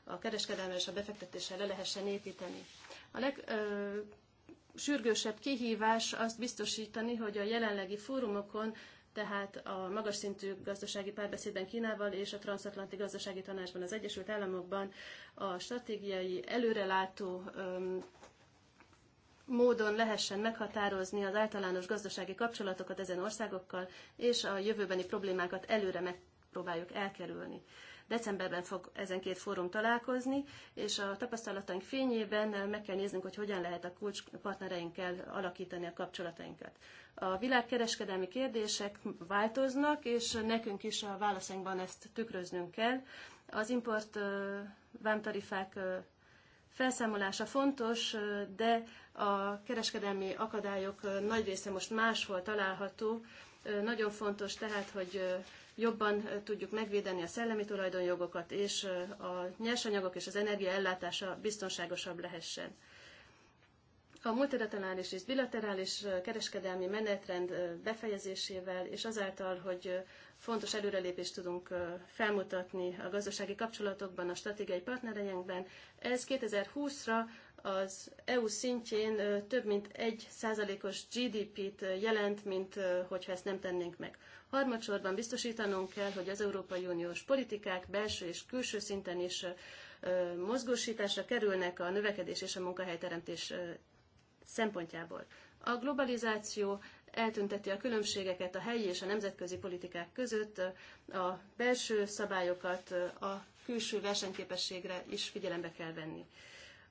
a kereskedelme és a befektetéssel le lehessen építeni. A leg, ö, sürgősebb kihívás azt biztosítani, hogy a jelenlegi fórumokon tehát a magas szintű gazdasági párbeszédben Kínával és a Transatlanti Gazdasági Tanácsban az Egyesült Államokban a stratégiai előrelátó öm, módon lehessen meghatározni az általános gazdasági kapcsolatokat ezen országokkal, és a jövőbeni problémákat előre megpróbáljuk elkerülni. Decemberben fog ezen két fórum találkozni, és a tapasztalataink fényében meg kell néznünk, hogy hogyan lehet a kulcspartnereinkkel alakítani a kapcsolatainkat. A világkereskedelmi kérdések változnak, és nekünk is a válaszainkban ezt tükröznünk kell. Az import vámtarifák felszámolása fontos, de a kereskedelmi akadályok nagy része most máshol található. Nagyon fontos tehát, hogy jobban tudjuk megvédeni a szellemi tulajdonjogokat, és a nyersanyagok és az energia ellátása biztonságosabb lehessen. A multilaterális és bilaterális kereskedelmi menetrend befejezésével, és azáltal, hogy fontos előrelépést tudunk felmutatni a gazdasági kapcsolatokban, a stratégiai partnereinkben, ez 2020-ra az EU szintjén több mint egy os GDP-t jelent, mint hogyha ezt nem tennénk meg. Harmadsorban biztosítanunk kell, hogy az Európai Uniós politikák belső és külső szinten is mozgósításra kerülnek a növekedés és a munkahelyteremtés szempontjából. A globalizáció eltünteti a különbségeket a helyi és a nemzetközi politikák között, a belső szabályokat a külső versenyképességre is figyelembe kell venni.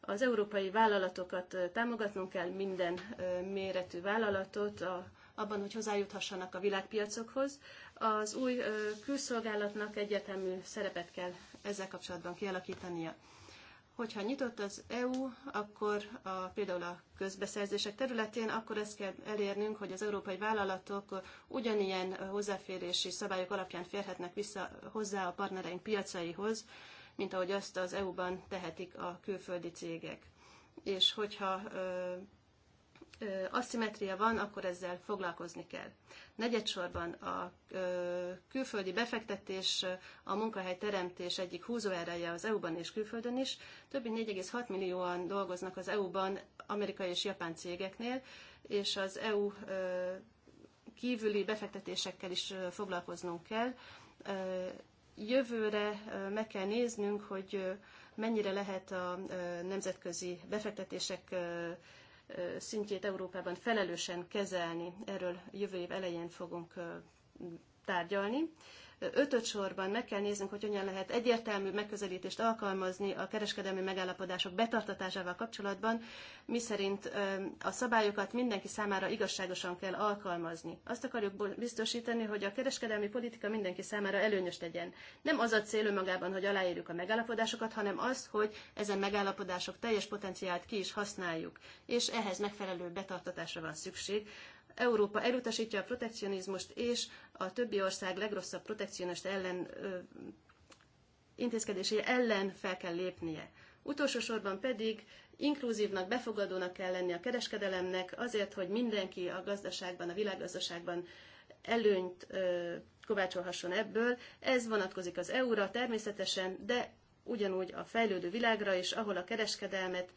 Az európai vállalatokat támogatnunk kell, minden méretű vállalatot, a, abban, hogy hozzájuthassanak a világpiacokhoz. Az új külszolgálatnak egyetemű szerepet kell ezzel kapcsolatban kialakítania. Hogyha nyitott az EU, akkor a, például a közbeszerzések területén, akkor ezt kell elérnünk, hogy az európai vállalatok ugyanilyen hozzáférési szabályok alapján férhetnek vissza hozzá a partnereink piacaihoz, mint ahogy azt az EU-ban tehetik a külföldi cégek. És hogyha aszimetria van, akkor ezzel foglalkozni kell. Negyedsorban a külföldi befektetés a munkahely teremtés egyik húzóereje az EU-ban és külföldön is. Több mint 4,6 millióan dolgoznak az EU-ban amerikai és japán cégeknél, és az EU kívüli befektetésekkel is foglalkoznunk kell jövőre meg kell néznünk, hogy mennyire lehet a nemzetközi befektetések szintjét Európában felelősen kezelni. Erről jövő év elején fogunk tárgyalni ötöt sorban meg kell néznünk, hogy hogyan lehet egyértelmű megközelítést alkalmazni a kereskedelmi megállapodások betartatásával kapcsolatban, miszerint a szabályokat mindenki számára igazságosan kell alkalmazni. Azt akarjuk biztosítani, hogy a kereskedelmi politika mindenki számára előnyös legyen. Nem az a cél önmagában, hogy aláírjuk a megállapodásokat, hanem az, hogy ezen megállapodások teljes potenciált ki is használjuk, és ehhez megfelelő betartatásra van szükség, Európa elutasítja a protekcionizmust, és a többi ország legrosszabb protekcionista ellen ö, intézkedései ellen fel kell lépnie. Utolsó sorban pedig inkluzívnak, befogadónak kell lenni a kereskedelemnek, azért, hogy mindenki a gazdaságban, a világgazdaságban előnyt ö, kovácsolhasson ebből. Ez vonatkozik az EU-ra természetesen, de ugyanúgy a fejlődő világra is, ahol a kereskedelmet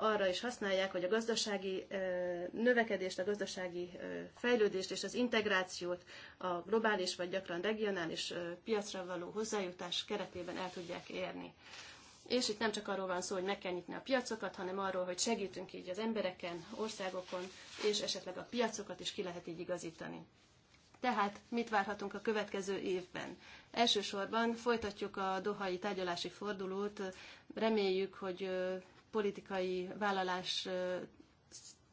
arra is használják, hogy a gazdasági növekedést, a gazdasági fejlődést és az integrációt a globális vagy gyakran regionális piacra való hozzájutás keretében el tudják érni. És itt nem csak arról van szó, hogy meg kell nyitni a piacokat, hanem arról, hogy segítünk így az embereken, országokon, és esetleg a piacokat is ki lehet így igazítani. Tehát mit várhatunk a következő évben? Elsősorban folytatjuk a dohai tárgyalási fordulót, reméljük, hogy politikai vállalás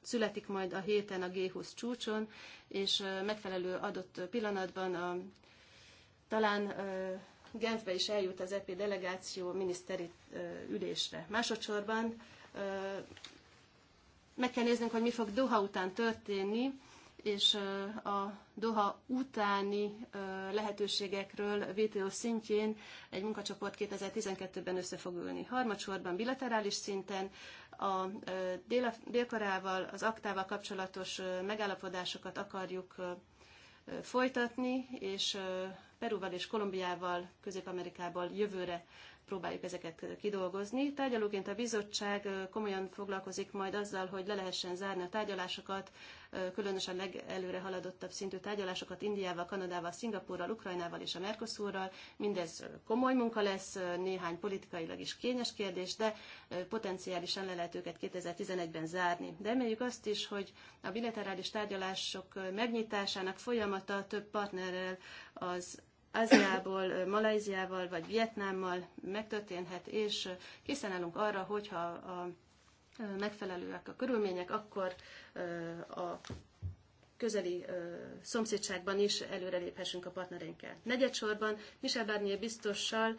születik majd a héten a G20 csúcson, és megfelelő adott pillanatban a, talán Genfbe is eljut az EP delegáció miniszteri ülésre. Másodszorban meg kell néznünk, hogy mi fog Doha után történni, és a Doha utáni lehetőségekről VTO szintjén egy munkacsoport 2012-ben össze fog ülni. Harmadsorban bilaterális szinten a délkorával, az aktával kapcsolatos megállapodásokat akarjuk folytatni, és Perúval és Kolumbiával, közép amerikával jövőre próbáljuk ezeket kidolgozni. Tárgyalóként a bizottság komolyan foglalkozik majd azzal, hogy le lehessen zárni a tárgyalásokat, különösen legelőre haladottabb szintű tárgyalásokat Indiával, Kanadával, Szingapúrral, Ukrajnával és a Mercosurral. Mindez komoly munka lesz, néhány politikailag is kényes kérdés, de potenciálisan le lehet őket 2011-ben zárni. De reméljük azt is, hogy a bilaterális tárgyalások megnyitásának folyamata több partnerrel az Áziából, Malajziával vagy Vietnámmal megtörténhet, és készen állunk arra, hogyha a megfelelőek a körülmények, akkor a közeli szomszédságban is előreléphessünk a partnereinkkel. Negyedsorban Michel Barnier biztossal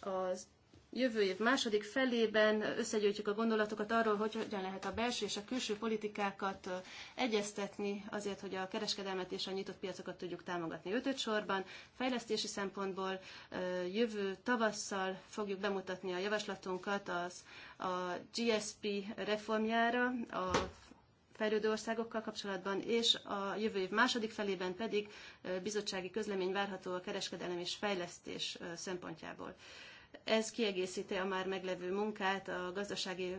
az jövő év második felében összegyűjtjük a gondolatokat arról, hogy hogyan lehet a belső és a külső politikákat egyeztetni azért, hogy a kereskedelmet és a nyitott piacokat tudjuk támogatni ötöt sorban. Fejlesztési szempontból jövő tavasszal fogjuk bemutatni a javaslatunkat az a GSP reformjára, a fejlődő országokkal kapcsolatban, és a jövő év második felében pedig bizottsági közlemény várható a kereskedelem és fejlesztés szempontjából. Ez kiegészíti a már meglevő munkát a gazdasági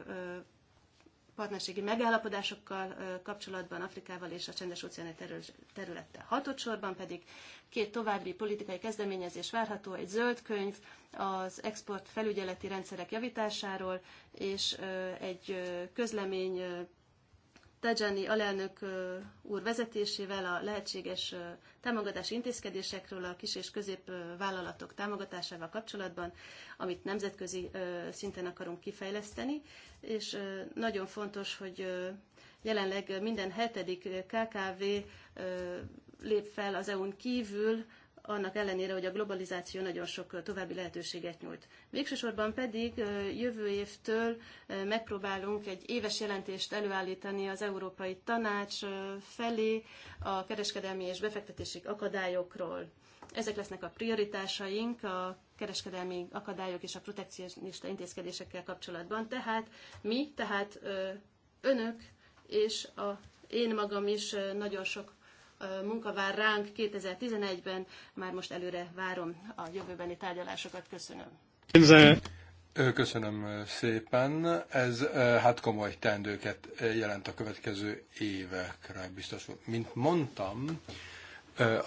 partnerségi megállapodásokkal kapcsolatban Afrikával és a csendes óceáni területtel. Hatodsorban pedig két további politikai kezdeményezés várható, egy zöld könyv az export felügyeleti rendszerek javításáról, és egy közlemény Tajani alelnök úr vezetésével a lehetséges támogatási intézkedésekről a kis- és középvállalatok támogatásával kapcsolatban, amit nemzetközi szinten akarunk kifejleszteni, és nagyon fontos, hogy jelenleg minden hetedik KKV lép fel az EU-n kívül annak ellenére, hogy a globalizáció nagyon sok további lehetőséget nyújt. Végsősorban pedig jövő évtől megpróbálunk egy éves jelentést előállítani az Európai Tanács felé a kereskedelmi és befektetési akadályokról. Ezek lesznek a prioritásaink a kereskedelmi akadályok és a protekcionista intézkedésekkel kapcsolatban. Tehát mi, tehát önök és a én magam is nagyon sok munka vár ránk 2011-ben, már most előre várom a jövőbeni tárgyalásokat. Köszönöm. Köszönöm szépen. Ez hát komoly teendőket jelent a következő évekre, biztos. Mint mondtam,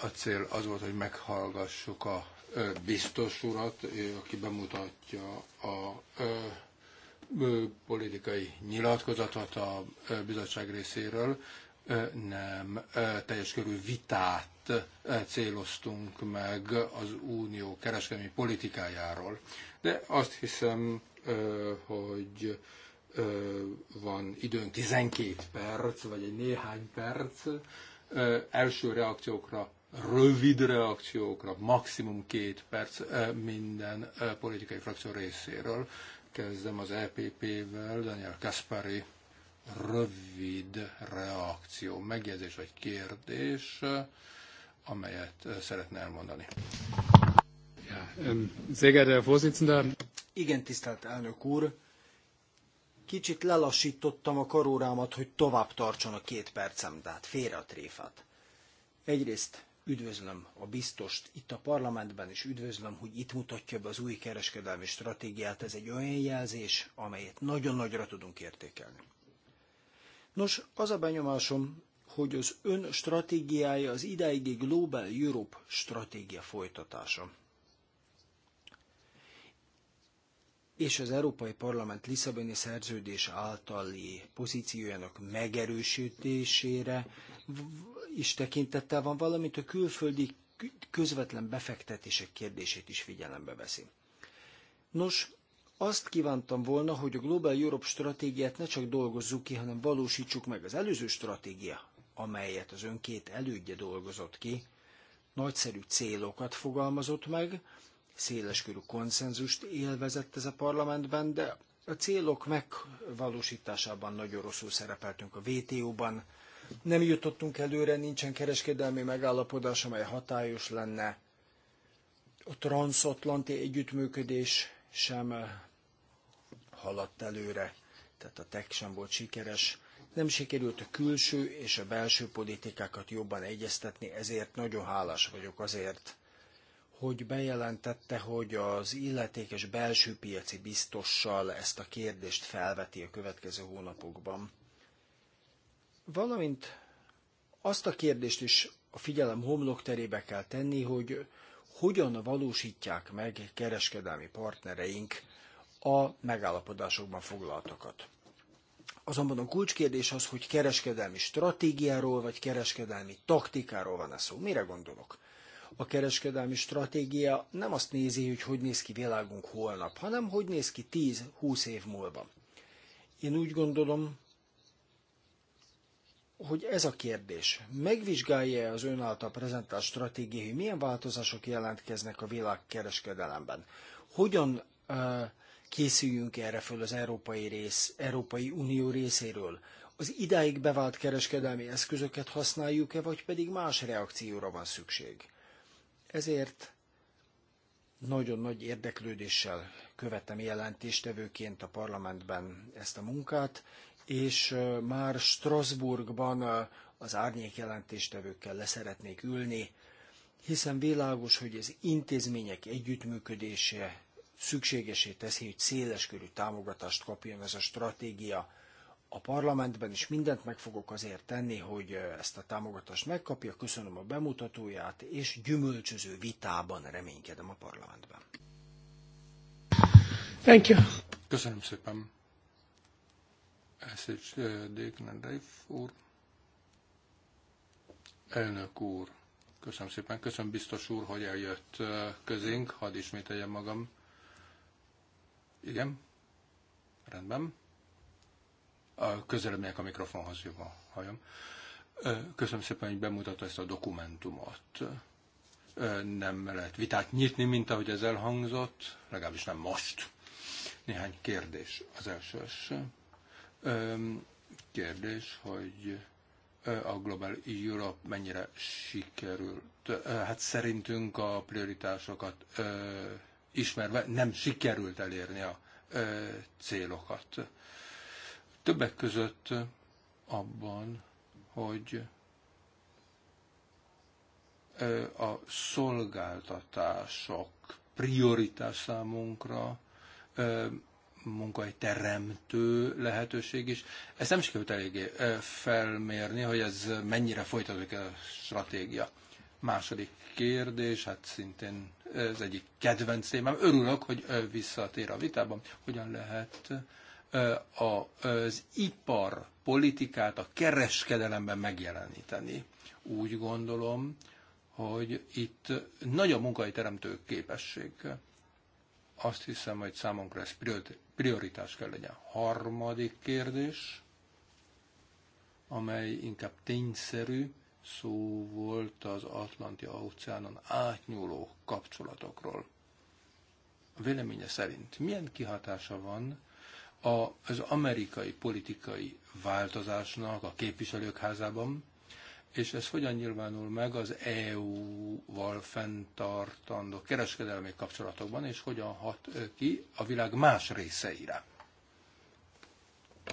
a cél az volt, hogy meghallgassuk a biztos urat, aki bemutatja a politikai nyilatkozatot a bizottság részéről, nem teljes körű vitát céloztunk meg az unió kereskedelmi politikájáról. De azt hiszem, hogy van időnk 12 perc, vagy egy néhány perc első reakciókra, rövid reakciókra, maximum két perc minden politikai frakció részéről. Kezdem az EPP-vel, Daniel Kaspari rövid reakció, megjegyzés vagy kérdés, amelyet szeretne elmondani. Ja, sehr Igen, tisztelt elnök úr. Kicsit lelassítottam a karórámat, hogy tovább tartson a két percem, de hát félre a tréfát. Egyrészt üdvözlöm a biztost itt a parlamentben, és üdvözlöm, hogy itt mutatja be az új kereskedelmi stratégiát. Ez egy olyan jelzés, amelyet nagyon nagyra tudunk értékelni. Nos, az a benyomásom, hogy az ön stratégiája az idáigi Global Europe stratégia folytatása. és az Európai Parlament Lisszaboni szerződés általi pozíciójának megerősítésére is tekintettel van, valamint a külföldi közvetlen befektetések kérdését is figyelembe veszi. Nos, azt kívántam volna, hogy a Global Europe stratégiát ne csak dolgozzuk ki, hanem valósítsuk meg. Az előző stratégia, amelyet az ön két elődje dolgozott ki, nagyszerű célokat fogalmazott meg, széleskörű konszenzust élvezett ez a parlamentben, de a célok megvalósításában nagyon rosszul szerepeltünk a WTO-ban, nem jutottunk előre, nincsen kereskedelmi megállapodás, amely hatályos lenne. A transatlanti együttműködés sem haladt előre, tehát a tech sem volt sikeres. Nem sikerült a külső és a belső politikákat jobban egyeztetni, ezért nagyon hálás vagyok azért, hogy bejelentette, hogy az illetékes belső piaci biztossal ezt a kérdést felveti a következő hónapokban. Valamint azt a kérdést is a figyelem terébe kell tenni, hogy hogyan valósítják meg kereskedelmi partnereink a megállapodásokban foglaltakat. Azonban a kulcskérdés az, hogy kereskedelmi stratégiáról vagy kereskedelmi taktikáról van-e szó. Mire gondolok? A kereskedelmi stratégia nem azt nézi, hogy hogy néz ki világunk holnap, hanem hogy néz ki 10-20 év múlva. Én úgy gondolom, hogy ez a kérdés megvizsgálja az ön által prezentált stratégiai, hogy milyen változások jelentkeznek a világkereskedelemben. Hogyan uh, készüljünk erre föl az Európai, rész, Európai Unió részéről. Az idáig bevált kereskedelmi eszközöket használjuk-e, vagy pedig más reakcióra van szükség? Ezért nagyon nagy érdeklődéssel követem jelentéstevőként a parlamentben ezt a munkát, és már Strasbourgban az árnyék jelentéstevőkkel leszeretnék ülni, hiszen világos, hogy az intézmények együttműködése szükségesé teszi, hogy széleskörű támogatást kapjon ez a stratégia. A parlamentben is mindent meg fogok azért tenni, hogy ezt a támogatást megkapja. Köszönöm a bemutatóját, és gyümölcsöző vitában reménykedem a parlamentben. Thank you. Köszönöm szépen. Eszics Déknedreif úr. Elnök úr. Köszönöm szépen, köszönöm biztos úr, hogy eljött közénk, hadd ismételjem magam. Igen. Rendben. Közelemnek a mikrofonhoz jobban hajom. Köszönöm szépen, hogy bemutatta ezt a dokumentumot. Nem lehet vitát nyitni, mint ahogy ez elhangzott, legalábbis nem most. Néhány kérdés. Az első kérdés, hogy a Global Europe mennyire sikerült. Hát szerintünk a prioritásokat ismerve nem sikerült elérni a célokat. Többek között abban, hogy a szolgáltatások prioritás számunkra, teremtő lehetőség is. Ezt nem sikerült eléggé felmérni, hogy ez mennyire folytatódik a stratégia. Második kérdés, hát szintén ez egyik kedvenc témám. Örülök, hogy visszatér a vitában. Hogyan lehet az ipar politikát a kereskedelemben megjeleníteni? Úgy gondolom, hogy itt nagy a munkai teremtő képesség. Azt hiszem, hogy számunkra ez prioritás kell legyen. Harmadik kérdés, amely inkább tényszerű, szó volt az Atlanti óceánon átnyúló kapcsolatokról. A véleménye szerint milyen kihatása van az amerikai politikai változásnak a képviselők házában, és ez hogyan nyilvánul meg az EU-val fenntartandó kereskedelmi kapcsolatokban, és hogyan hat ki a világ más részeire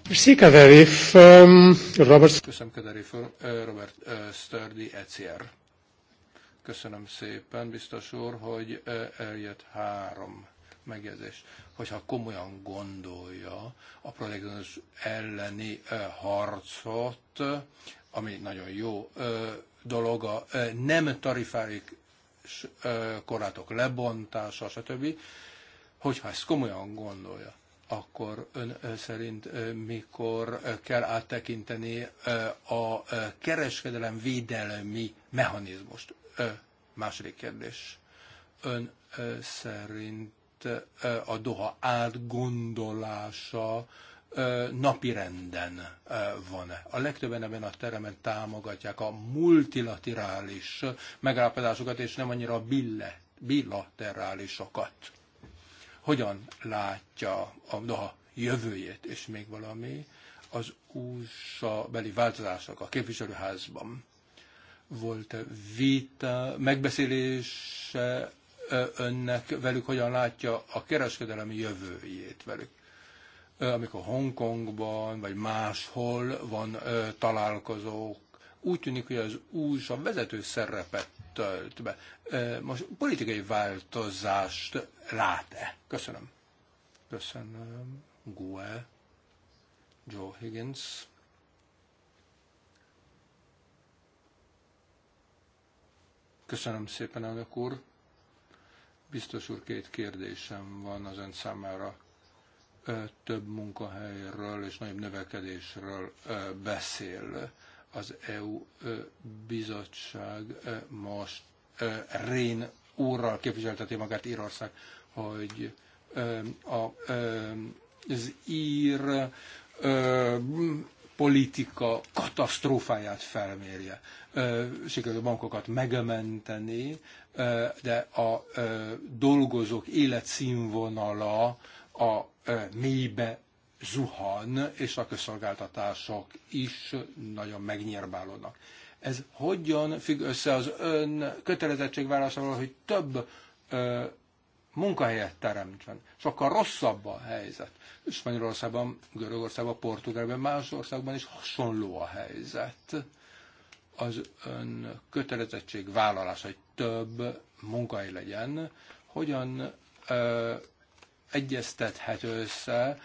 um, Robert... Köszönöm, Kaderif, uh, Robert uh, Sturdy, ECR. Köszönöm szépen, biztos úr, hogy uh, eljött három megjegyzés, hogyha komolyan gondolja a prolegónus elleni harcot, ami nagyon jó dolog, a nem tarifárik korlátok lebontása, stb., hogyha ezt komolyan gondolja, akkor ön szerint mikor kell áttekinteni a kereskedelem védelmi mechanizmust? Második kérdés. Ön szerint a Doha átgondolása napirenden van-e. A legtöbben ebben a teremben támogatják a multilaterális megállapodásokat, és nem annyira a bilaterálisokat hogyan látja a Doha jövőjét, és még valami, az USA beli változások a képviselőházban volt vita, megbeszélése önnek velük, hogyan látja a kereskedelemi jövőjét velük. Amikor Hongkongban vagy máshol van találkozók, úgy tűnik, hogy az USA vezető szerepet tölt be. Most politikai változást lát-e? Köszönöm. Köszönöm. Gue. Joe Higgins. Köszönöm szépen, elnök úr. Biztos úr, két kérdésem van az ön számára. Több munkahelyről és nagyobb növekedésről beszél. Az EU bizottság most Rén úrral képviselteti magát Írország, hogy a, az ír politika katasztrófáját felmérje. Sikerül bankokat megmenteni, de a dolgozók életszínvonala a mélybe zuhan, és a közszolgáltatások is nagyon megnyerbálódnak. Ez hogyan függ össze az ön válaszával, hogy több ö, munkahelyet teremtsen? Sokkal rosszabb a helyzet. Spanyolországban, Görögországban, Portugálban, más országban is hasonló a helyzet. Az ön kötelezettség vállalás, hogy több munkahely legyen, hogyan ö, egyeztethető össze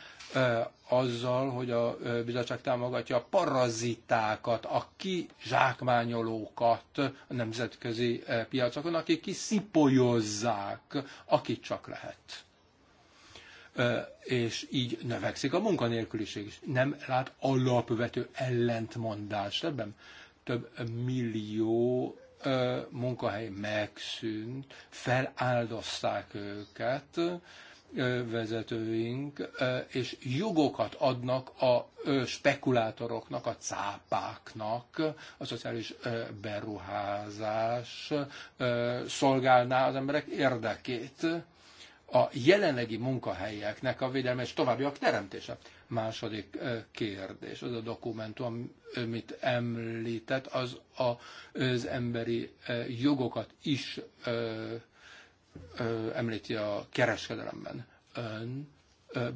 azzal, hogy a bizottság támogatja a parazitákat, a kizsákmányolókat a nemzetközi piacokon, akik kiszipolyozzák, akit csak lehet. És így növekszik a munkanélküliség is. Nem lát alapvető ellentmondást ebben. Több millió munkahely megszűnt, feláldozták őket, vezetőink, és jogokat adnak a spekulátoroknak, a cápáknak, a szociális beruházás szolgálná az emberek érdekét a jelenlegi munkahelyeknek a védelme és továbbiak teremtése. Második kérdés, az a dokumentum, amit említett, az a, az emberi jogokat is említi a kereskedelemben. Ön,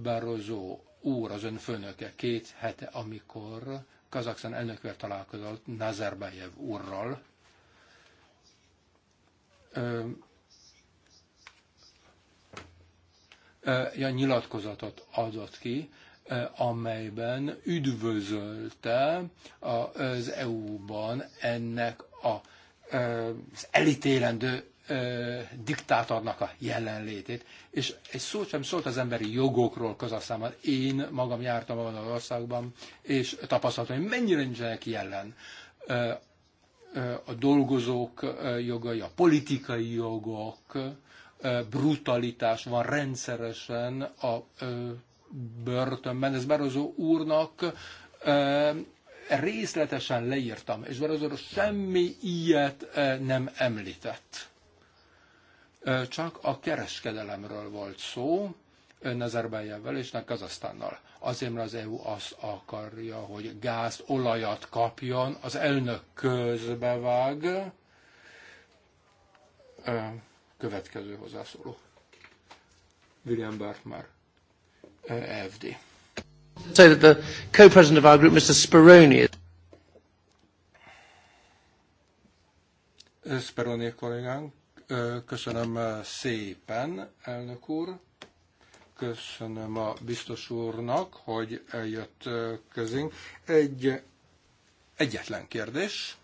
Barroso úr, az ön főnöke két hete, amikor Kazaksztán elnökvel találkozott Nazarbayev úrral, ö, ö, nyilatkozatot adott ki, amelyben üdvözölte az EU-ban ennek a az elítélendő diktátornak a jelenlétét. És egy szót sem szólt az emberi jogokról Kazasztánban. Én magam jártam abban az országban, és tapasztaltam, hogy mennyire nincsenek jelen a dolgozók jogai, a politikai jogok, brutalitás van rendszeresen a börtönben. Ez Berozó úrnak részletesen leírtam, és Barozor semmi ilyet eh, nem említett. Eh, csak a kereskedelemről volt szó, eh, Nazarbayevvel és Kazasztánnal. Azért, mert az EU azt akarja, hogy gáz, olajat kapjon, az elnök közbevág. Következő hozzászóló. William Bartmar, FD say that the co-president of our group, Mr. Speroni, Speroni kollégánk, köszönöm szépen, elnök úr. Köszönöm a biztos úrnak, hogy eljött közénk. Egy egyetlen kérdés,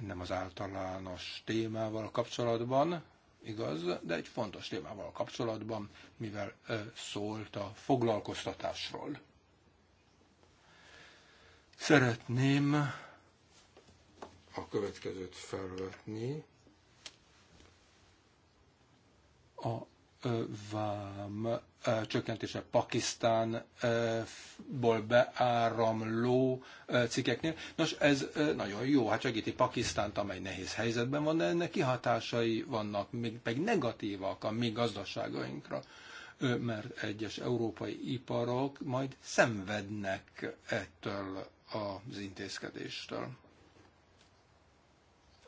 nem az általános témával kapcsolatban, igaz, de egy fontos témával kapcsolatban, mivel szólt a foglalkoztatásról. Szeretném a következőt felvetni. A vám csökkentése Pakisztánból beáramló cikkeknél. Nos, ez nagyon jó, hát segíti Pakisztánt, amely nehéz helyzetben van, de ennek kihatásai vannak, még meg negatívak a mi gazdaságainkra, mert egyes európai iparok majd szenvednek ettől az intézkedéstől,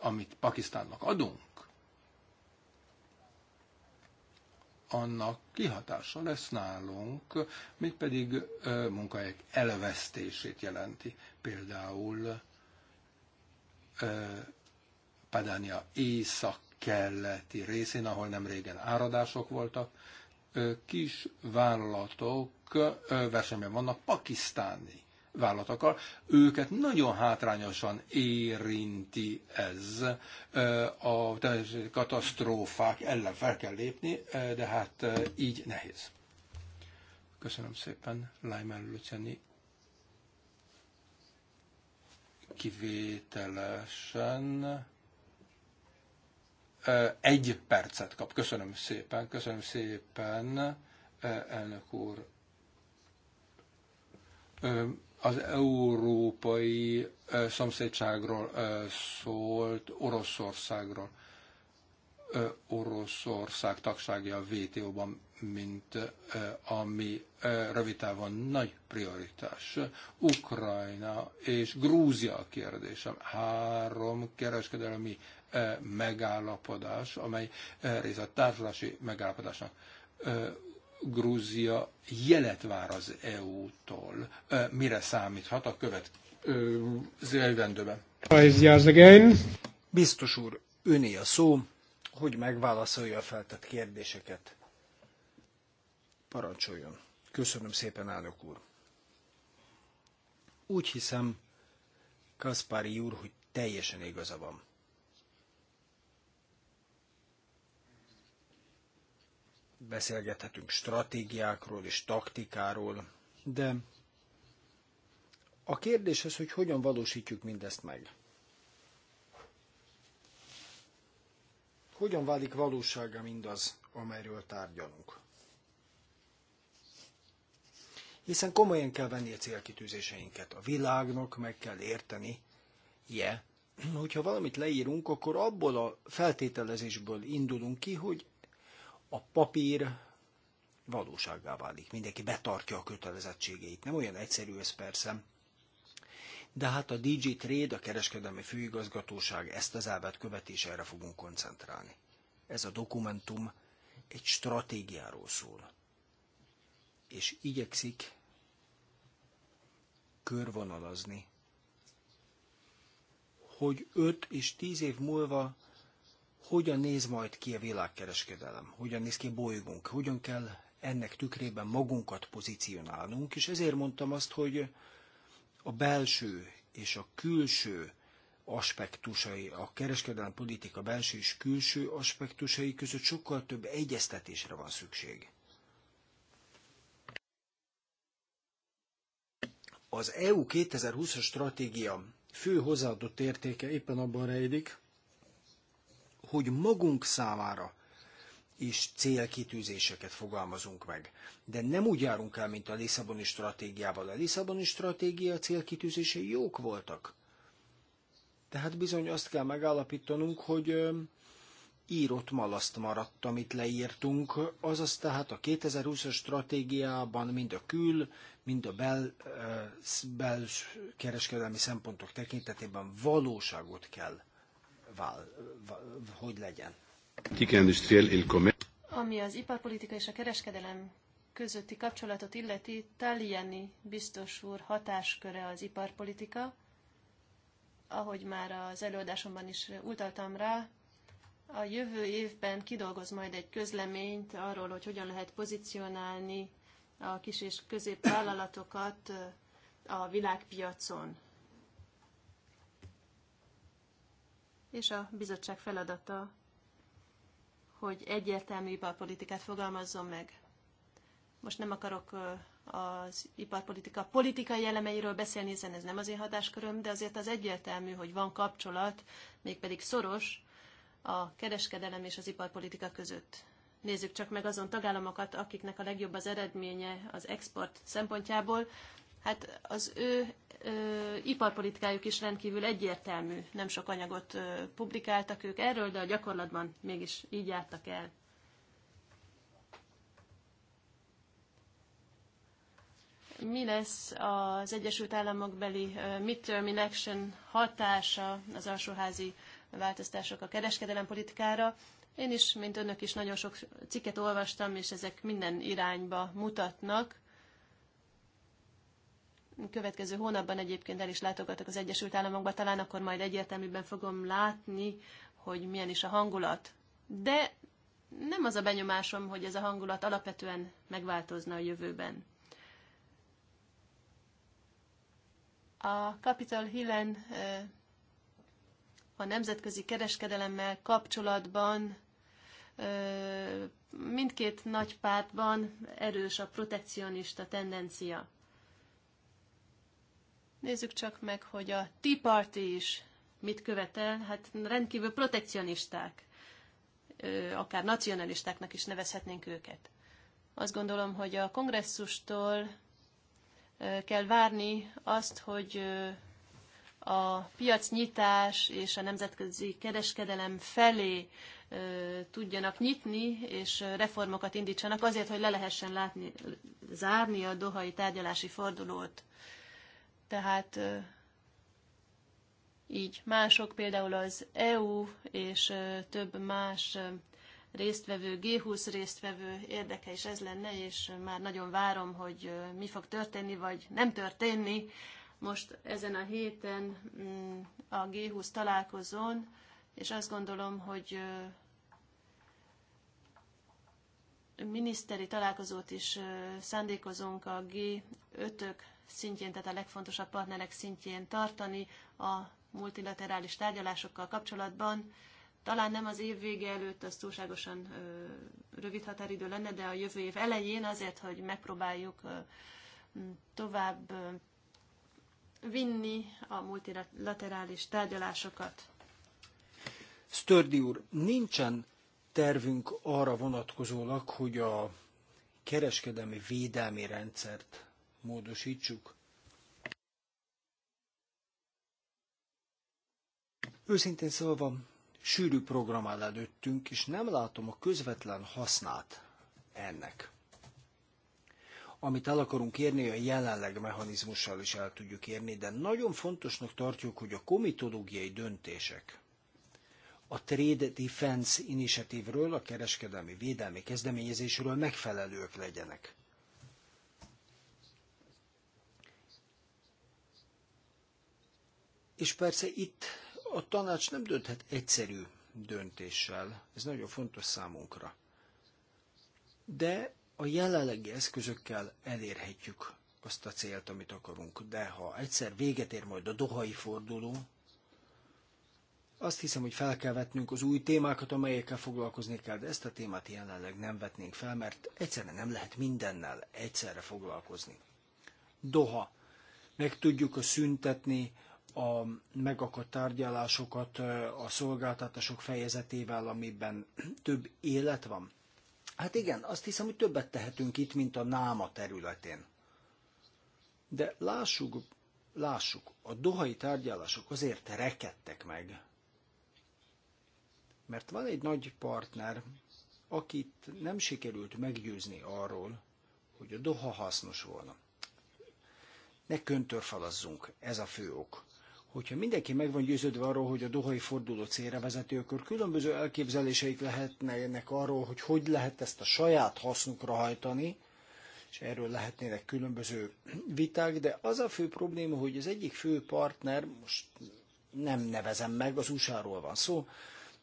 amit Pakisztánnak adunk annak kihatása lesz nálunk, mégpedig munkahelyek elvesztését jelenti. Például Padánia észak-keleti részén, ahol nem régen áradások voltak, kis vállalatok versenyben vannak pakisztáni vállalatokkal, őket nagyon hátrányosan érinti ez. A katasztrófák ellen fel kell lépni, de hát így nehéz. Köszönöm szépen, Lajmán Luciani. Kivételesen egy percet kap. Köszönöm szépen, köszönöm szépen, elnök úr az európai szomszédságról szólt Oroszországról. Oroszország tagságja a WTO-ban, mint ami rövid távon nagy prioritás. Ukrajna és Grúzia a kérdésem. Három kereskedelmi megállapodás, amely rész a társulási megállapodásnak. Grúzia jelet vár az EU-tól. Mire számíthat a következő jövendőben? Biztos úr, öné a szó, hogy megválaszolja a feltett kérdéseket. Parancsoljon. Köszönöm szépen, állok úr. Úgy hiszem, Kaspári úr, hogy teljesen igaza van. beszélgethetünk stratégiákról és taktikáról, de a kérdés az, hogy hogyan valósítjuk mindezt meg. Hogyan válik valósága mindaz, amelyről tárgyalunk? Hiszen komolyan kell venni a célkitűzéseinket. A világnak meg kell érteni, je, yeah. hogyha valamit leírunk, akkor abból a feltételezésből indulunk ki, hogy a papír valósággá válik. Mindenki betartja a kötelezettségeit. Nem olyan egyszerű ez persze, de hát a DG Trade, a kereskedelmi főigazgatóság ezt az elvet követése erre fogunk koncentrálni. Ez a dokumentum egy stratégiáról szól, és igyekszik körvonalazni, hogy 5 és 10 év múlva hogyan néz majd ki a világkereskedelem, hogyan néz ki a bolygónk, hogyan kell ennek tükrében magunkat pozícionálnunk, és ezért mondtam azt, hogy a belső és a külső aspektusai, a kereskedelem politika belső és külső aspektusai között sokkal több egyeztetésre van szükség. Az EU 2020-as stratégia fő hozzáadott értéke éppen abban rejlik, hogy magunk számára is célkitűzéseket fogalmazunk meg. De nem úgy járunk el, mint a Lisszaboni stratégiával. A Lisszaboni stratégia célkitűzései jók voltak. Tehát bizony azt kell megállapítanunk, hogy írott malaszt maradt, amit leírtunk, azaz tehát a 2020-as stratégiában mind a kül, mind a bel, bel kereskedelmi szempontok tekintetében valóságot kell vál, hogy legyen. Ami az iparpolitika és a kereskedelem közötti kapcsolatot illeti, Taliani biztos úr hatásköre az iparpolitika. Ahogy már az előadásomban is utaltam rá, a jövő évben kidolgoz majd egy közleményt arról, hogy hogyan lehet pozícionálni a kis és középvállalatokat a világpiacon. és a bizottság feladata, hogy egyértelmű iparpolitikát fogalmazzon meg. Most nem akarok az iparpolitika politikai elemeiről beszélni, hiszen ez nem az én hatásköröm, de azért az egyértelmű, hogy van kapcsolat, mégpedig szoros a kereskedelem és az iparpolitika között. Nézzük csak meg azon tagállamokat, akiknek a legjobb az eredménye az export szempontjából. Hát az ő ö, iparpolitikájuk is rendkívül egyértelmű. Nem sok anyagot ö, publikáltak ők erről, de a gyakorlatban mégis így jártak el. Mi lesz az Egyesült Államok beli midterm election hatása az alsóházi változtások a politikára? Én is, mint önök is, nagyon sok cikket olvastam, és ezek minden irányba mutatnak következő hónapban egyébként el is látogatok az Egyesült Államokba, talán akkor majd egyértelműben fogom látni, hogy milyen is a hangulat. De nem az a benyomásom, hogy ez a hangulat alapvetően megváltozna a jövőben. A Capitol Hillen eh, a nemzetközi kereskedelemmel kapcsolatban eh, mindkét nagy pártban erős a protekcionista tendencia. Nézzük csak meg, hogy a Tea Party is mit követel. Hát rendkívül protekcionisták, akár nacionalistáknak is nevezhetnénk őket. Azt gondolom, hogy a kongresszustól kell várni azt, hogy a piacnyitás és a nemzetközi kereskedelem felé tudjanak nyitni, és reformokat indítsanak azért, hogy le lehessen látni, zárni a dohai tárgyalási fordulót. Tehát így mások, például az EU és több más résztvevő, G20 résztvevő érdeke is ez lenne, és már nagyon várom, hogy mi fog történni, vagy nem történni. Most ezen a héten mm, a G20 találkozón, és azt gondolom, hogy miniszteri találkozót is szándékozunk a G5-ök szintjén, tehát a legfontosabb partnerek szintjén tartani a multilaterális tárgyalásokkal kapcsolatban. Talán nem az év vége előtt, az túlságosan ö, rövid határidő lenne, de a jövő év elején azért, hogy megpróbáljuk ö, tovább ö, vinni a multilaterális tárgyalásokat. Stördi úr, nincsen tervünk arra vonatkozólag, hogy a kereskedelmi védelmi rendszert módosítsuk. Őszintén szólva, sűrű program áll előttünk, és nem látom a közvetlen hasznát ennek. Amit el akarunk érni, a jelenleg mechanizmussal is el tudjuk érni, de nagyon fontosnak tartjuk, hogy a komitológiai döntések a Trade Defense Initiative-ről, a kereskedelmi védelmi kezdeményezésről megfelelők legyenek. És persze itt a tanács nem dönthet egyszerű döntéssel, ez nagyon fontos számunkra. De a jelenlegi eszközökkel elérhetjük azt a célt, amit akarunk. De ha egyszer véget ér majd a dohai forduló, azt hiszem, hogy fel kell vetnünk az új témákat, amelyekkel foglalkozni kell, de ezt a témát jelenleg nem vetnénk fel, mert egyszerre nem lehet mindennel egyszerre foglalkozni. Doha. Meg tudjuk a szüntetni a megakadt tárgyalásokat a szolgáltatások fejezetével, amiben több élet van? Hát igen, azt hiszem, hogy többet tehetünk itt, mint a náma területén. De lássuk, lássuk, a dohai tárgyalások azért rekedtek meg, mert van egy nagy partner, akit nem sikerült meggyőzni arról, hogy a doha hasznos volna. Ne köntörfalazzunk, ez a fő ok hogyha mindenki meg van győződve arról, hogy a dohai forduló célra vezető, akkor különböző elképzeléseik lehetnek arról, hogy hogy lehet ezt a saját hasznukra hajtani, és erről lehetnének különböző viták, de az a fő probléma, hogy az egyik fő partner, most nem nevezem meg, az usa van szó,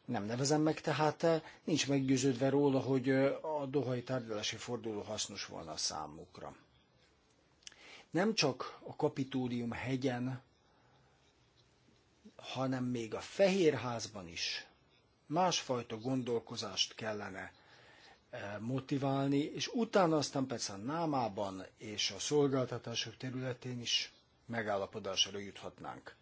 nem nevezem meg, tehát eh, nincs meggyőződve róla, hogy eh, a dohai tárgyalási forduló hasznos volna a számukra. Nem csak a kapitólium hegyen hanem még a Fehérházban is másfajta gondolkozást kellene eh, motiválni, és utána aztán persze a námában és a szolgáltatások területén is megállapodásra juthatnánk.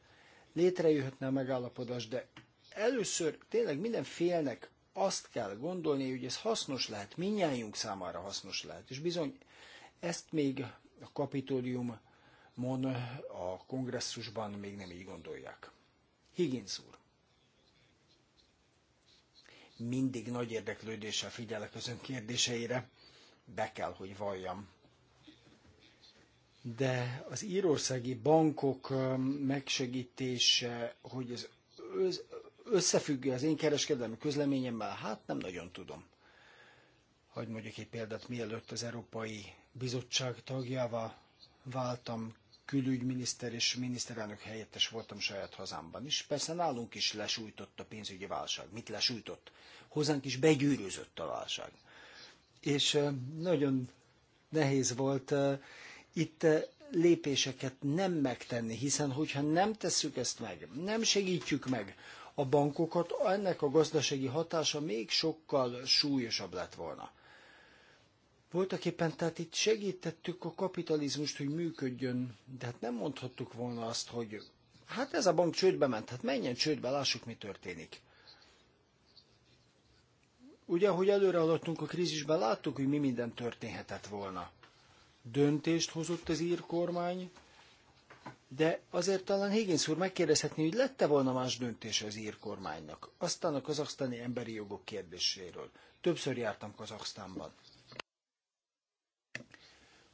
Létrejöhetne a megállapodás, de először tényleg minden félnek azt kell gondolni, hogy ez hasznos lehet, minnyájunk számára hasznos lehet. És bizony, ezt még a kapitóliumon, a kongresszusban még nem így gondolják. Higgins úr. Mindig nagy érdeklődéssel figyelek az ön kérdéseire, be kell, hogy valljam. De az írországi bankok megsegítése, hogy ez összefüggő az én kereskedelmi közleményemmel, hát nem nagyon tudom. Hogy mondjuk egy példát, mielőtt az Európai Bizottság tagjává váltam, külügyminiszter és miniszterelnök helyettes voltam saját hazámban is. Persze nálunk is lesújtott a pénzügyi válság. Mit lesújtott? Hozzánk is begyűrűzött a válság. És nagyon nehéz volt itt lépéseket nem megtenni, hiszen hogyha nem tesszük ezt meg, nem segítjük meg a bankokat, ennek a gazdasági hatása még sokkal súlyosabb lett volna. Voltak éppen, tehát itt segítettük a kapitalizmust, hogy működjön, de hát nem mondhattuk volna azt, hogy hát ez a bank csődbe ment, hát menjen csődbe, lássuk, mi történik. Ugye, ahogy előre haladtunk a krízisben, láttuk, hogy mi minden történhetett volna. Döntést hozott az ír kormány, de azért talán Higgins úr megkérdezhetni, hogy lette volna más döntése az ír kormánynak. Aztán a kazaksztáni emberi jogok kérdéséről. Többször jártam Kazaksztánban.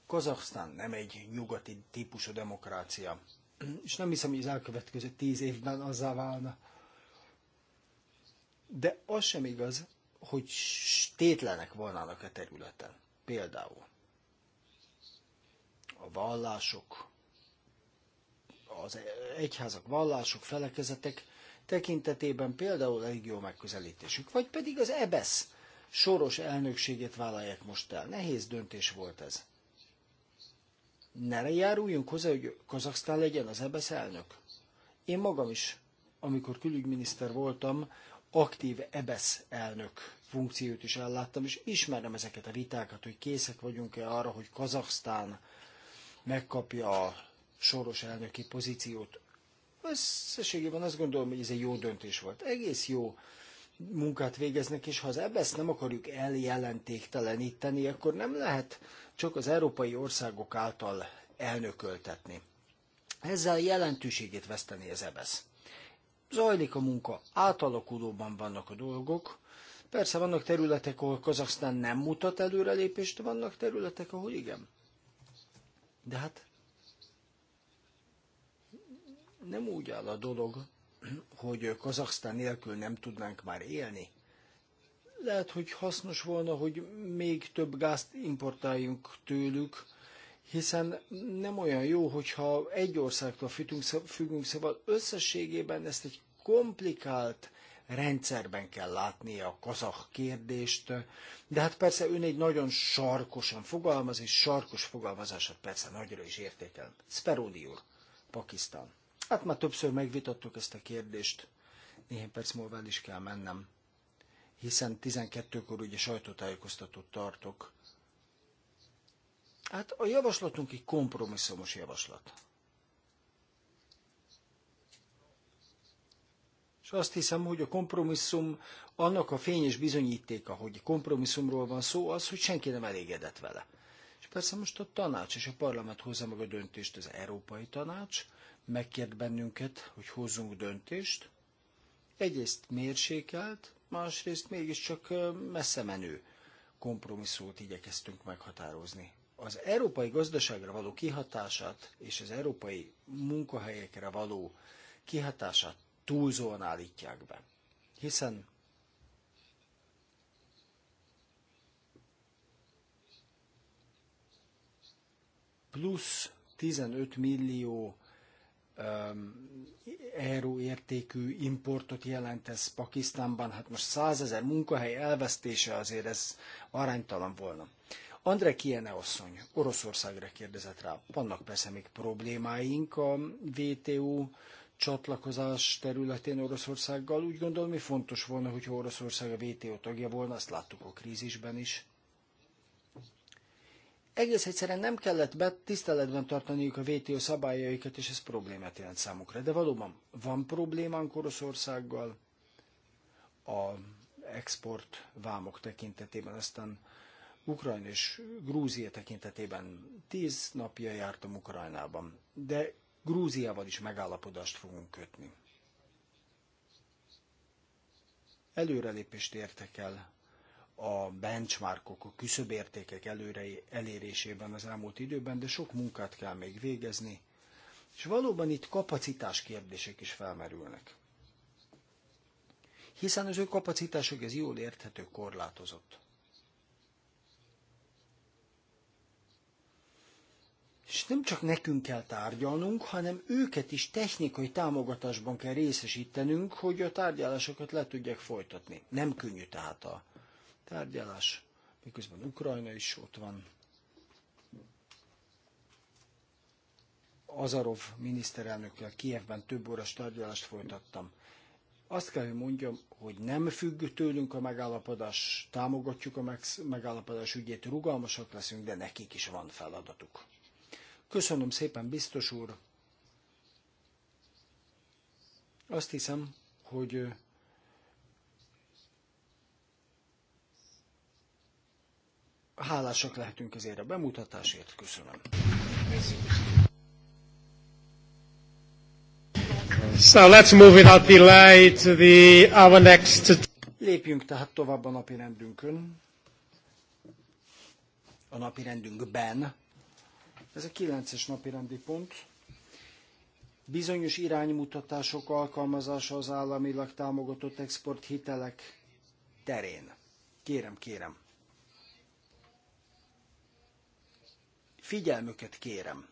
Kazaksztán nem egy nyugati típusú demokrácia, és nem hiszem, hogy az elkövetkező tíz évben azzá válna. De az sem igaz, hogy tétlenek volnának a e területen. Például a vallások, az egyházak, vallások, felekezetek tekintetében például elég jó megközelítésük, vagy pedig az EBESZ soros elnökségét vállalják most el. Nehéz döntés volt ez ne járuljunk hozzá, hogy Kazaksztán legyen az EBSZ elnök. Én magam is, amikor külügyminiszter voltam, aktív EBSZ elnök funkciót is elláttam, és ismerem ezeket a vitákat, hogy készek vagyunk-e arra, hogy Kazaksztán megkapja a soros elnöki pozíciót. Összességében azt gondolom, hogy ez egy jó döntés volt. Egész jó munkát végeznek, és ha az ebesz nem akarjuk eljelentékteleníteni, akkor nem lehet csak az európai országok által elnököltetni. Ezzel jelentőségét veszteni az ebesz. Zajlik a munka, átalakulóban vannak a dolgok. Persze vannak területek, ahol Kazaksztán nem mutat előrelépést, vannak területek, ahol igen. De hát nem úgy áll a dolog, hogy Kazaksztán nélkül nem tudnánk már élni. Lehet, hogy hasznos volna, hogy még több gázt importáljunk tőlük, hiszen nem olyan jó, hogyha egy országtól fütünk, függünk, szóval összességében ezt egy komplikált rendszerben kell látni a kazak kérdést, de hát persze ön egy nagyon sarkosan fogalmaz, és sarkos fogalmazását persze nagyra is értékel. Speroni úr, Pakisztán. Hát már többször megvitattuk ezt a kérdést, néhány perc múlva el is kell mennem hiszen 12-kor ugye sajtótájékoztatót tartok. Hát a javaslatunk egy kompromisszumos javaslat. És azt hiszem, hogy a kompromisszum, annak a fényes bizonyítéka, hogy kompromisszumról van szó, az, hogy senki nem elégedett vele. És persze most a tanács és a parlament hozza meg a döntést, az Európai Tanács megkért bennünket, hogy hozzunk döntést. Egyrészt mérsékelt, másrészt mégiscsak messze menő kompromisszót igyekeztünk meghatározni. Az európai gazdaságra való kihatását és az európai munkahelyekre való kihatását túlzóan állítják be. Hiszen plusz 15 millió euró értékű importot jelent ez Pakisztánban, hát most százezer munkahely elvesztése azért ez aránytalan volna. André Kiene asszony Oroszországra kérdezett rá. Vannak persze még problémáink a WTO csatlakozás területén Oroszországgal. Úgy gondolom, mi fontos volna, hogyha Oroszország a WTO tagja volna, azt láttuk a krízisben is egész egyszerűen nem kellett be tiszteletben tartaniuk a WTO szabályaikat, és ez problémát jelent számukra. De valóban van problémánk Oroszországgal a export vámok tekintetében, aztán Ukrajna és Grúzia tekintetében tíz napja jártam Ukrajnában, de Grúziával is megállapodást fogunk kötni. Előrelépést értek el a benchmarkok, a küszöbértékek előre elérésében az elmúlt időben, de sok munkát kell még végezni, és valóban itt kapacitás kérdések is felmerülnek. Hiszen az ő kapacitások ez jól érthető, korlátozott. És nem csak nekünk kell tárgyalnunk, hanem őket is technikai támogatásban kell részesítenünk, hogy a tárgyalásokat le tudják folytatni. Nem könnyű tehát a tárgyalás, miközben Ukrajna is ott van. Azarov miniszterelnökkel Kievben több órás tárgyalást folytattam. Azt kell, hogy mondjam, hogy nem függ tőlünk a megállapodás, támogatjuk a megállapodás ügyét, rugalmasak leszünk, de nekik is van feladatuk. Köszönöm szépen, biztos úr! Azt hiszem, hogy hálásak lehetünk ezért a bemutatásért. Köszönöm. So let's move without delay to the, our next... Lépjünk tehát tovább a napi rendünkön. A napi rendünkben. Ez a kilences napi rendi pont. Bizonyos iránymutatások alkalmazása az államilag támogatott hitelek terén. Kérem, kérem. Figyelmüket kérem.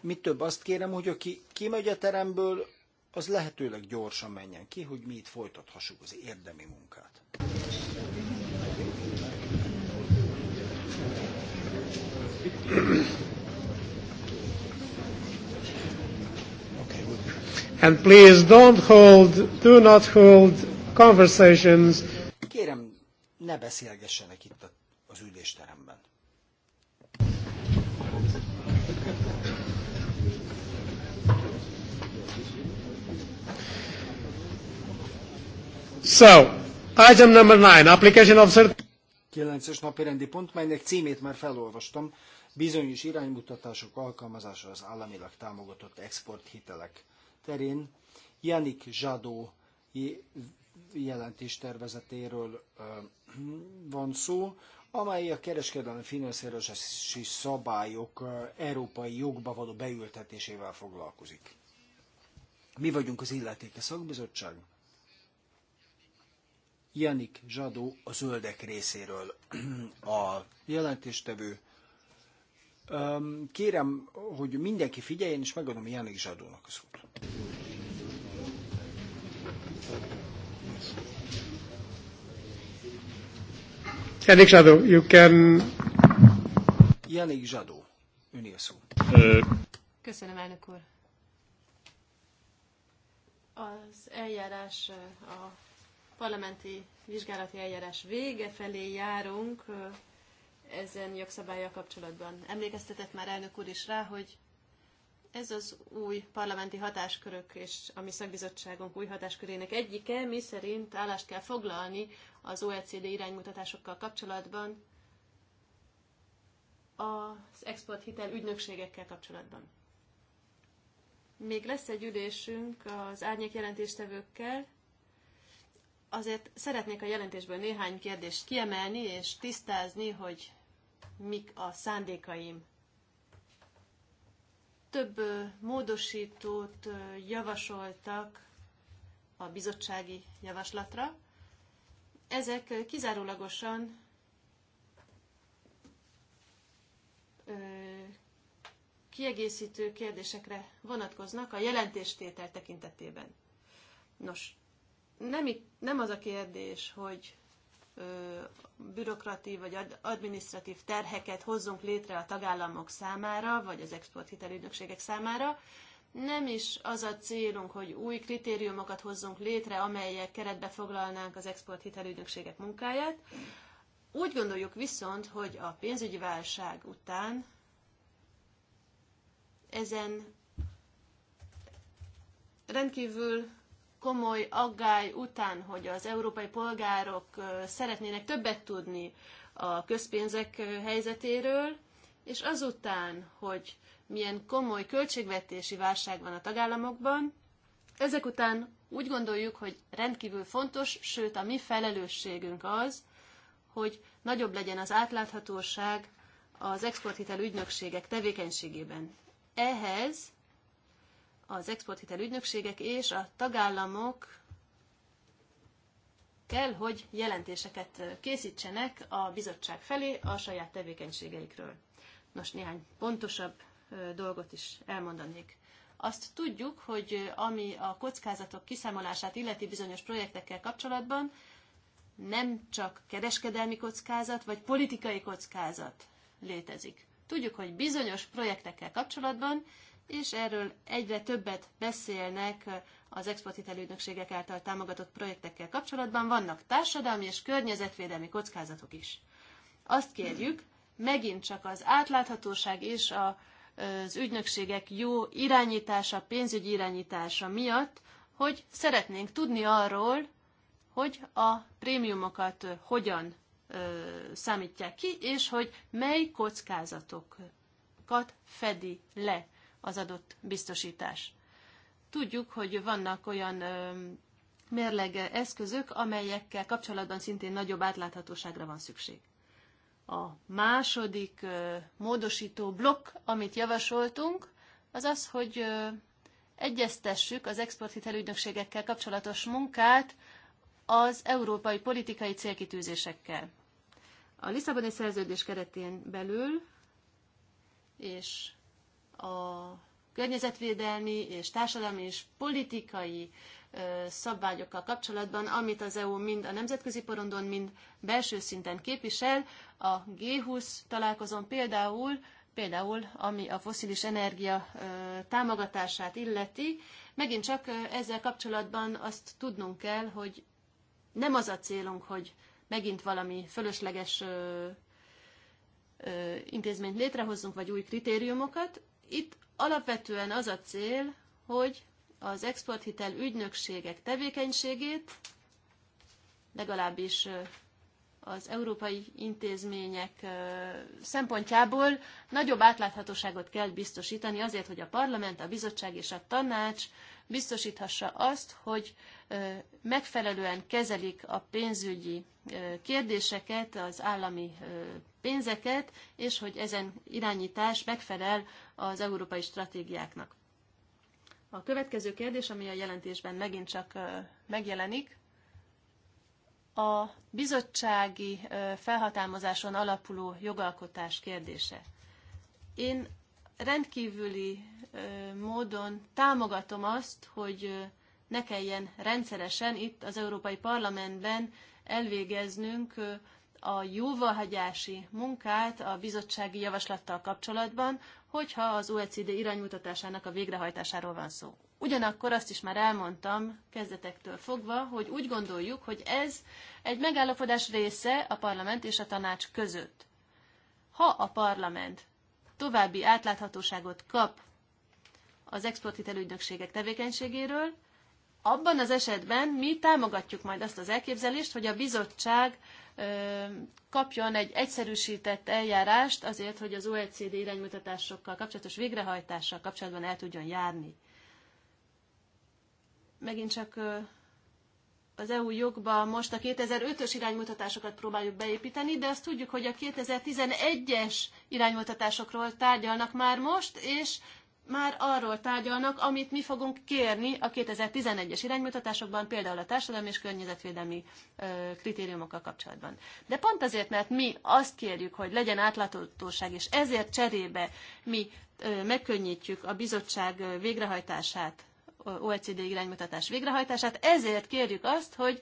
Mit több azt kérem, hogy aki kimegy a teremből, az lehetőleg gyorsan menjen ki, hogy mi itt folytathassuk az érdemi munkát. And please don't hold, do not hold conversations. Kérem, ne beszélgessenek itt az ülésteremben. So, item number nine, application of certain... 9-es napi rendi pont, melynek címét már felolvastam, bizonyos iránymutatások alkalmazása az államilag támogatott exporthitelek terén. Janik Zsadó jelentés tervezetéről van szó, amely a kereskedelmi finanszírozási szabályok európai jogba való beültetésével foglalkozik. Mi vagyunk az illetéke szakbizottság, Janik Zsadó a zöldek részéről a jelentéstevő. Kérem, hogy mindenki figyeljen, és megadom Janik Zsadónak a szót. Janik Zsadó, you can... Janik Zsadó, öné a szó. Köszönöm, elnök úr. Az eljárás a parlamenti vizsgálati eljárás vége felé járunk ezen jogszabályjal kapcsolatban. Emlékeztetett már elnök úr is rá, hogy ez az új parlamenti hatáskörök és a mi szakbizottságunk új hatáskörének egyike, mi szerint állást kell foglalni az OECD iránymutatásokkal kapcsolatban, az exporthitel ügynökségekkel kapcsolatban. Még lesz egy ülésünk az árnyék jelentéstevőkkel, azért szeretnék a jelentésből néhány kérdést kiemelni és tisztázni, hogy mik a szándékaim. Több módosítót javasoltak a bizottsági javaslatra. Ezek kizárólagosan kiegészítő kérdésekre vonatkoznak a jelentéstétel tekintetében. Nos, nem, itt, nem az a kérdés, hogy bürokratív vagy adminisztratív terheket hozzunk létre a tagállamok számára, vagy az exporthitelügynökségek számára. Nem is az a célunk, hogy új kritériumokat hozzunk létre, amelyek keretbe foglalnánk az exporthitelügynökségek munkáját. Úgy gondoljuk viszont, hogy a pénzügyi válság után ezen rendkívül komoly aggály után, hogy az európai polgárok szeretnének többet tudni a közpénzek helyzetéről, és azután, hogy milyen komoly költségvetési válság van a tagállamokban, ezek után úgy gondoljuk, hogy rendkívül fontos, sőt a mi felelősségünk az, hogy nagyobb legyen az átláthatóság az exporthitel ügynökségek tevékenységében. Ehhez az exporthitel ügynökségek és a tagállamok kell, hogy jelentéseket készítsenek a bizottság felé a saját tevékenységeikről. Nos, néhány pontosabb dolgot is elmondanék. Azt tudjuk, hogy ami a kockázatok kiszámolását illeti bizonyos projektekkel kapcsolatban, nem csak kereskedelmi kockázat vagy politikai kockázat létezik. Tudjuk, hogy bizonyos projektekkel kapcsolatban és erről egyre többet beszélnek az exporthitel ügynökségek által támogatott projektekkel kapcsolatban. Vannak társadalmi és környezetvédelmi kockázatok is. Azt kérjük, megint csak az átláthatóság és a, az ügynökségek jó irányítása, pénzügyi irányítása miatt, hogy szeretnénk tudni arról, hogy a prémiumokat hogyan ö, számítják ki, és hogy mely kockázatokat fedi le az adott biztosítás. Tudjuk, hogy vannak olyan mérleg eszközök, amelyekkel kapcsolatban szintén nagyobb átláthatóságra van szükség. A második módosító blokk, amit javasoltunk, az az, hogy egyeztessük az exporthitelügynökségekkel kapcsolatos munkát az európai politikai célkitűzésekkel. A Lisszaboni szerződés keretén belül és a környezetvédelmi és társadalmi és politikai szabványokkal kapcsolatban, amit az EU mind a nemzetközi porondon, mind belső szinten képvisel. A G20 találkozón például, például ami a foszilis energia támogatását illeti, megint csak ezzel kapcsolatban azt tudnunk kell, hogy nem az a célunk, hogy megint valami fölösleges intézményt létrehozzunk, vagy új kritériumokat, itt alapvetően az a cél, hogy az exporthitel ügynökségek tevékenységét legalábbis az európai intézmények szempontjából nagyobb átláthatóságot kell biztosítani azért, hogy a parlament, a bizottság és a tanács biztosíthassa azt, hogy megfelelően kezelik a pénzügyi kérdéseket az állami pénzeket, és hogy ezen irányítás megfelel az európai stratégiáknak. A következő kérdés, ami a jelentésben megint csak megjelenik, a bizottsági felhatalmazáson alapuló jogalkotás kérdése. Én rendkívüli módon támogatom azt, hogy ne kelljen rendszeresen itt az Európai Parlamentben elvégeznünk a jóváhagyási munkát a bizottsági javaslattal kapcsolatban, hogyha az OECD iránymutatásának a végrehajtásáról van szó. Ugyanakkor azt is már elmondtam kezdetektől fogva, hogy úgy gondoljuk, hogy ez egy megállapodás része a parlament és a tanács között. Ha a parlament további átláthatóságot kap az exporthitel ügynökségek tevékenységéről, abban az esetben mi támogatjuk majd azt az elképzelést, hogy a bizottság kapjon egy egyszerűsített eljárást azért, hogy az OECD iránymutatásokkal kapcsolatos végrehajtással kapcsolatban el tudjon járni. Megint csak az EU jogba most a 2005-ös iránymutatásokat próbáljuk beépíteni, de azt tudjuk, hogy a 2011-es iránymutatásokról tárgyalnak már most, és már arról tárgyalnak, amit mi fogunk kérni a 2011-es iránymutatásokban, például a társadalmi és környezetvédelmi kritériumokkal kapcsolatban. De pont azért, mert mi azt kérjük, hogy legyen átláthatóság, és ezért cserébe mi megkönnyítjük a bizottság végrehajtását, OECD iránymutatás végrehajtását, ezért kérjük azt, hogy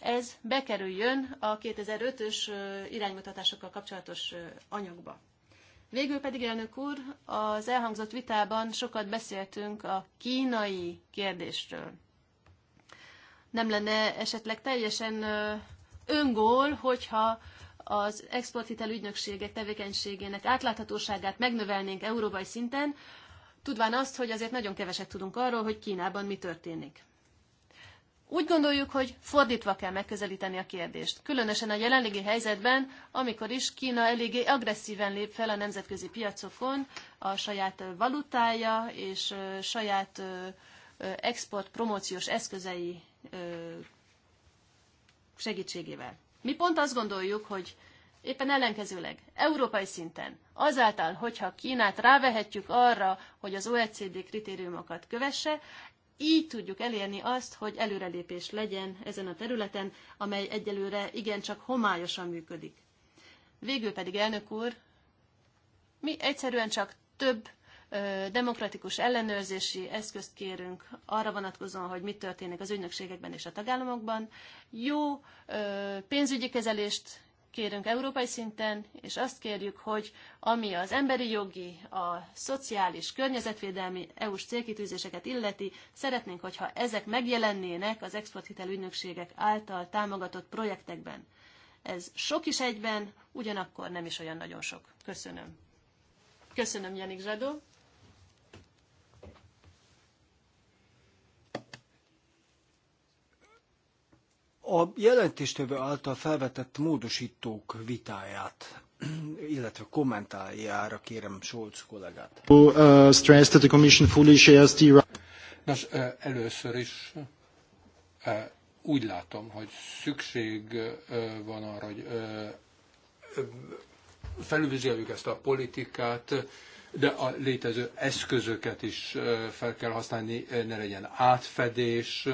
ez bekerüljön a 2005-ös iránymutatásokkal kapcsolatos anyagba. Végül pedig, elnök úr, az elhangzott vitában sokat beszéltünk a kínai kérdésről. Nem lenne esetleg teljesen öngól, hogyha az exporthitel ügynökségek tevékenységének átláthatóságát megnövelnénk európai szinten, tudván azt, hogy azért nagyon keveset tudunk arról, hogy Kínában mi történik. Úgy gondoljuk, hogy fordítva kell megközelíteni a kérdést, különösen a jelenlegi helyzetben, amikor is Kína eléggé agresszíven lép fel a nemzetközi piacokon, a saját valutája és saját export promóciós eszközei segítségével. Mi pont azt gondoljuk, hogy éppen ellenkezőleg, európai szinten, azáltal, hogyha Kínát rávehetjük arra, hogy az OECD kritériumokat kövesse, így tudjuk elérni azt, hogy előrelépés legyen ezen a területen, amely egyelőre igencsak homályosan működik. Végül pedig, elnök úr, mi egyszerűen csak több demokratikus ellenőrzési eszközt kérünk arra vonatkozóan, hogy mi történik az ügynökségekben és a tagállamokban. Jó pénzügyi kezelést kérünk európai szinten, és azt kérjük, hogy ami az emberi jogi, a szociális, környezetvédelmi EU-s célkitűzéseket illeti, szeretnénk, hogyha ezek megjelennének az exporthitel ügynökségek által támogatott projektekben. Ez sok is egyben, ugyanakkor nem is olyan nagyon sok. Köszönöm. Köszönöm, Janik Zsadó. A jelentéstevő által felvetett módosítók vitáját, illetve kommentáljára kérem Scholz kollégát. Uh, Nos, uh, először is uh, úgy látom, hogy szükség van arra, hogy felülvizsgáljuk ezt a politikát, de a létező eszközöket is fel kell használni, ne legyen átfedés,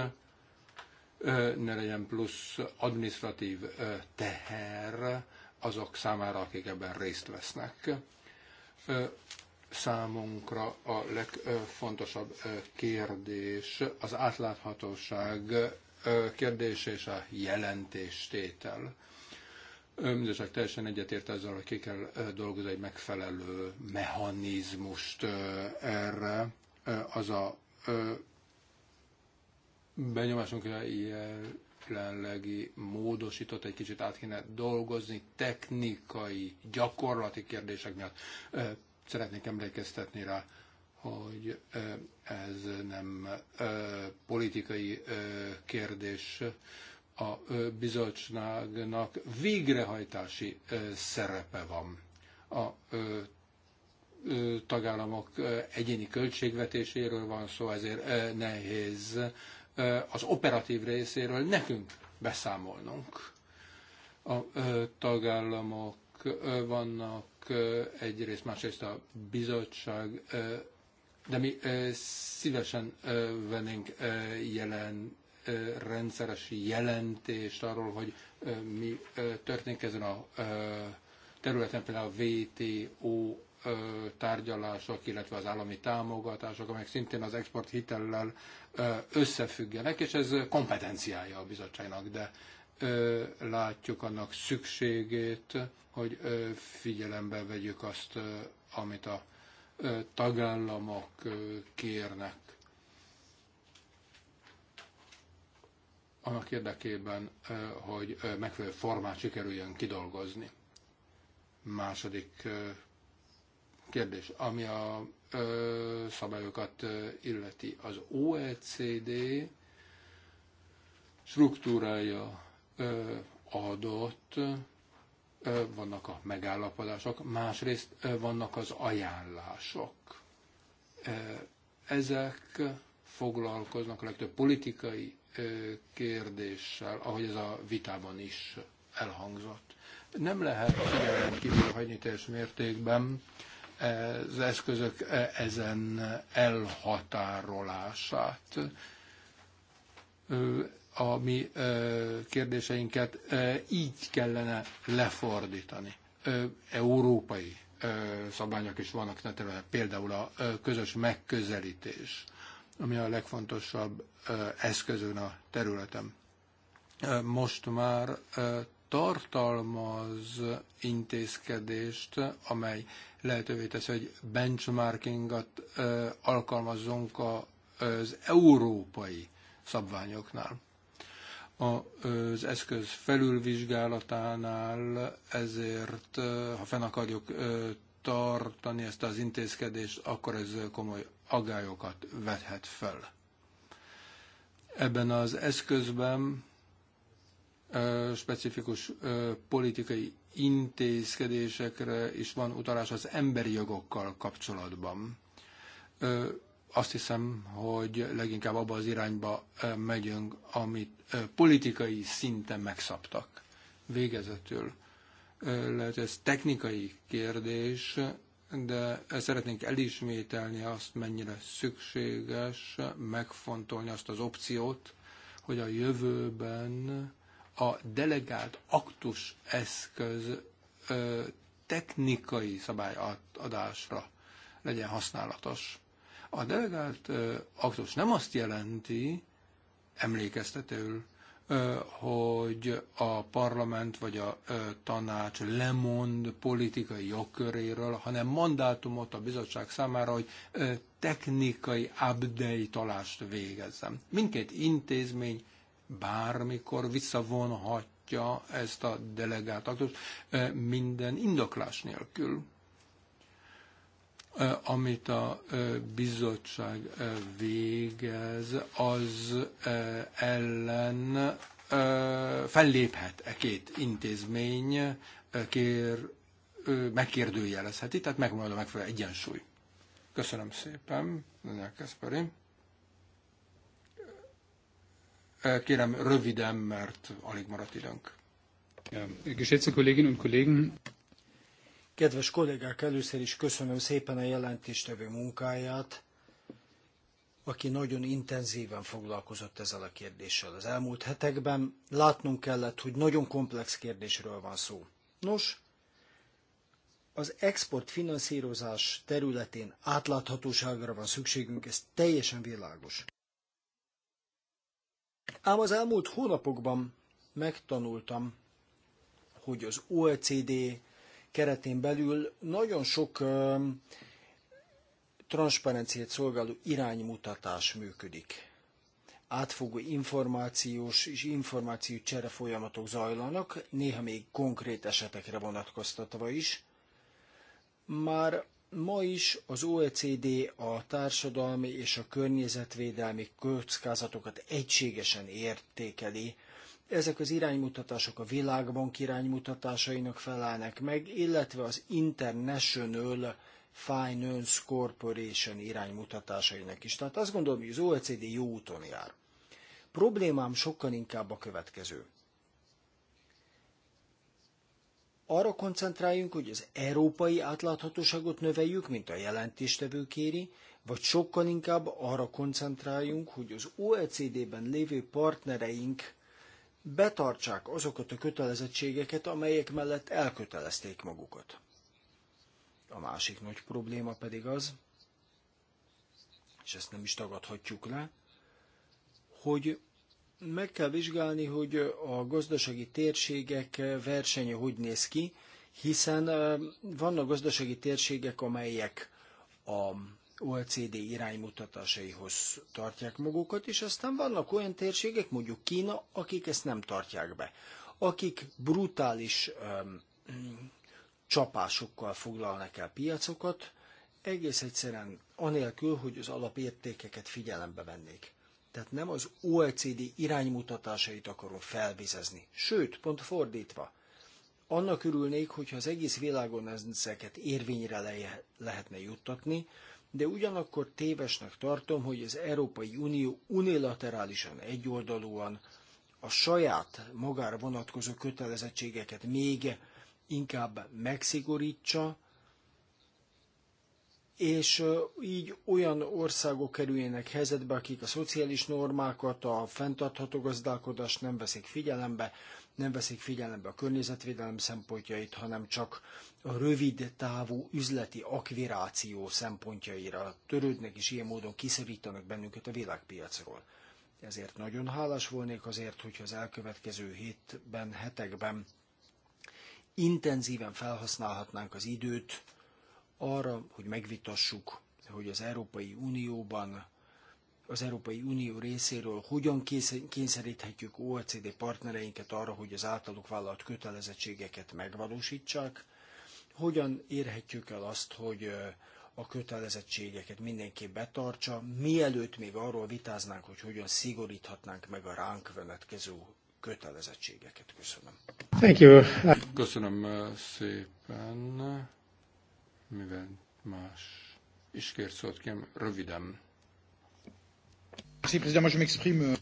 ne legyen plusz administratív teher azok számára, akik ebben részt vesznek. Számunkra a legfontosabb kérdés az átláthatóság kérdés és a jelentéstétel. Mindenesetre teljesen egyetért ezzel, hogy ki kell dolgozni egy megfelelő mechanizmust erre. Az a benyomásunkra jelenlegi módosított egy kicsit át kéne dolgozni technikai, gyakorlati kérdések miatt. Szeretnék emlékeztetni rá, hogy ez nem politikai kérdés a bizottságnak végrehajtási szerepe van. A tagállamok egyéni költségvetéséről van szó, ezért nehéz az operatív részéről nekünk beszámolnunk. A tagállamok vannak egyrészt, másrészt a bizottság, de mi szívesen vennénk jelen rendszeres jelentést arról, hogy mi történik ezen a területen, például a VTO tárgyalások, illetve az állami támogatások, amelyek szintén az export hitellel összefüggenek, és ez kompetenciája a bizottságnak, de látjuk annak szükségét, hogy figyelembe vegyük azt, amit a tagállamok kérnek. annak érdekében, hogy megfelelő formát sikerüljön kidolgozni. Második kérdés, ami a ö, szabályokat ö, illeti. Az OECD struktúrája ö, adott, ö, vannak a megállapodások, másrészt ö, vannak az ajánlások. Ö, ezek foglalkoznak a legtöbb politikai ö, kérdéssel, ahogy ez a vitában is elhangzott. Nem lehet figyelmen kívül hagyni teljes mértékben az eszközök e, ezen elhatárolását. A mi kérdéseinket így kellene lefordítani. Európai szabályok is vannak, például a közös megközelítés, ami a legfontosabb eszközön a területem. Most már tartalmaz intézkedést, amely lehetővé teszi, hogy benchmarkingot alkalmazzunk az európai szabványoknál. Az eszköz felülvizsgálatánál ezért, ha fenn akarjuk tartani ezt az intézkedést, akkor ez komoly agályokat vethet fel. Ebben az eszközben specifikus politikai intézkedésekre is van utalás az emberi jogokkal kapcsolatban. Azt hiszem, hogy leginkább abba az irányba megyünk, amit politikai szinten megszabtak. Végezetül lehet ez technikai kérdés, de szeretnénk elismételni azt, mennyire szükséges megfontolni azt az opciót, hogy a jövőben a delegált aktus eszköz ö, technikai szabályadásra legyen használatos. A delegált ö, aktus nem azt jelenti, emlékeztetőül, hogy a parlament vagy a tanács lemond politikai jogköréről, hanem mandátumot a bizottság számára, hogy technikai update-alást végezzem. Mindkét intézmény bármikor visszavonhatja ezt a delegált aktust minden indoklás nélkül amit a bizottság végez, az ellen felléphet e két intézmény, kér, megkérdőjelezheti, tehát megmarad a megfelelő egyensúly. Köszönöm szépen, Daniel Kaspari. Kérem röviden, mert alig maradt időnk. Geschätzte Kolleginnen und Kollegen, Kedves kollégák, először is köszönöm szépen a jelentéstevő munkáját, aki nagyon intenzíven foglalkozott ezzel a kérdéssel az elmúlt hetekben. Látnunk kellett, hogy nagyon komplex kérdésről van szó. Nos, az finanszírozás területén átláthatóságra van szükségünk, ez teljesen világos. Ám az elmúlt hónapokban megtanultam, hogy az OECD keretén belül nagyon sok ö, transzparenciát szolgáló iránymutatás működik. Átfogó információs és információ csere folyamatok zajlanak, néha még konkrét esetekre vonatkoztatva is. Már Ma is az OECD a társadalmi és a környezetvédelmi kockázatokat egységesen értékeli. Ezek az iránymutatások a Világbank iránymutatásainak felelnek meg, illetve az International Finance Corporation iránymutatásainak is. Tehát azt gondolom, hogy az OECD jó úton jár. Problémám sokkal inkább a következő. arra koncentráljunk, hogy az európai átláthatóságot növeljük, mint a jelentéstevő kéri, vagy sokkal inkább arra koncentráljunk, hogy az OECD-ben lévő partnereink betartsák azokat a kötelezettségeket, amelyek mellett elkötelezték magukat. A másik nagy probléma pedig az, és ezt nem is tagadhatjuk le, hogy meg kell vizsgálni, hogy a gazdasági térségek versenye hogy néz ki, hiszen vannak gazdasági térségek, amelyek a OECD iránymutatásaihoz tartják magukat, és aztán vannak olyan térségek, mondjuk Kína, akik ezt nem tartják be, akik brutális öm, csapásokkal foglalnak el piacokat, egész egyszerűen anélkül, hogy az alapértékeket figyelembe vennék. Tehát nem az OECD iránymutatásait akarom felvizezni. Sőt, pont fordítva. Annak örülnék, hogyha az egész világon ezeket érvényre le- lehetne juttatni, de ugyanakkor tévesnek tartom, hogy az Európai Unió unilaterálisan, egyoldalúan a saját magára vonatkozó kötelezettségeket még inkább megszigorítsa, és így olyan országok kerüljenek helyzetbe, akik a szociális normákat, a fenntartható gazdálkodást nem veszik figyelembe, nem veszik figyelembe a környezetvédelem szempontjait, hanem csak a rövid távú üzleti akviráció szempontjaira törődnek, és ilyen módon kiszorítanak bennünket a világpiacról. Ezért nagyon hálás volnék azért, hogyha az elkövetkező hétben, hetekben intenzíven felhasználhatnánk az időt, arra, hogy megvitassuk, hogy az Európai Unióban, az Európai Unió részéről hogyan kényszeríthetjük OECD partnereinket arra, hogy az általuk vállalt kötelezettségeket megvalósítsák, hogyan érhetjük el azt, hogy a kötelezettségeket mindenki betartsa, mielőtt még arról vitáznánk, hogy hogyan szigoríthatnánk meg a ránk vonatkozó kötelezettségeket. Köszönöm. Thank you. Köszönöm szépen mivel más is kér szót, kérem, röviden. Euh,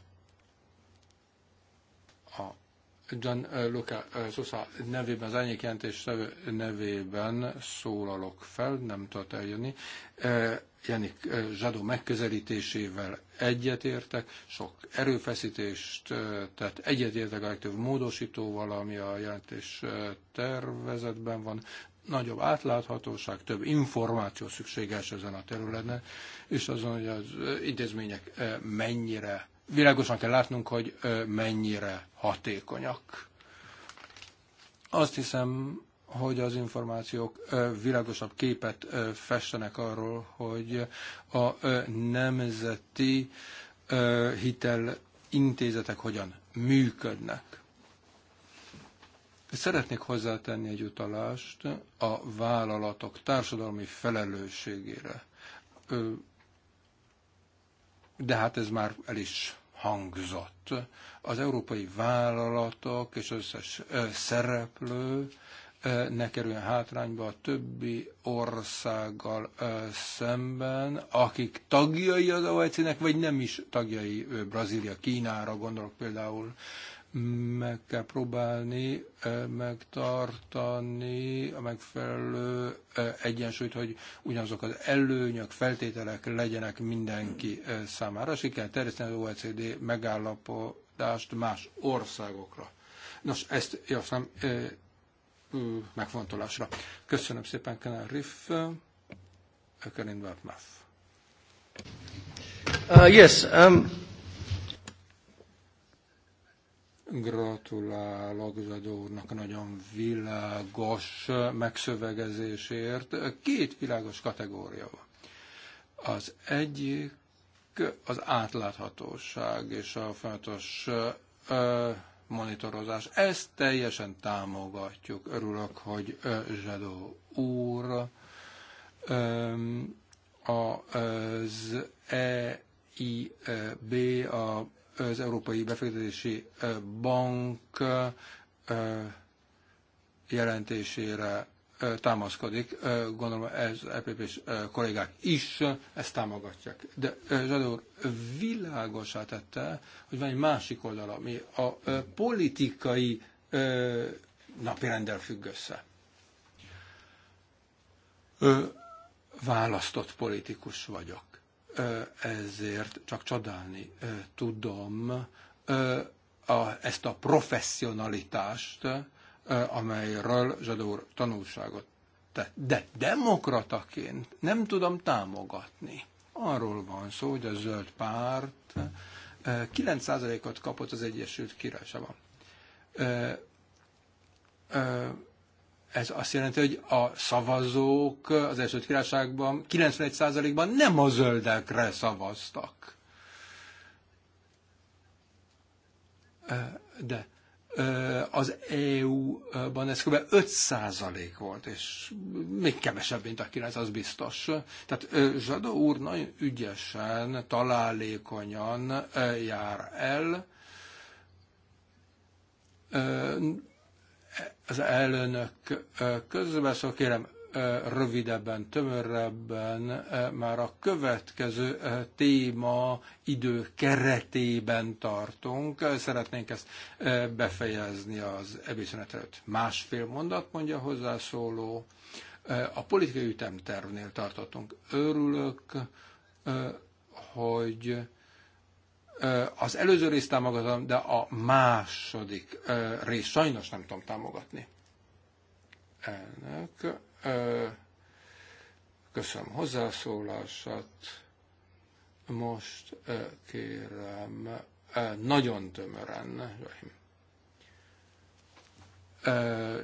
a Dan euh, Luca euh, Sosa nevében, az ennyi jelentés nevében szólalok fel, nem tudott eljönni. Janik Zsadó megközelítésével egyetértek, sok erőfeszítést, tehát egyetértek a legtöbb módosítóval, ami a jelentés tervezetben van nagyobb átláthatóság, több információ szükséges ezen a területen, és azon, hogy az intézmények mennyire, világosan kell látnunk, hogy mennyire hatékonyak. Azt hiszem, hogy az információk világosabb képet festenek arról, hogy a nemzeti hitel intézetek hogyan működnek Szeretnék hozzátenni egy utalást a vállalatok társadalmi felelősségére. De hát ez már el is hangzott. Az európai vállalatok és összes szereplő ne kerüljön hátrányba a többi országgal szemben, akik tagjai az oec vagy nem is tagjai, Brazília, Kínára gondolok például, meg kell próbálni megtartani a megfelelő egyensúlyt, hogy ugyanazok az előnyök, feltételek legyenek mindenki számára, és terjeszteni az OECD megállapodást más országokra. Nos, ezt javaslom megfontolásra. Köszönöm szépen, Kenel Riff, Ökerin Uh, yes, um, Gratulálok az úrnak nagyon világos megszövegezésért. Két világos kategória van. Az egyik az átláthatóság és a folyamatos monitorozás. Ezt teljesen támogatjuk. Örülök, hogy Zsadó úr az EIB, a e, az Európai Befektetési Bank jelentésére támaszkodik. Gondolom ez epp s kollégák is ezt támogatják. De Zsadó úr világosá tette, hogy van egy másik oldal, ami a politikai napirendel függ össze. választott politikus vagyok ezért csak csodálni tudom ezt a professzionalitást, amelyről Zsadór tanulságot tett. De demokrataként nem tudom támogatni. Arról van szó, hogy a zöld párt 9%-ot kapott az Egyesült Királyságban ez azt jelenti, hogy a szavazók az első királyságban 91%-ban nem a zöldekre szavaztak. De az EU-ban ez kb. 5% volt, és még kevesebb, mint a 9, az biztos. Tehát Zsadó úr nagyon ügyesen, találékonyan jár el, az elnök közbeszól, kérem rövidebben, tömörebben, már a következő téma idő keretében tartunk. Szeretnénk ezt befejezni az ebédszünet előtt. Másfél mondat mondja hozzászóló. A politikai ütemtervnél tartottunk. Örülök, hogy az előző részt támogatom, de a második rész sajnos nem tudom támogatni. Elnök, köszönöm hozzászólását. Most kérem, nagyon tömören,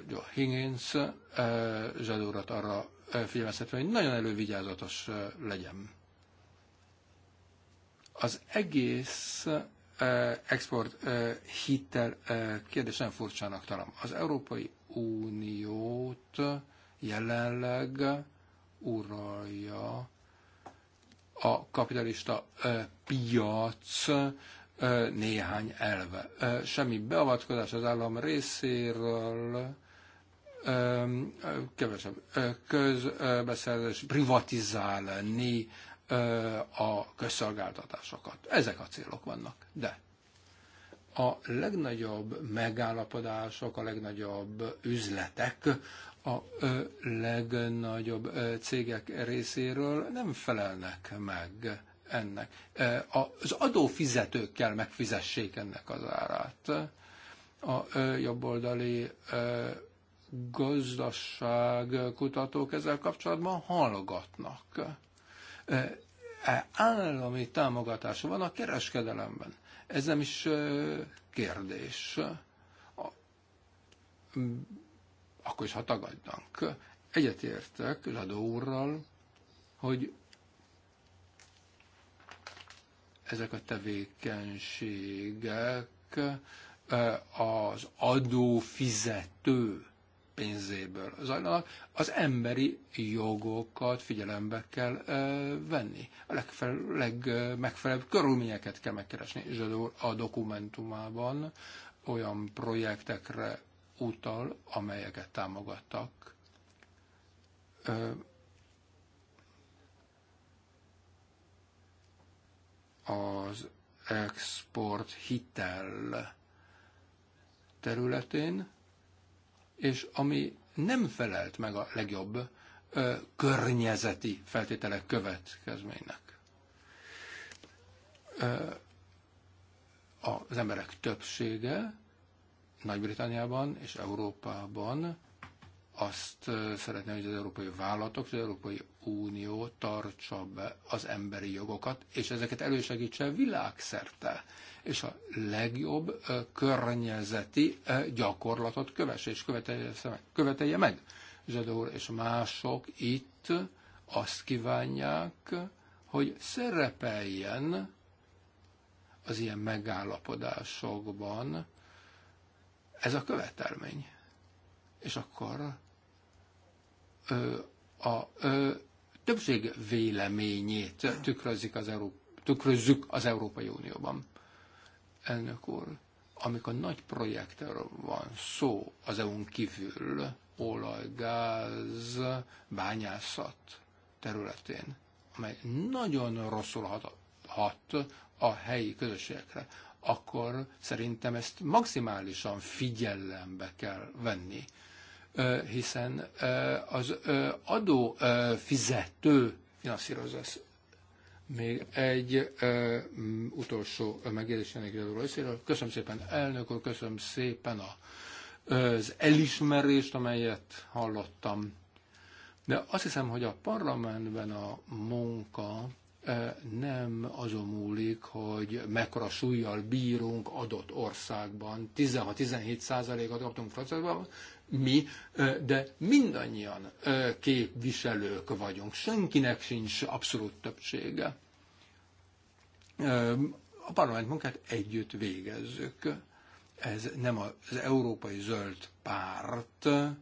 Joachim Higgins, Zsadórat arra figyelmeztetve, hogy nagyon elővigyázatos legyen az egész export hittel kérdés nem furcsának talán. Az Európai Uniót jelenleg uralja a kapitalista piac néhány elve. Semmi beavatkozás az állam részéről, kevesebb közbeszerzés, privatizálni, a közszolgáltatásokat. Ezek a célok vannak, de a legnagyobb megállapodások, a legnagyobb üzletek, a legnagyobb cégek részéről nem felelnek meg ennek. Az adófizetők kell megfizessék ennek az árát. A jobboldali gazdaságkutatók ezzel kapcsolatban hallgatnak E, állami támogatása van a kereskedelemben. Ez nem is kérdés. Akkor is, ha tagadnak. Egyetértek Zsadó úrral, hogy ezek a tevékenységek az adófizető pénzéből zajlanak, az emberi jogokat figyelembe kell venni. A legfel, legmegfelelőbb körülményeket kell megkeresni. Zsadó a dokumentumában olyan projektekre utal, amelyeket támogattak. az export hitel területén és ami nem felelt meg a legjobb ö, környezeti feltételek következménynek. Ö, az emberek többsége nagy-Britanniában és Európában azt szeretném, hogy az európai vállalatok, az Európai Unió tartsa be az emberi jogokat, és ezeket elősegítse világszerte. És a legjobb környezeti gyakorlatot kövesse és követelje, meg. Zsadó úr és mások itt azt kívánják, hogy szerepeljen az ilyen megállapodásokban ez a követelmény. És akkor a többség véleményét tükrözik az Európa, tükrözzük az Európai Unióban. Elnök úr, amikor nagy projektről van szó az EU-n kívül, olaj, gáz, bányászat területén, amely nagyon rosszul hat, hat a helyi közösségekre, akkor szerintem ezt maximálisan figyelembe kell venni hiszen az adó fizető finanszírozza még egy ö, utolsó megjegyzésének részéről. Köszönöm szépen, elnök úr, köszönöm szépen a, az elismerést, amelyet hallottam. De azt hiszem, hogy a parlamentben a munka ö, nem azon múlik, hogy mekkora súlyjal bírunk adott országban. 16-17 százalékot kaptunk Franciaországban, mi, de mindannyian képviselők vagyunk. Senkinek sincs abszolút többsége. A parlament munkát együtt végezzük. Ez nem az Európai Zöld Pártnak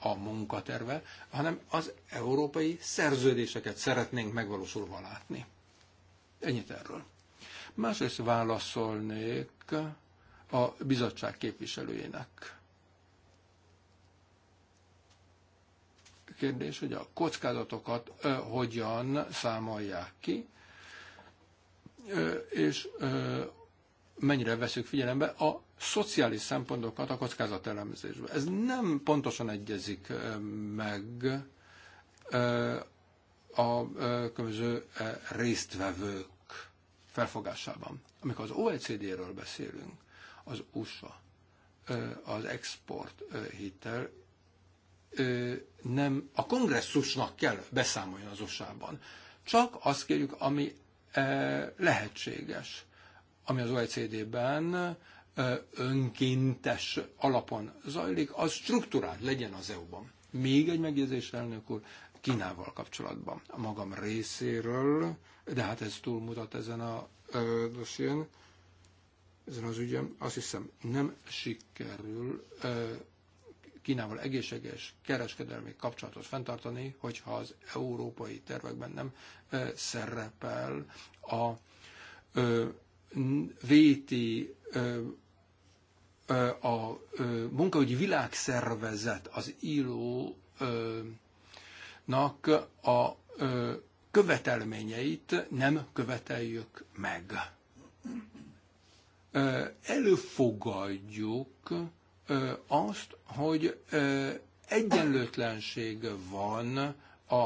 a munkaterve, hanem az európai szerződéseket szeretnénk megvalósulva látni. Ennyit erről. Másrészt válaszolnék a bizottság képviselőjének. Kérdés, hogy a kockázatokat hogyan számolják ki, és mennyire veszük figyelembe a szociális szempontokat a kockázatelemzésbe. Ez nem pontosan egyezik meg a különböző résztvevők felfogásában. Amikor az OECD-ről beszélünk, az USA az export hitel nem a kongresszusnak kell beszámoljon az USA-ban. Csak azt kérjük, ami lehetséges, ami az OECD-ben önkéntes alapon zajlik, az struktúrált legyen az EU-ban. Még egy megjegyzés, elnök úr, Kínával kapcsolatban. A magam részéről, de hát ez túlmutat ezen a dosszién, ezen az ügyem. Azt hiszem, nem sikerül Kínával egészséges kereskedelmi kapcsolatot fenntartani, hogyha az európai tervekben nem szerepel a véti a munkaügyi világszervezet, az ILO-nak a követelményeit nem követeljük meg előfogadjuk azt, hogy egyenlőtlenség van a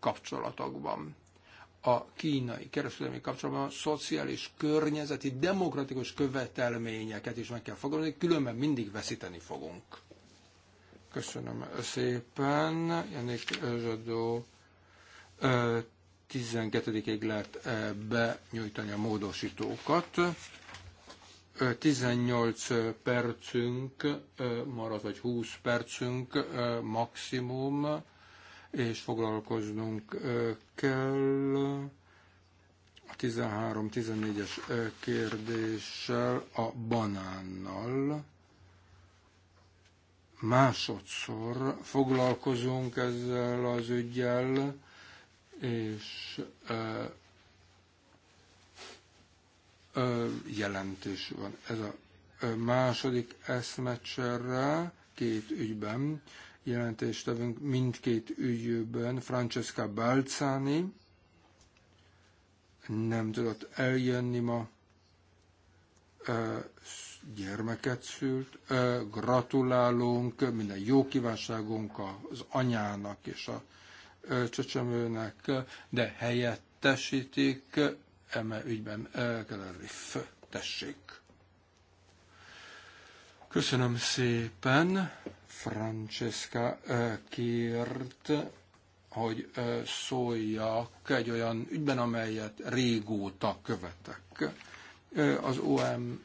kapcsolatokban. A kínai kereskedelmi kapcsolatban a szociális, környezeti, demokratikus követelményeket is meg kell fogadni, különben mindig veszíteni fogunk. Köszönöm szépen. Janik Zsadó 12-ig lehet benyújtani a módosítókat. 18 percünk marad, vagy 20 percünk maximum, és foglalkoznunk kell a 13-14-es kérdéssel, a banánnal. Másodszor foglalkozunk ezzel az ügyel, és jelentés van. Ez a második eszmecserre két ügyben jelentést tevünk mindkét ügyben Francesca Balzani nem tudott eljönni ma, gyermeket szült. Gratulálunk, minden jó kívánságunk az anyának és a csecsemőnek, de helyettesítik eme ügyben Kellerif. Tessék! Köszönöm szépen. Francesca kért, hogy szóljak egy olyan ügyben, amelyet régóta követek. Az OM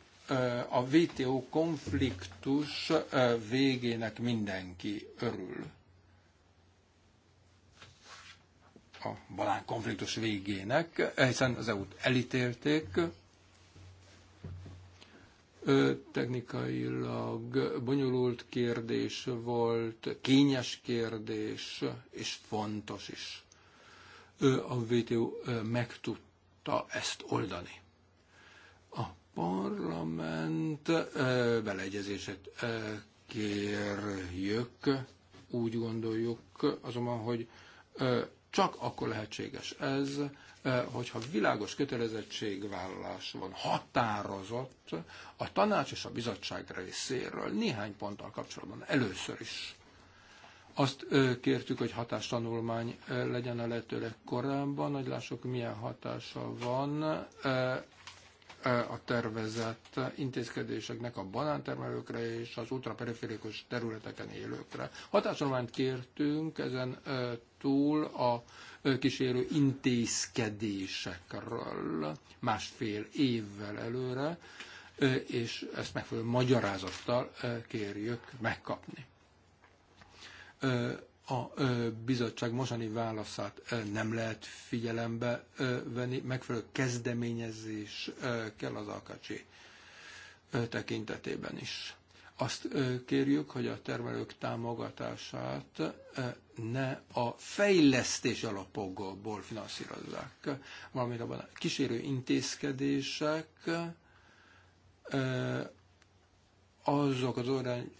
a VTO konfliktus végének mindenki örül a balán konfliktus végének, hiszen az EU-t elítélték, technikailag bonyolult kérdés volt, kényes kérdés, és fontos is. A VTO meg tudta ezt oldani. A parlament beleegyezését kérjük, úgy gondoljuk azonban, hogy csak akkor lehetséges ez, eh, hogyha világos kötelezettségvállalás van határozott a tanács és a bizottság részéről néhány ponttal kapcsolatban először is. Azt eh, kértük, hogy hatástanulmány eh, legyen a lehetőleg korábban, hogy lássuk, milyen hatása van E, a tervezett intézkedéseknek a banántermelőkre és az ultraperiférikus területeken élőkre. Hatásolványt kértünk ezen e, túl a e, kísérő intézkedésekről másfél évvel előre, és ezt megfelelő magyarázattal kérjük megkapni a bizottság mostani válaszát nem lehet figyelembe venni, megfelelő kezdeményezés kell az alkacsi tekintetében is. Azt kérjük, hogy a termelők támogatását ne a fejlesztés alapokból finanszírozzák, valamint a kísérő intézkedések azok az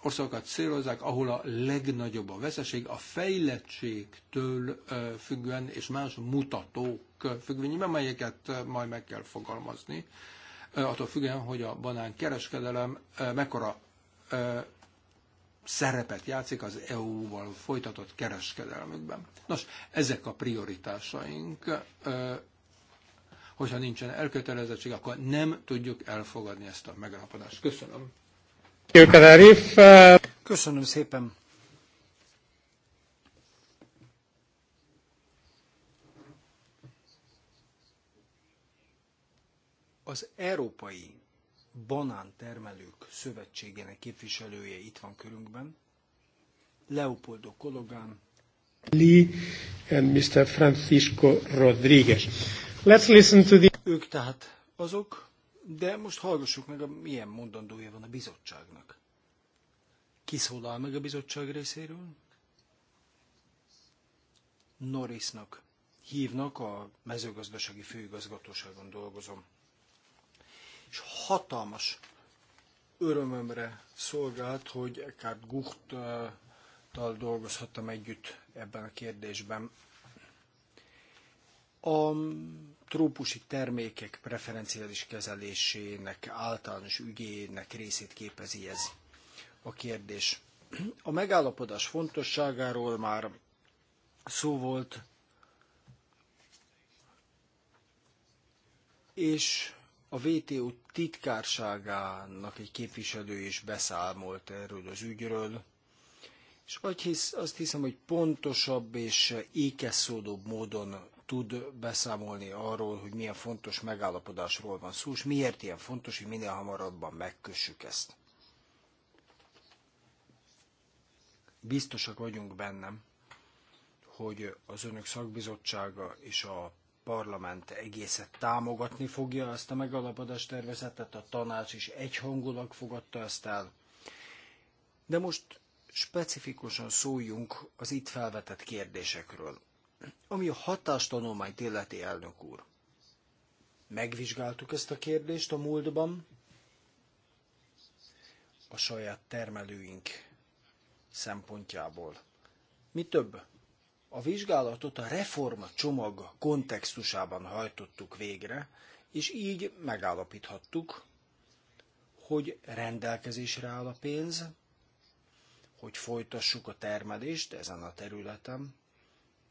országokat célozzák, ahol a legnagyobb a veszeség, a fejlettségtől függően és más mutatók függvényében, melyeket majd meg kell fogalmazni, attól függően, hogy a banán kereskedelem mekkora szerepet játszik az EU-val folytatott kereskedelmükben. Nos, ezek a prioritásaink. Hogyha nincsen elkötelezettség, akkor nem tudjuk elfogadni ezt a megállapodást. Köszönöm. Köszönöm szépen. Az Európai Banántermelők Szövetségének képviselője itt van körünkben, Leopoldo Kologán. Lee and Mr. Francisco Rodriguez. Let's listen to the... Ők tehát azok, de most hallgassuk meg, a, milyen mondandója van a bizottságnak. Kiszólal meg a bizottság részéről? Norrisnak hívnak, a mezőgazdasági főigazgatóságon dolgozom. És hatalmas örömömre szolgált, hogy Eckhart Gucht-tal dolgozhattam együtt ebben a kérdésben a trópusi termékek preferenciális kezelésének általános ügyének részét képezi ez a kérdés. A megállapodás fontosságáról már szó volt, és a WTO titkárságának egy képviselő is beszámolt erről az ügyről, és azt hiszem, hogy pontosabb és ékeszódóbb módon tud beszámolni arról, hogy milyen fontos megállapodásról van szó, és miért ilyen fontos, hogy minél hamarabban megkössük ezt. Biztosak vagyunk bennem, hogy az önök szakbizottsága és a parlament egészet támogatni fogja ezt a megalapodás tervezetet, a tanács is egyhangulag fogadta ezt el. De most specifikusan szóljunk az itt felvetett kérdésekről. Ami a hatástanulmányt illeti, elnök úr. Megvizsgáltuk ezt a kérdést a múltban. A saját termelőink szempontjából. Mi több, a vizsgálatot a reforma csomag kontextusában hajtottuk végre, és így megállapíthattuk, hogy rendelkezésre áll a pénz, hogy folytassuk a termelést ezen a területen,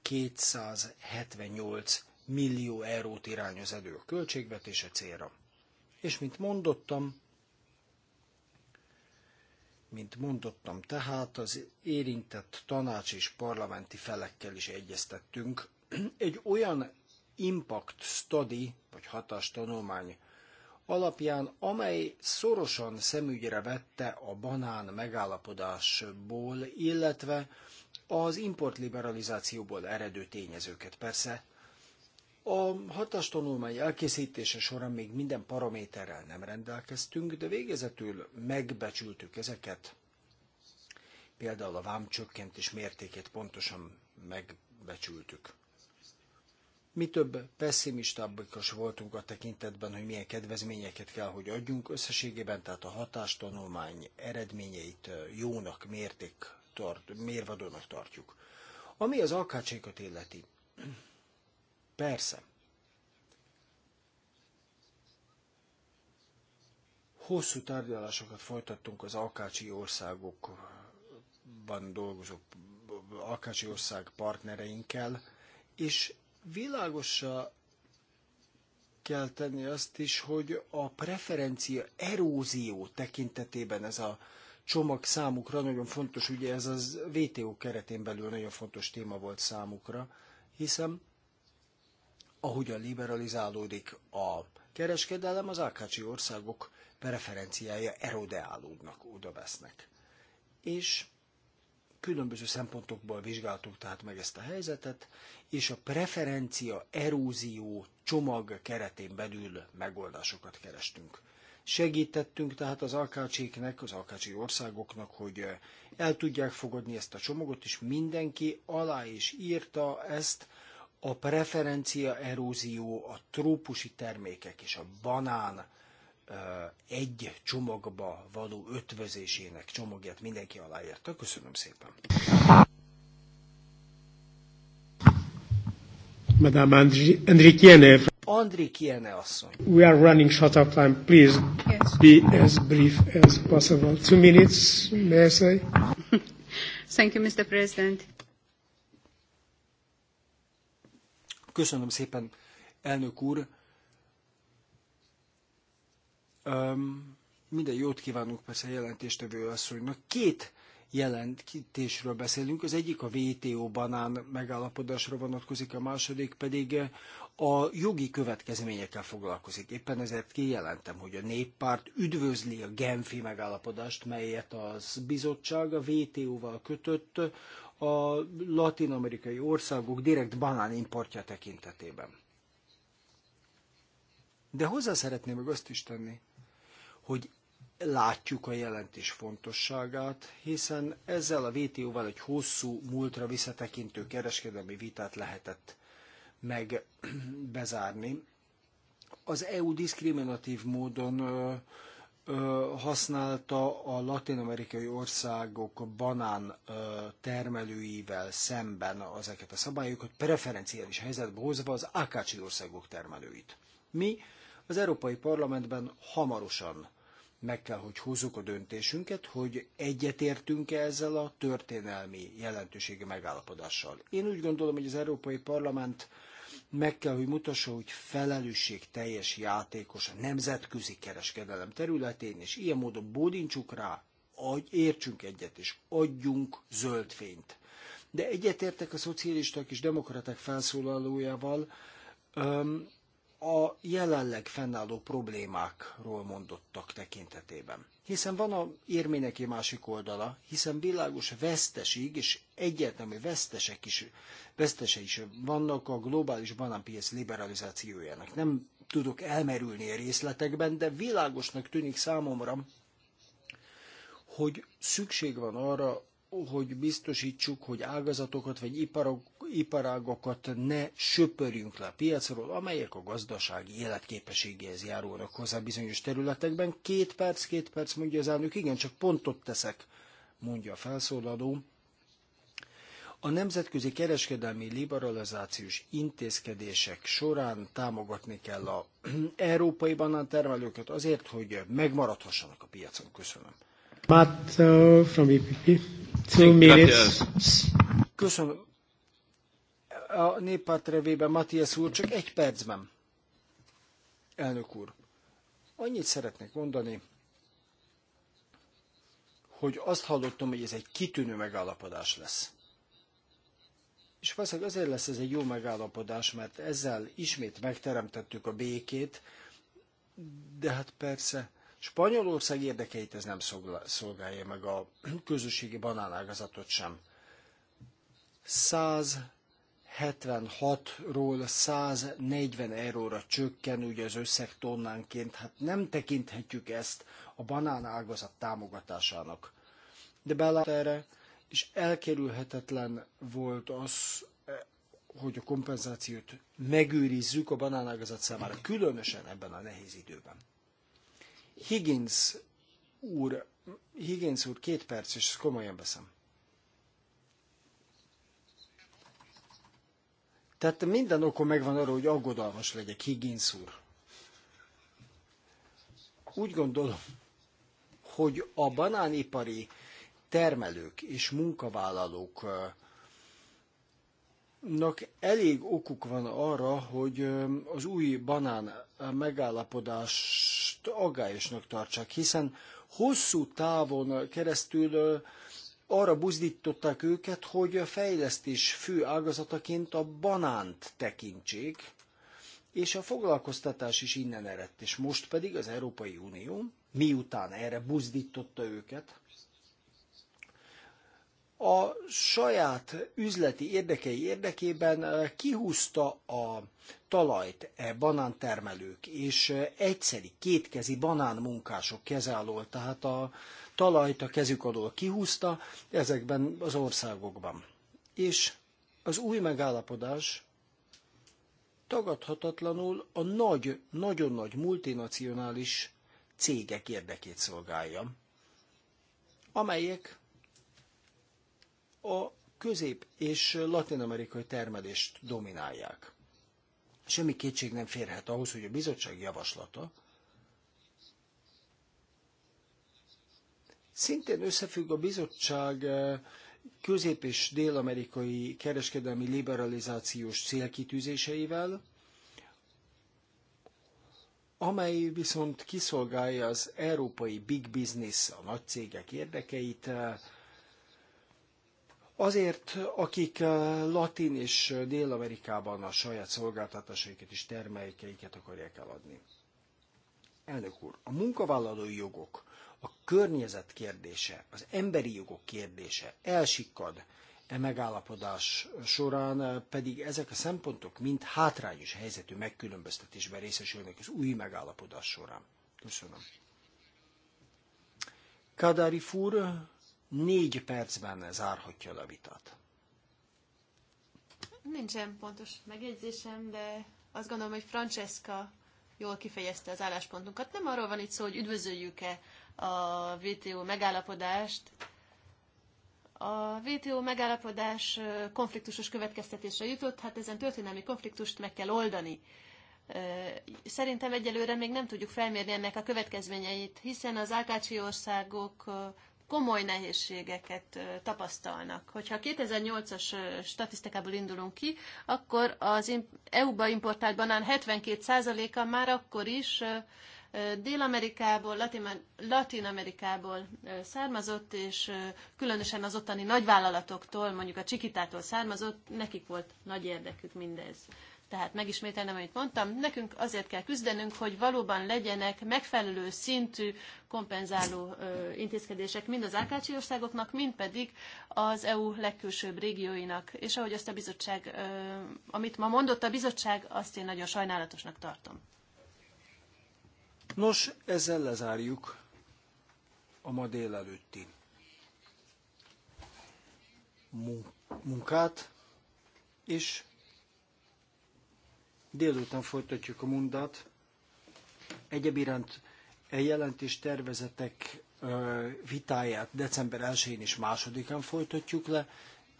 278 millió eurót irányoz elő a költségvetése célra. És mint mondottam, mint mondottam, tehát az érintett tanács és parlamenti felekkel is egyeztettünk. Egy olyan impact study, vagy hatástanulmány alapján, amely szorosan szemügyre vette a banán megállapodásból, illetve az importliberalizációból eredő tényezőket. Persze a tanulmány elkészítése során még minden paraméterrel nem rendelkeztünk, de végezetül megbecsültük ezeket. Például a vámcsökkentés mértékét pontosan megbecsültük. Mi több pessimistábbikos voltunk a tekintetben, hogy milyen kedvezményeket kell, hogy adjunk összességében, tehát a hatástanulmány eredményeit jónak mérték tart, mérvadónak tartjuk. Ami az alkácsékat illeti, persze, hosszú tárgyalásokat folytattunk az alkácsi országokban dolgozó alkácsi ország partnereinkkel, és világosra kell tenni azt is, hogy a preferencia erózió tekintetében ez a csomag számukra nagyon fontos, ugye ez az VTO keretén belül nagyon fontos téma volt számukra, hiszen ahogyan liberalizálódik a kereskedelem, az AKC országok preferenciája erodeálódnak, oda vesznek. És különböző szempontokból vizsgáltuk tehát meg ezt a helyzetet, és a preferencia erózió csomag keretén belül megoldásokat kerestünk. Segítettünk tehát az alkácséknek, az alkácsi országoknak, hogy eh, el tudják fogadni ezt a csomagot, és mindenki alá is írta ezt, a preferencia erózió, a trópusi termékek és a banán eh, egy csomagba való ötvözésének csomagját mindenki aláírta. Köszönöm szépen. Madame Andrikienev. Andrik Jene asszony. We are running short of time. Please be as brief as possible. Two minutes, may I say? Thank you, Mr. President. Köszönöm szépen, elnök úr. Um, minden jót kívánunk persze jelentéstevő asszonynak. Két jelentésről beszélünk. Az egyik a WTO banán megállapodásra vonatkozik, a második pedig a jogi következményekkel foglalkozik. Éppen ezért kijelentem, hogy a néppárt üdvözli a Genfi megállapodást, melyet az bizottság a WTO-val kötött a latin-amerikai országok direkt banánimportja tekintetében. De hozzá szeretném meg azt is tenni, hogy látjuk a jelentés fontosságát, hiszen ezzel a WTO-val egy hosszú múltra visszatekintő kereskedelmi vitát lehetett meg bezárni. Az EU diszkriminatív módon ö, ö, használta a latin-amerikai országok banán ö, termelőivel szemben ezeket a szabályokat, preferenciális helyzetbe hozva az ákácsi országok termelőit. Mi az Európai Parlamentben hamarosan meg kell, hogy hozzuk a döntésünket, hogy egyetértünk-e ezzel a történelmi jelentőségi megállapodással. Én úgy gondolom, hogy az Európai Parlament meg kell, hogy mutassa, hogy felelősség teljes játékos a nemzetközi kereskedelem területén, és ilyen módon bódincsuk rá, agy, értsünk egyet, és adjunk zöld fényt. De egyetértek a szocialisták és demokraták felszólalójával, a jelenleg fennálló problémákról mondottak tekintetében. Hiszen van a érmének egy másik oldala, hiszen világos veszteség és egyértelmű vesztesek is, vesztese is vannak a globális banánpiac liberalizációjának. Nem tudok elmerülni a részletekben, de világosnak tűnik számomra, hogy szükség van arra, hogy biztosítsuk, hogy ágazatokat vagy iparok, iparágokat ne söpörjünk le a piacról, amelyek a gazdasági életképességéhez járulnak hozzá bizonyos területekben. Két perc, két perc, mondja az elnök, igen, csak pontot teszek, mondja a felszólaló. A nemzetközi kereskedelmi liberalizációs intézkedések során támogatni kell a európai banántermelőket azért, hogy megmaradhassanak a piacon. Köszönöm. Matt uh, from EPP. Two minutes. Köszönöm. A néppárt revében Matthias úr csak egy percben. Elnök úr, annyit szeretnék mondani, hogy azt hallottam, hogy ez egy kitűnő megállapodás lesz. És valószínűleg azért lesz ez egy jó megállapodás, mert ezzel ismét megteremtettük a békét, de hát persze Spanyolország érdekeit ez nem szolgálja meg a közösségi banánágazatot sem. 176-ról 140 euróra csökken ugye az összeg tonnánként, hát nem tekinthetjük ezt a banánágazat támogatásának. De belát erre, és elkerülhetetlen volt az, eh, hogy a kompenzációt megőrizzük a banánágazat számára, különösen ebben a nehéz időben. Higgins úr, Higgins úr, két perc, és ezt komolyan veszem. Tehát minden okom megvan arra, hogy aggodalmas legyek, Higgins úr. Úgy gondolom, hogy a banánipari termelők és munkavállalók nak elég okuk van arra, hogy az új banán megállapodást agályosnak tartsák, hiszen hosszú távon keresztül arra buzdították őket, hogy a fejlesztés fő ágazataként a banánt tekintsék, és a foglalkoztatás is innen eredt, és most pedig az Európai Unió, miután erre buzdította őket, a saját üzleti érdekei érdekében eh, kihúzta a talajt e banántermelők, és eh, egyszeri, kétkezi banánmunkások keze alól, tehát a talajt a kezük alól kihúzta ezekben az országokban. És az új megállapodás tagadhatatlanul a nagy, nagyon nagy multinacionális cégek érdekét szolgálja, amelyek a közép- és latin-amerikai termelést dominálják. Semmi kétség nem férhet ahhoz, hogy a bizottság javaslata szintén összefügg a bizottság eh, közép- és dél-amerikai kereskedelmi liberalizációs célkitűzéseivel, amely viszont kiszolgálja az európai big business, a nagy cégek érdekeit, eh, Azért, akik eh, Latin és eh, Dél-Amerikában a saját szolgáltatásaikat és termékeiket akarják eladni. Elnök úr, a munkavállalói jogok, a környezet kérdése, az emberi jogok kérdése elsikkad e megállapodás során, eh, pedig ezek a szempontok mind hátrányos helyzetű megkülönböztetésben részesülnek az új megállapodás során. Köszönöm. Kadarifúr, négy percben zárhatja le a vitát. Nincsen pontos megjegyzésem, de azt gondolom, hogy Francesca jól kifejezte az álláspontunkat. Nem arról van itt szó, hogy üdvözöljük-e a VTO megállapodást. A VTO megállapodás konfliktusos következtetésre jutott, hát ezen történelmi konfliktust meg kell oldani. Szerintem egyelőre még nem tudjuk felmérni ennek a következményeit, hiszen az Ákácsi országok komoly nehézségeket tapasztalnak. Hogyha 2008-as statisztikából indulunk ki, akkor az EU-ba importált banán 72%-a már akkor is Dél-Amerikából, Latin-Amerikából származott, és különösen az ottani nagyvállalatoktól, mondjuk a Csikitától származott, nekik volt nagy érdekük mindez. Tehát megismételnem, amit mondtam, nekünk azért kell küzdenünk, hogy valóban legyenek megfelelő szintű kompenzáló intézkedések mind az Ákácsi országoknak, mind pedig az EU legkülsőbb régióinak. És ahogy azt a bizottság, amit ma mondott a bizottság, azt én nagyon sajnálatosnak tartom. Nos, ezzel lezárjuk a ma délelőtti munkát, és Délután folytatjuk a mundát. Egyéb iránt a e jelentés tervezetek vitáját december 1-én és 2-án folytatjuk le,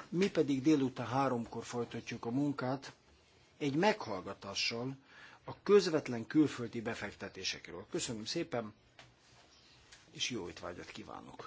mi pedig délután háromkor folytatjuk a munkát egy meghallgatással a közvetlen külföldi befektetésekről. Köszönöm szépen, és jó étvágyat kívánok!